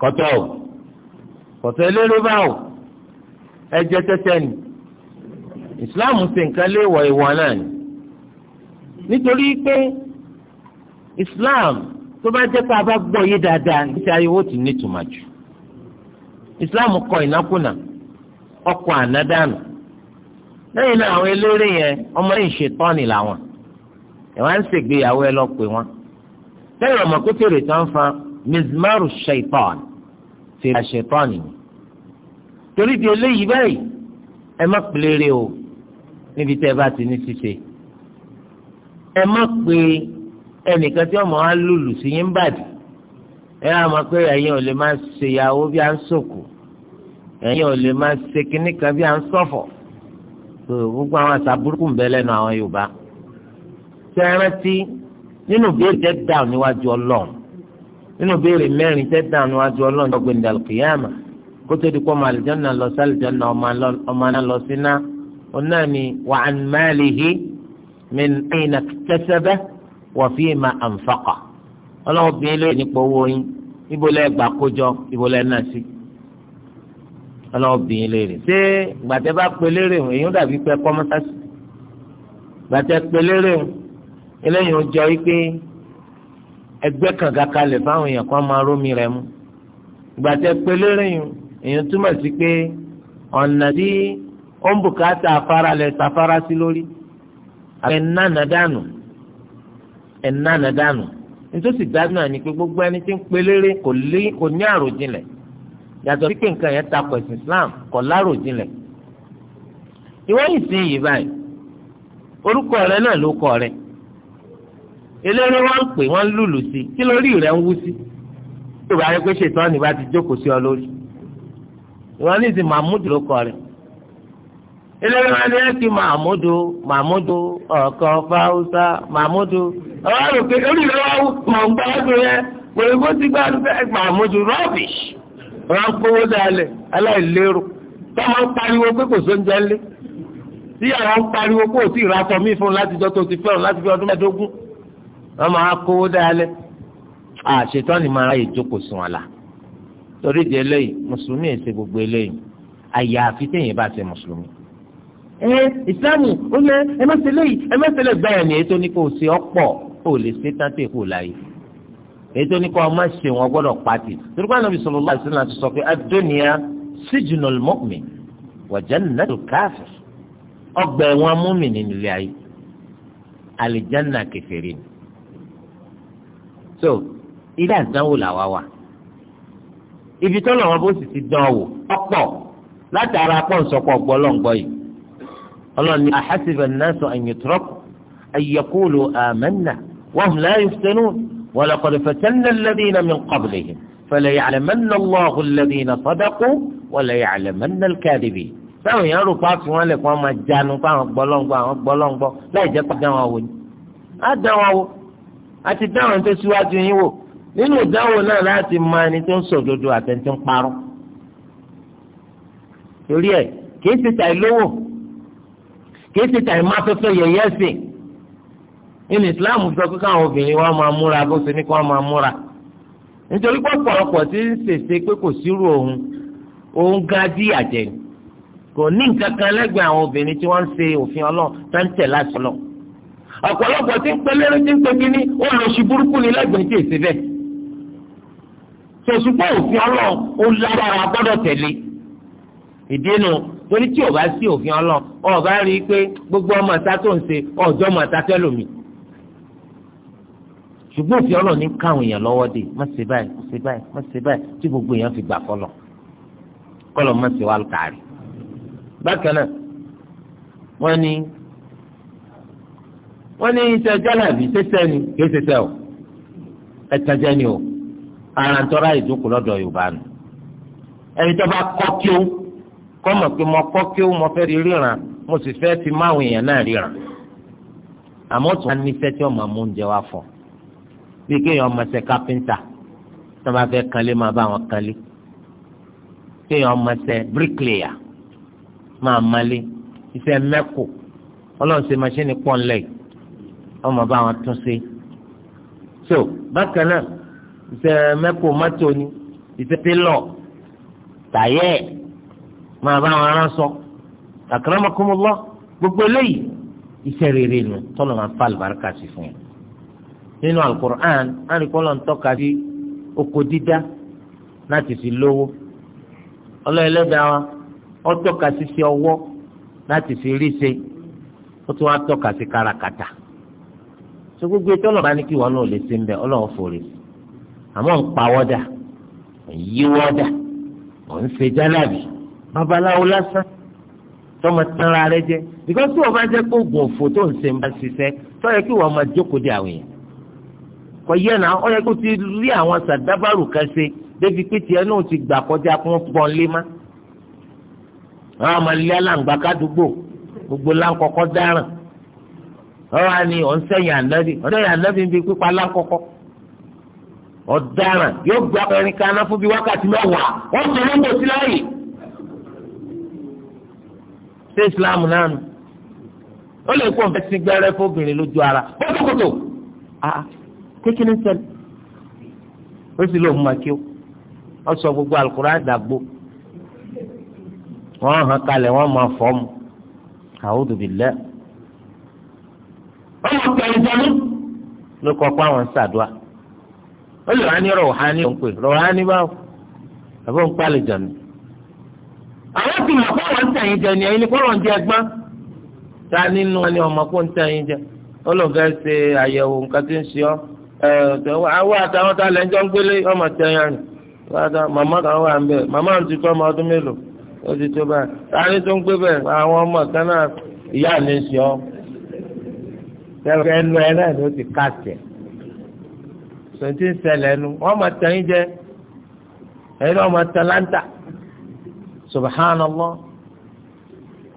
kọ́tọ́ o kọ́tọ́ eléré bá o ẹ jẹ tẹ́tẹ́ ni ìsìláàmù ṣe nǹkan léèwọ̀ ìwọ náà ni nítorí pé Islam. tó bá jẹ́ pé a bá gbọ́ yé dáadáa níta ti ní ìtumọ̀ jù islam kọ ìnákùnà ọkọ̀ ànádànù lẹ́yìn náà àwọn eléré yẹn ọmọ yìí ṣètọ́ni làwọn ẹ̀ wá ń ṣègbéyàwó ẹ lọ pé wọn lẹ́yìn ọmọ kótèrè tó fa mizmaru shaitan fèrè shaitan ni torí di eléyìí báyìí ẹ má o níbi tẹ́ ẹ bá ti ní ṣíṣe ẹ má pè ẹnìkan tí ọmọ wa lùlù sí yín bàdì ẹ á mọ̀ pé ẹ̀yin ò lè máa ṣe ìyàwó bí à ń sòkò ẹ̀yin ò lè máa ṣe kínní kan bí à ń sọ̀fọ̀ gbogbo àwọn àṣà ń bẹ lẹ́nu àwọn Yorùbá tẹ ẹ rántí nínú béèrè tẹ dáhùn níwájú Ọlọ́run nínú béèrè mẹ́rin tẹ dáhùn níwájú Ọlọ́run lọ́gbìn dàlùkìyàmà kótó di kọ́ màlìjọ́nà lọ ọmọ wa ma anfaqa ọlọ́wọ́ bí lóye nípa owó yín ibo lẹ gbà kójọ ibo lẹ náà sí ọlọ́wọ́ bí lóye ṣé gbàtẹ́ bá pelére o èyí ó dàbí pé kọ́mọ́sáàsì gbàtẹ́ pelére o eléyìí ó jọ wípé ẹgbẹ́ kànga kalẹ̀ fáwọn èèyàn kan máa rómi rẹ̀ mu gbàtẹ́ pelére o èyí túmọ̀ sí pé ọ̀nà tí ó ń bùkátà afárá lẹ̀ sàfárá sí lórí àbẹ̀ nánà dànù. ẹ̀nánà dànù nítòsí dájú ni pé gbogbo ẹni tí ń pelére kò ní àròjinlẹ̀ yàtọ̀ sí nǹkan yẹn takò ẹ̀sìn Islam kò láròjinlẹ̀ ìwọ sí yìí báyìí orúkọ rẹ náà ló kọ rẹ eléré wọn ń wọn lùlù sí kí rẹ ń wú sí tó bá yẹ pé bá ti ọ lórí Mahmud ló kọ eléré wọn ní ẹ ọ̀rọ̀ rò pé orí rẹ̀ wá mọ̀ ń gbádùn yẹn pẹ̀lú bó ti gbádùn fẹ́ gbà mọ́tò rọ́bìṣ ránkówó dalẹ̀ aláìlérò tọ́mọ ń pariwo pé kò sóúnjẹ ńlẹ̀ tí àwọn ń pariwo pé òsì ìratọ̀ mí fún látijọ́ tó ti fẹ́ràn láti fi ọdún mẹ́ẹ̀ẹ́dógún wọ́n máa kówó dalẹ̀ àṣetọ́ ni máa ráyè jókòó sùn àlà torí di eléyìí mùsùlùmí èsè gbogbo eléyìí àyàfi téèyàn bá ṣe mùsùlùmí ẹ ìsìlámù ó lẹ ẹ má ẹ má ṣe lè ètò ní kò ṣe ọ̀pọ̀ ó lè ṣe tán tó èkó láyé ètò ní kó ọmọ ṣe wọn gbọ́dọ̀ pàtì torí pé Ànábì sallallahu alaihi wasallam ti sọ pé ad-dunya sijnul mu'min wa jannatul ọgbà ẹ̀wọ̀n múmìnì nílé ayé àlìjánà kèfèrí so ilé àdánwò làwa wà ibi tó lọ́wọ́ bó sì ti dán wò ọ̀pọ̀ látara pọ́ǹsọ̀pọ̀ gbọ́lọ́ǹgbọ́ yìí ọlọ́ni ahasiba an-nasu an yutraku an yaqulu وهم لا يفتنون ولقد فتن الذين من قبلهم فليعلمن الله الذين صدقوا وليعلمن الكاذبين táwọn èèyàn rò pa fún wọn lè fún ọmọ jánu fún àwọn gbọlọ́ngbọ àwọn gbọlọ́ngbọ láì jẹ́ pé dáwọn wò ni á dáwọn wò á ti dáwọn tó síwájú yín wò nínú ìdáwò náà láti mọ ẹni tó ń sòdodo àtẹni tó ń parọ́ torí ẹ̀ kìí ṣe tàì lówó kìí ṣe tàì má fẹ́fẹ́ yẹ̀yẹ́ sìn ní Islam sọ pé káwọn obìnrin wa máa múra bó ṣe ní kí wọ́n máa múra nítorí pé ọ̀pọ̀lọpọ̀ ti ń ṣèṣe pé kò sírú òun òun ga dí àjẹ kò ní nǹkan kan lẹ́gbẹ̀ẹ́ àwọn obìnrin tí wọ́n ń ṣe òfin Ọlọ́run tó ń tẹ̀ láti lọ ọ̀pọ̀lọpọ̀ ti ń pẹ́ léré tí ń pẹ́ kínní ó lọ sí burúkú ni lẹ́gbẹ̀ẹ́ tí èsì bẹ́ẹ̀ sòṣùpọ̀ òfin Ọlọ́run ó lágbára gbọ́dọ̀ tẹ̀lé ìdí nu torí tí ò bá sí òfin Ọlọ́run ọ̀ bá rí i pé gbogbo ọmọ ìta tó ń ṣe ọ̀jọ́ ọmọ ìta tẹ́lòmíì ṣùgbọ́n òfin ọlọ́ọ̀ni káwọn èèyàn lọ́wọ́ dé má ṣe báyìí ṣe báyìí má ṣe báyìí tí gbogbo èèyàn fi gbà kọlọ kọlọ má ṣe wà lùkàrí. bákan náà wọ́n ní wọ́n ní iṣẹ́ jálàbí ṣẹṣẹ ni kì í ṣẹṣẹ o ẹ̀tàjẹ́ ni o ara ń tọ́ra ìdókòó lọ́dọ̀ Yorùbá nù ẹni tó bá kọ́ kí ó kọ́ mọ̀ pé mo kọ́ kí ó mo fẹ́ ríran mo sì fẹ́ fi máwọn èèyàn náà ríran àmọ́ tó wá ní iṣẹ́ tí ọmọ mú oúnjẹ wá fún bí kéèyàn mọṣẹ́ kápẹ́ńtà tó bá fẹ́ kanlé máa bá wọn kanlé kéèyàn mọṣẹ́ bíríkìlìyà máa malé iṣẹ́ mẹ́kù ọlọ́run ṣe maṣíìnì pọ́ńlẹ̀ ọmọ bá wọn tún ṣe. so bákan náà iṣẹ́ mẹ́kù mọ́tò ni iṣẹ́ pélọ̀ tàyẹ̀ máa bá wọn ránṣọ àkàràmọ́kùnmọ́ gbogbo eléyìí iṣẹ́ rere nu tọ́lọ̀ máa fa àlùbáríkà sí fún yẹn. nínú alukur'an alukọ́lọ́ tọ́ka sí oko dídá láti fi lówó ọlọ́ọ̀lẹ́dàá wa ó tọ́ka sí sí ọwọ́ láti fi rí ṣe ó tún wá tọ́ka sí kárakátà tó gbogbo ètò ọlọ́ọ̀bá ní kí wọn náà lè ṣe ń bẹ ọlọ́ọ̀ fòrè àmọ́ ń pawọ́dà ń yíwọ́dà ń ṣe jálàbì babaláwo lásán tọmọ tẹ́ra rẹ jẹ bíkọ́ tí wọ́n bá jẹ́ kó oògùn òfò tó kò yẹ náà ó yẹ kó ti rí àwọn sàdábàrù kan ṣe débi pé tiẹ̀ náà ti gbà kọjá kó pọ́n lé má. àwọn ọmọ ilé aláǹgbá kádùúgbò gbogbo láńkọ̀kọ́ dáràn ọ̀rọ̀ àni ọ̀nsẹ̀yìn ànábì ọ̀nsẹ̀yìn ànábì ń bi pípa láńkọ̀kọ́ ọ̀daràn yóò gba ọkùnrin kaná fún bí wákàtí mẹ́wàá wọ́n tún ló ń láàyè. ṣé islam náà nù ó lè kó ọ̀fẹ́ sí gbẹ́rẹ́ fóbìnrin lójú ara ó tó kòtò. Ah, kékeré sẹ́ni ó sì lóun máa sọ gbogbo alukóra dàgbò wọ́n hàn kalẹ̀ wọ́n máa fọ́ mu àwùjọ bí lẹ́ wọ́n máa gbẹ̀rù sẹ́ni ló kọ́ pé àwọn ń ṣàdúrà ó lè rání rọ̀hání ló ń pè rọ̀hání báwo àbọ̀ ń pàlẹ̀ àwọn ti mọ̀ pé ń tẹ̀yìn jẹ ni ẹ̀yin ni jẹ gbọ́n ta nínú wọn ni ọmọ kó ń tẹ̀yìn jẹ ó awo àtàwọn tá a lẹ́ ń jọ ń gbélé ọmọ ni màmá kan wà ń bẹ̀ màmá ń ti tọ́ ọmọ ọdún mélòó ti tó báyìí táyé tó ń gbé bẹ̀ àwọn ọmọ kan náà ìyá mi ń sọ ẹnu ẹ náà ló ti kàṣẹ sọ̀tì ń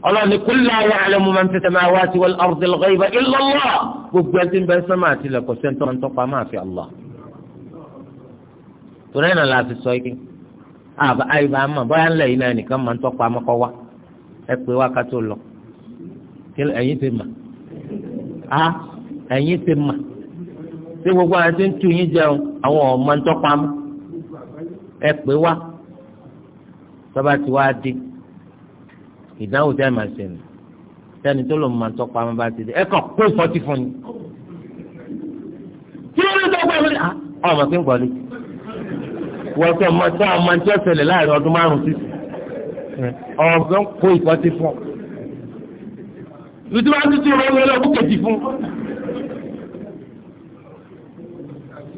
ọlọ́ni kúlẹ̀ ayé alẹ́mu máa ń tètè máa wá sí wọlé ọ̀rọ̀dẹ̀ lọ́gọ́ ibà ìlọ́lọ́ gbogbo ẹtí ń bẹ sọ́mà àti ilẹ̀kọ̀ sẹ́ńtọ́ máa ń tọ́pa máa fi Allah. torí ẹ̀ náà la fi sọ ike àbá àyíbá àmọ́ bóyá ńlẹ̀ yìí náà nìkan máa ń tọ́pa mọ́kọ́ wá ẹ pé wá ká tó lọ. ẹ̀yin ti mà á ẹ̀yin ti mà ṣé gbogbo àwọn tí ń tu yín jẹun àwọn ọ̀ máa ń tọ́pa mọ́ ẹ pé wá tọ́ba ti wá dín ìdánwò tẹ́ ẹ̀ máa ṣe nù sẹ́ni tó lòun máa ń tọ́pa máa bá ti dé ẹ kàn pé fọ́tí fún ni. kí ló ń tọ́pa ẹ̀mí ah ọmọ kí n gbọ́ ni. wọ́n sọ ọmọ tó ọmọ tí ó ṣẹlẹ̀ láàrin ọdún márùn-ún sísè ọmọ kí n kó ìfọ́tí fún. ìdí wàá tuntun rẹ̀ wọlé ọdún kejì fún.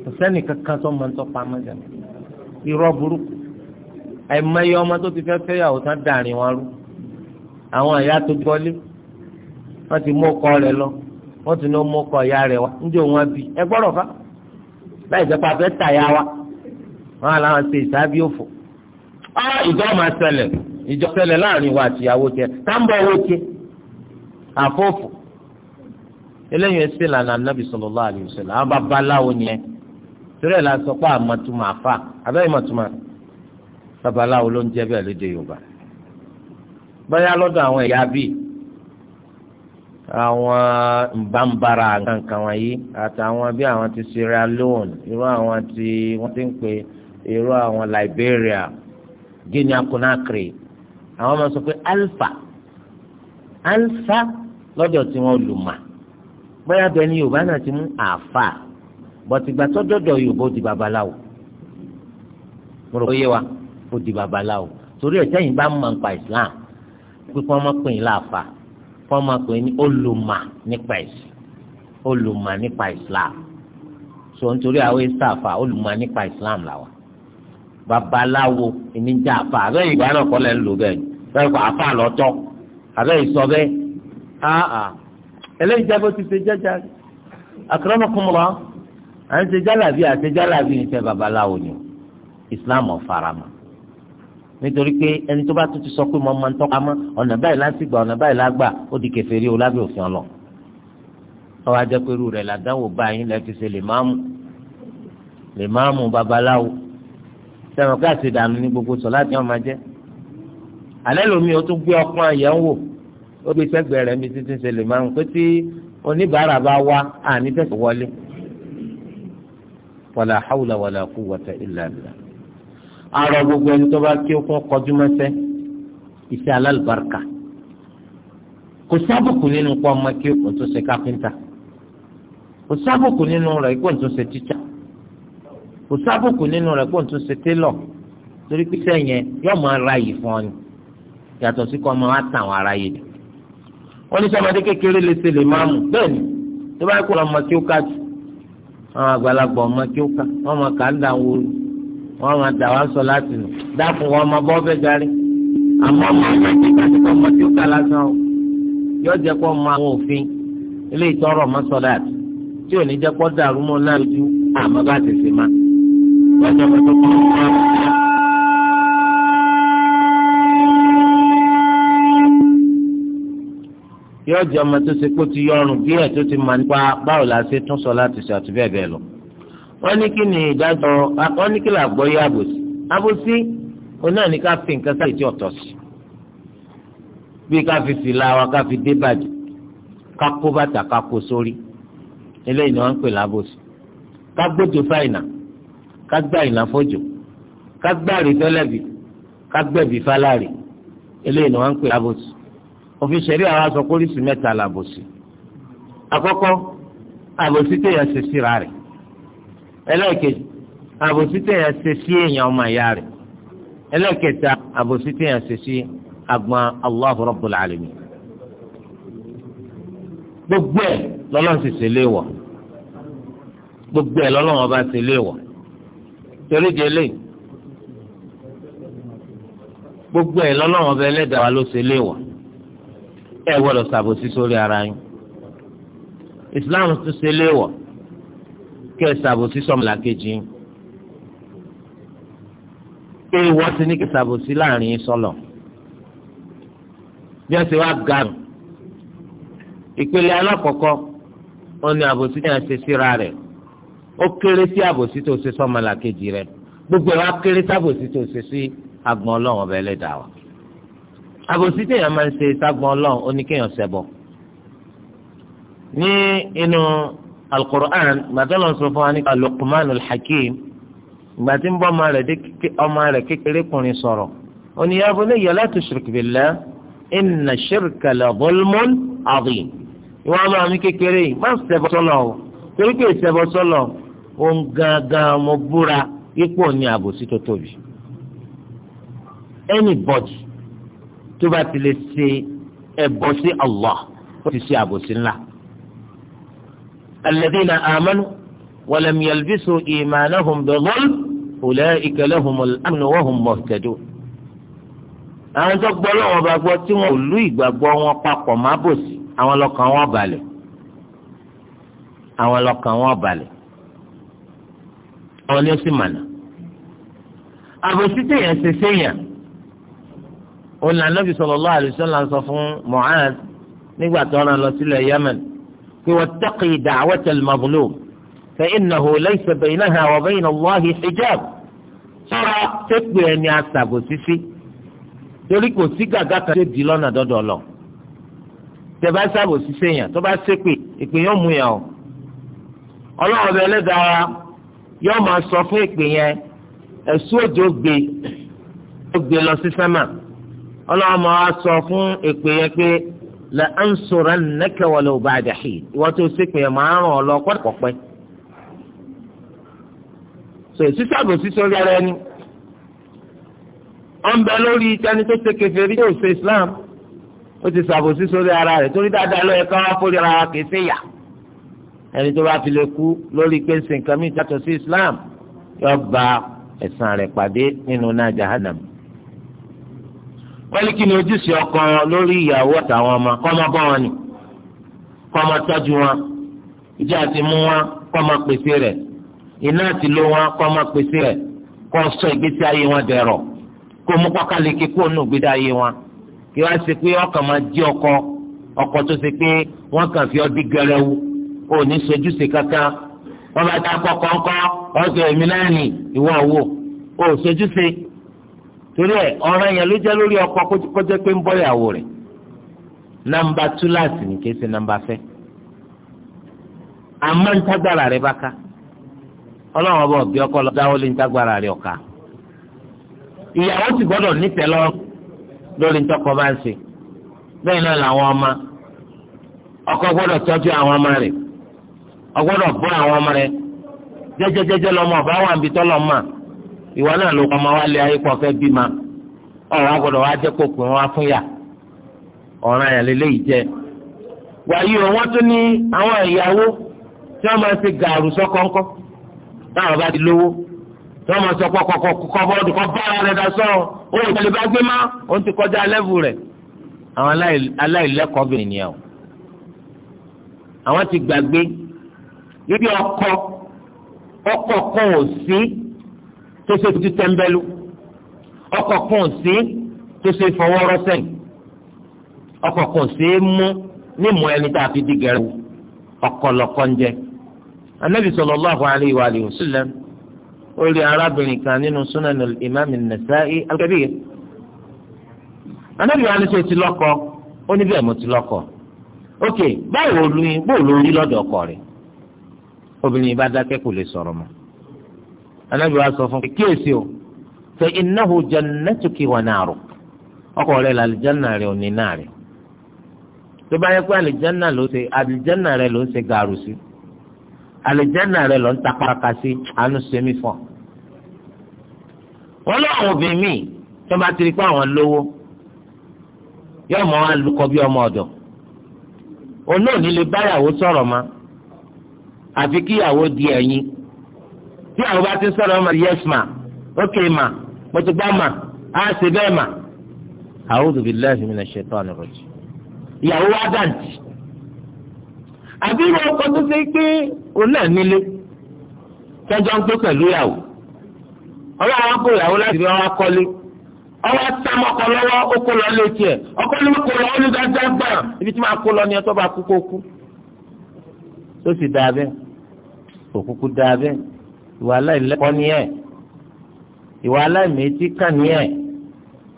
kò sẹ́ni kankan tó máa ń tọ́pa máa jà irọ́ burúkú àìmọye ọmọ tó ti fẹ́ fẹ́ yàwó tán dàrin wọn rú. àwọn ìyá tó gbọ́lé wọ́n ti mú ọkọ rẹ̀ lọ wọ́n ti ní mú ọkọ ìyá rẹ̀ wá ń jẹ́ òun àbí ẹ gbọ́dọ̀ fa láì jẹ́ pé abẹ́ tà ya wa wọ́n á láwọn ṣe òfò. ìjọ máa ṣẹlẹ̀ ìjọ láàrin wa àti ìyàwó tiẹ̀ táǹbọ̀ owó tiẹ̀ àfọ́fọ́ eléyìí ẹ sì lànà nàbì sallallahu alaihi wasallam àwọn babaláwo ni ẹ báyà lọ́dọ̀ àwọn ẹ̀yà bíi àwọn nbàǹbàrà kankan wọ̀nyí àtàwọn bíi àwọn ti Sierra Leone irú àwọn ti wọ́n ti ń pè irú àwọn Liberia Guinea Conakry àwọn máa sọ pé alpha alpha lọ́dọ̀ tí wọ́n lù mà bóyá bẹ́ẹ̀ ni yorùbá náà ti mú àfà bọ̀tìgbà tó dọ̀dọ̀ yorùbá ó di babaláwo mo rò ó yé wa ó di babaláwo torí ẹ̀ sẹ́yìn bá ń mọ̀ nípa Islam pé kí wọ́n máa pè é láàfà kí wọ́n máa pè é ní olùmà nípa ẹ̀sìn olùmà nípa Islam so nítorí àwọn ìsàfà olùmà nípa Islam làwà babaláwo ìníjà àfà àbẹ́yìn ìgbà náà kọ́ lẹ́ ń lò bẹ́ẹ̀ bẹ́ẹ̀ kọ́ àfà lọ́tọ́ àbẹ́yìn sọ bẹ́ẹ̀ áà eléyìí jábọ́ ti ṣe jẹ́jà àkàràmọ́kùnmọ́ à ń ṣe jálàbí àṣejálàbí ní sẹ́ babaláwo ni Islam ọ̀ faramọ́ nítorí pé ẹni tó bá tún ti sọ pé mo máa ń tọ́ka mọ́ ọ̀nà báyìí lásìgbà ọ̀nà báyìí lágbà ó di kèfèrí o lábẹ́ òfin ọlọ. ọwọ́ ajẹ́pẹ̀rú rẹ̀ làdánwò báyìí lẹ́ẹ̀fi ṣe lè máàmù lè máàmù babaláwo sẹ́wọ̀n ká ṣe dànù ní gbogbo sọ láti ọmọ jẹ́. alẹ́ lomi o tún gbé ọkùnrin àyẹ̀wò ó gbé sẹ́gbẹ̀ẹ́ rẹ̀ mi títí ṣe lè máàmù pé tí oníbàárà bá wá àní tẹ̀sí wọlé. wàlà hàwùlà wàlà kúwwata ìllà billah arọ gbogbo ẹni tó bá kí ó fún kọjú mẹsẹ iṣẹ́ alálùbáríkà kò sábùkù nínú pọ ọmọ kí ó tó ṣe káfíńtà kò sábùkù nínú rẹ̀ kó tó ṣe tíṣà kò sábùkù nínú rẹ̀ kó tó ṣe télọ̀ torí pé sẹ́yìn yóò máa ra yìí fún ọ ni yàtọ̀ sí kọ́ ọmọ wa tàn wọn ara yìí ni ní sọ́mọdé kékeré lè ṣe lè máa mú bẹ́ẹ̀ ni tó bá kó ọmọ kí ó ká jù àwọn àgbàlagbà ọmọ kí ó ká wọ́n kà ń dà wọ́n wọ́n máa dà wá sọ láti nù dákun wọn máa bọ́ fẹ́ garí àmọ́ ọmọ ọmọ ẹgbẹ́ ìgbàdí kan mọ́ tí ó kà lásán o yóò jẹ́ kó mọ àwọn òfin ilé ìtọ́rọ̀ ọmọ sọ́dáàtì tí ò ní jẹ́ kó dàrú mọ́ náà lójú àmọ́ bá tètè má. wọ́n jẹ́ kó tó kọ́ ọ́ yóò jẹ́ ọmọ tó ṣe kó tó ti mọ̀ nípa báwo la ṣe tún sọ láti ṣàtúbẹ̀ bẹ́ẹ̀ lọ wọ́n ní kí ni ìdájọ́ wọ́n ní kí là gbọ́ yé àbòsí àbòsí òun náà ká fi nǹkan sáré tí ọ̀tọ̀ sí bí ká fi fìlà wa ká fi dé bàjẹ́ ká kó bàtà ká kó sórí eléyìí ni wọ́n ń pè lábòsí ká gbójú fáìnà ká gbá ìnà fójò ká gbárí fẹlẹ́bì ká gbẹ̀bí fáláre eléyìí ni wọ́n ń pè lábòsí òfin ṣẹ̀rí àwọn aṣọ kórìsì mẹ́ta làbòsí àkọ́kọ́ àbòsí téèyàn ṣe síra rẹ̀ ẹlẹ́ẹ̀kejì àbòsí tẹ̀yàn ṣe sí èèyàn ọmọ ìyá rẹ̀ ẹlẹ́ẹ̀kẹta àbòsí tẹ̀yàn ṣe sí agbọn Allahu Rabbul Alamin gbogbo ẹ̀ lọ́lọ́run sì ṣe léèwọ̀ gbogbo ẹ̀ lọ́lọ́run ọba ṣe léèwọ̀ torí di eléyìí gbogbo ẹ̀ lọ́lọ́run ọba ẹlẹ́dàá wa ló ṣe léèwọ̀ ẹ̀ wọ́dọ̀ ṣàbòsí sórí ara yín Islam tún ṣe léèwọ̀ kẹ́ ẹ ṣàbòsí sọ́mọlàkejì pé wọ́n ti ní kẹ́ ẹ ṣàbòsí láàrin yín sọ́lọ̀ bí wọ́n ti wá gàrú ìpele alákọ̀ọ́kọ́ wọn ni àbòsí ní àṣẹ síra rẹ̀ ó kéré sí àbòsí tó ṣe sọ́mọlàkejì rẹ̀ gbogbo ẹ̀ wá kéré sábòsí tó ṣe sí agbọ̀n ọlọ́run ọba ẹlẹ́dàá wa àbòsí téèyàn máa ń ṣe ságbọ̀n ọlọ́run ó ní kéèyàn ṣẹbọ ní inú alukur'an gbàtọ́lọ̀ sọ fún wa nípa Luqman al-Hakim ìgbà tí ń bọ́ ọmọ rẹ̀ kékeré kùnrin sọ̀rọ̀ ó ní ya bunayya la tushrik billah inna shirka la zulmun azim ìwọ ọmọ mi kékeré yìí má ṣẹbọ sọ́lọ̀ o torí pé ìṣẹbọ sọ́lọ̀ o ń gangan mo búra ipò ní àbòsí tó tóbi anybody tó bá ti lè ṣe ẹbọ sí Allah ó ti ṣe àbòsí ńlá. الذين آمنوا ولم يلبسوا إيمانهم بظلم أولئك لهم الأمن وهم مهتدون àwọn tó gbọ́ lọ́wọ́ bá gbọ́ tí wọn ò lú ìgbàgbọ́ wọn papọ̀ má bòsí àwọn lọ́kàn wọn balẹ̀ àwọn lọ́kàn wọn balẹ̀ àwọn ni ó sì mànà àbòsí téèyàn ṣe séèyàn òun là Nábì sallallahu alaihi wasallam sọ fún Mu'adh nígbà tó rán lọ sílẹ̀ Yemen واتقي دعوة المظلوم فإنه ليس بينها وبين الله حجاب ترى تكبر أن يعصب سيسي torí kò sí gàgà kan tó di lọ́nà dọ́dọ̀ lọ tẹ bá sábò ṣiṣẹ́ yẹn tó bá ṣépè ìpè yóò mú yẹn o ọlọ́run ọbẹ̀ ẹlẹ́dàá yóò máa sọ fún ìpè yẹn ẹ̀sùn òjò gbé ó gbé lọ sí sẹ́mà ọlọ́run máa sọ fún ìpè yẹn pé la ansurannaka walau ba'da hin ìwọ́n tó ṣépè ẹ̀ máa ràn ọ́ lọ pẹ́pẹ́pẹ́. sọ èsì sábò sísọ rẹ ni wọ́n bẹ lórí tani tó ṣe kèfèrí yóò ṣe Islam ó ti sàbò sísọ rẹ ara rẹ torí dáadáa lọ́yẹ ká wá fórí ara kìí ṣe yà ẹni tó bá fi lè kú lórí pé ṣe nǹkan sí Islam yóò ba ẹ̀san rẹ̀ pàdé nínú náà jahannam wọ́n ní kí ni ojúṣe ọkọ lórí ìyàwó àtàwọn ọmọ kọ́ máa bọ́ wọn ni kọ́ máa tọ́jú wọn ìjà àti mú wọn kọ́ máa pèsè rẹ̀ iná àti ló wọn kọ́ máa pèsè rẹ̀ kọ́ sọ ìgbésí ayé wọn dẹ̀rọ̀ kó mú pákáleke kó nù gbéra ayé wọn kí wọ́n ṣe pé ọkàn máa jí ọkọ ọkọ tó ṣe pé wọ́n kàn fi ọdí gẹrẹwu kò ní sojúṣe kankan wọ́n bá dá kọ́kọ́ ńkọ́ ọ̀sẹ̀ èmi náà nì ìwọ sojúṣe. torí ẹ ọ̀ràn yẹn ló lórí ọkọ kọjá pé ń bọ́ ìyàwó rẹ̀ nàmbà túláàsì ní nàmbà bá ká ọba ọkọ lọ dáwọ́ lé ntágbára rẹ̀ ìyàwó sì gbọ́dọ̀ nítẹ̀ lọ lórí ntọ́kọ bá ń ṣe náà làwọn ọmọ ọkọ àwọn ọmọ àwọn ìwọ náà ló kọ́ ọmọ wa lé ayé kọ́ fẹ́ bímọ ọ̀rọ̀ agbọ́dọ̀ wa jẹ́ kó pè wọ́n wá fún yà ọ̀ràn yà lélẹ́yìí jẹ́ wàyí o wọ́n tún ní àwọn ìyàwó tí wọ́n máa ṣe gàrú sọ́kọ́ńkọ́ táwọn bá ti lówó tí wọ́n máa sọ pé kọ́kọ́ bọ́ọ̀dù kọ́ bára rẹ̀ dá sọ́ọ̀ ó ìtàlẹ̀ bá gbé má ó ti kọjá lẹ́vù rẹ̀ àwọn aláìlẹ́kọ̀ọ́bìnrin nìyẹn o àwọn ti gbàgbé bíbí ọkọ ọkọ kan ò sí tó ṣe ti tẹ́ńbẹ́lú ọkọ̀ kan sí tó ṣe fọwọ́ rọ́ sẹ́yìn ọkọ̀ kan sí mú nímú ẹni tá a fi di gẹ̀rù ọ̀kọ̀lọ̀kọ̀ ń jẹ. anabi sallallahu alayhi wa alihi wa sallam ó rí arábìnrin kan nínú sunan imam nasa'i al-kabir anabi wa ni sọ ti lọ́kọ ó ní bẹ́ẹ̀ mo ti lọ́kọ ok báwo lóyún bó lóyún lọ́dọ̀ ọkọ rẹ̀ obìnrin bá dákẹ́ kò lè sọ̀rọ̀ mọ́ anábì wa sọ fún mi kíyèsí o fa innahu jannatuki wa naruk ọkọ rẹ la àlìjánà rẹ ò ní náà rẹ tó bá yẹ pé àlìjánà ló ṣe àlìjánà rẹ ló ń ṣe gàrú sí àlìjánà rẹ ló ń ta pàkà sí àánú sẹmí fún wọn lọ àwọn obìnrin míì tó bá ti pé àwọn lówó yóò mọ alùkọ bí ọmọ ọ̀dọ̀ òun náà ní báyàwó sọ̀rọ̀ ma àfi kíyàwó di ẹ̀yìn bí àwọn bá ti sọ̀rọ̀ ọmọ yes ma ok ma mo ma á ṣe bẹ́ẹ̀ ma. a'udhu billahi minash shaitani rajim. ìyàwó wa dàǹtì. àbí wọn kọ tó ṣe pé òun náà nílé tọ́jọ́ ń pé pẹ̀lú ìyàwó. ọlọ́run á kó ìyàwó láti fi ọwọ́ kọ́lé ọwọ́ tamọkọ lọ́wọ́ ó kó lọ létí ẹ̀ ọkọ ló kó lọ ní dáadáa gbà ibi tí máa kó lọ ní ẹ ìwà aláìlẹ́kọ́ ni ẹ̀ ìwà aláìmẹ̀tì kàn ni ẹ̀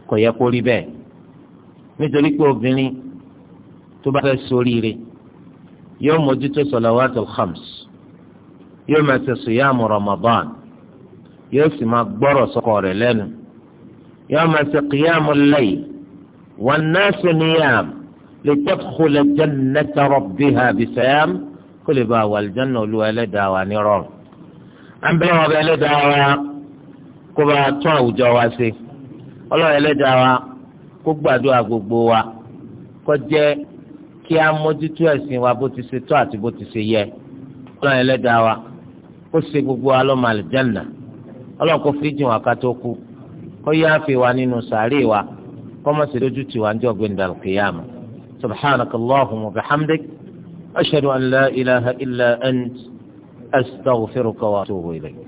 kò yẹ kó rí bẹ́ẹ̀ nítorí pé obìnrin tó bá fẹ́ ṣoríire yóò mójútó salawatul khams yóò máa ṣe sùyàmù Ramadan yóò sì máa gbọ́rọ̀ sọ́kọ rẹ̀ lẹ́nu yóò máa ṣe qiyamul layl wan nasu niyam litadkhula jannata rabbiha bisayam kó lè bá wàlìjánà olúwa ẹlẹ́dàá wà ní rọrùn. à ń bẹ́ wọn bẹ ẹlẹ́dàá wa kó bá tún àwùjọ wa ṣe ọlọ́run ẹlẹ́dàá wa kó gbàdúrà gbogbo wa kó jẹ́ kí a mójútó ẹ̀sìn wa bó ti ṣe tọ́ àti bó ti ṣe yẹ ọlọ́run ẹlẹ́dàá wa kó ṣe gbogbo wa lọ́mọ àlùjánnà ọlọ́run kó ká tó kú kó wa nínú sàárè wa kó má ṣe lójú wa an la ilaha illa ant. أستغفرك وأتوب إليك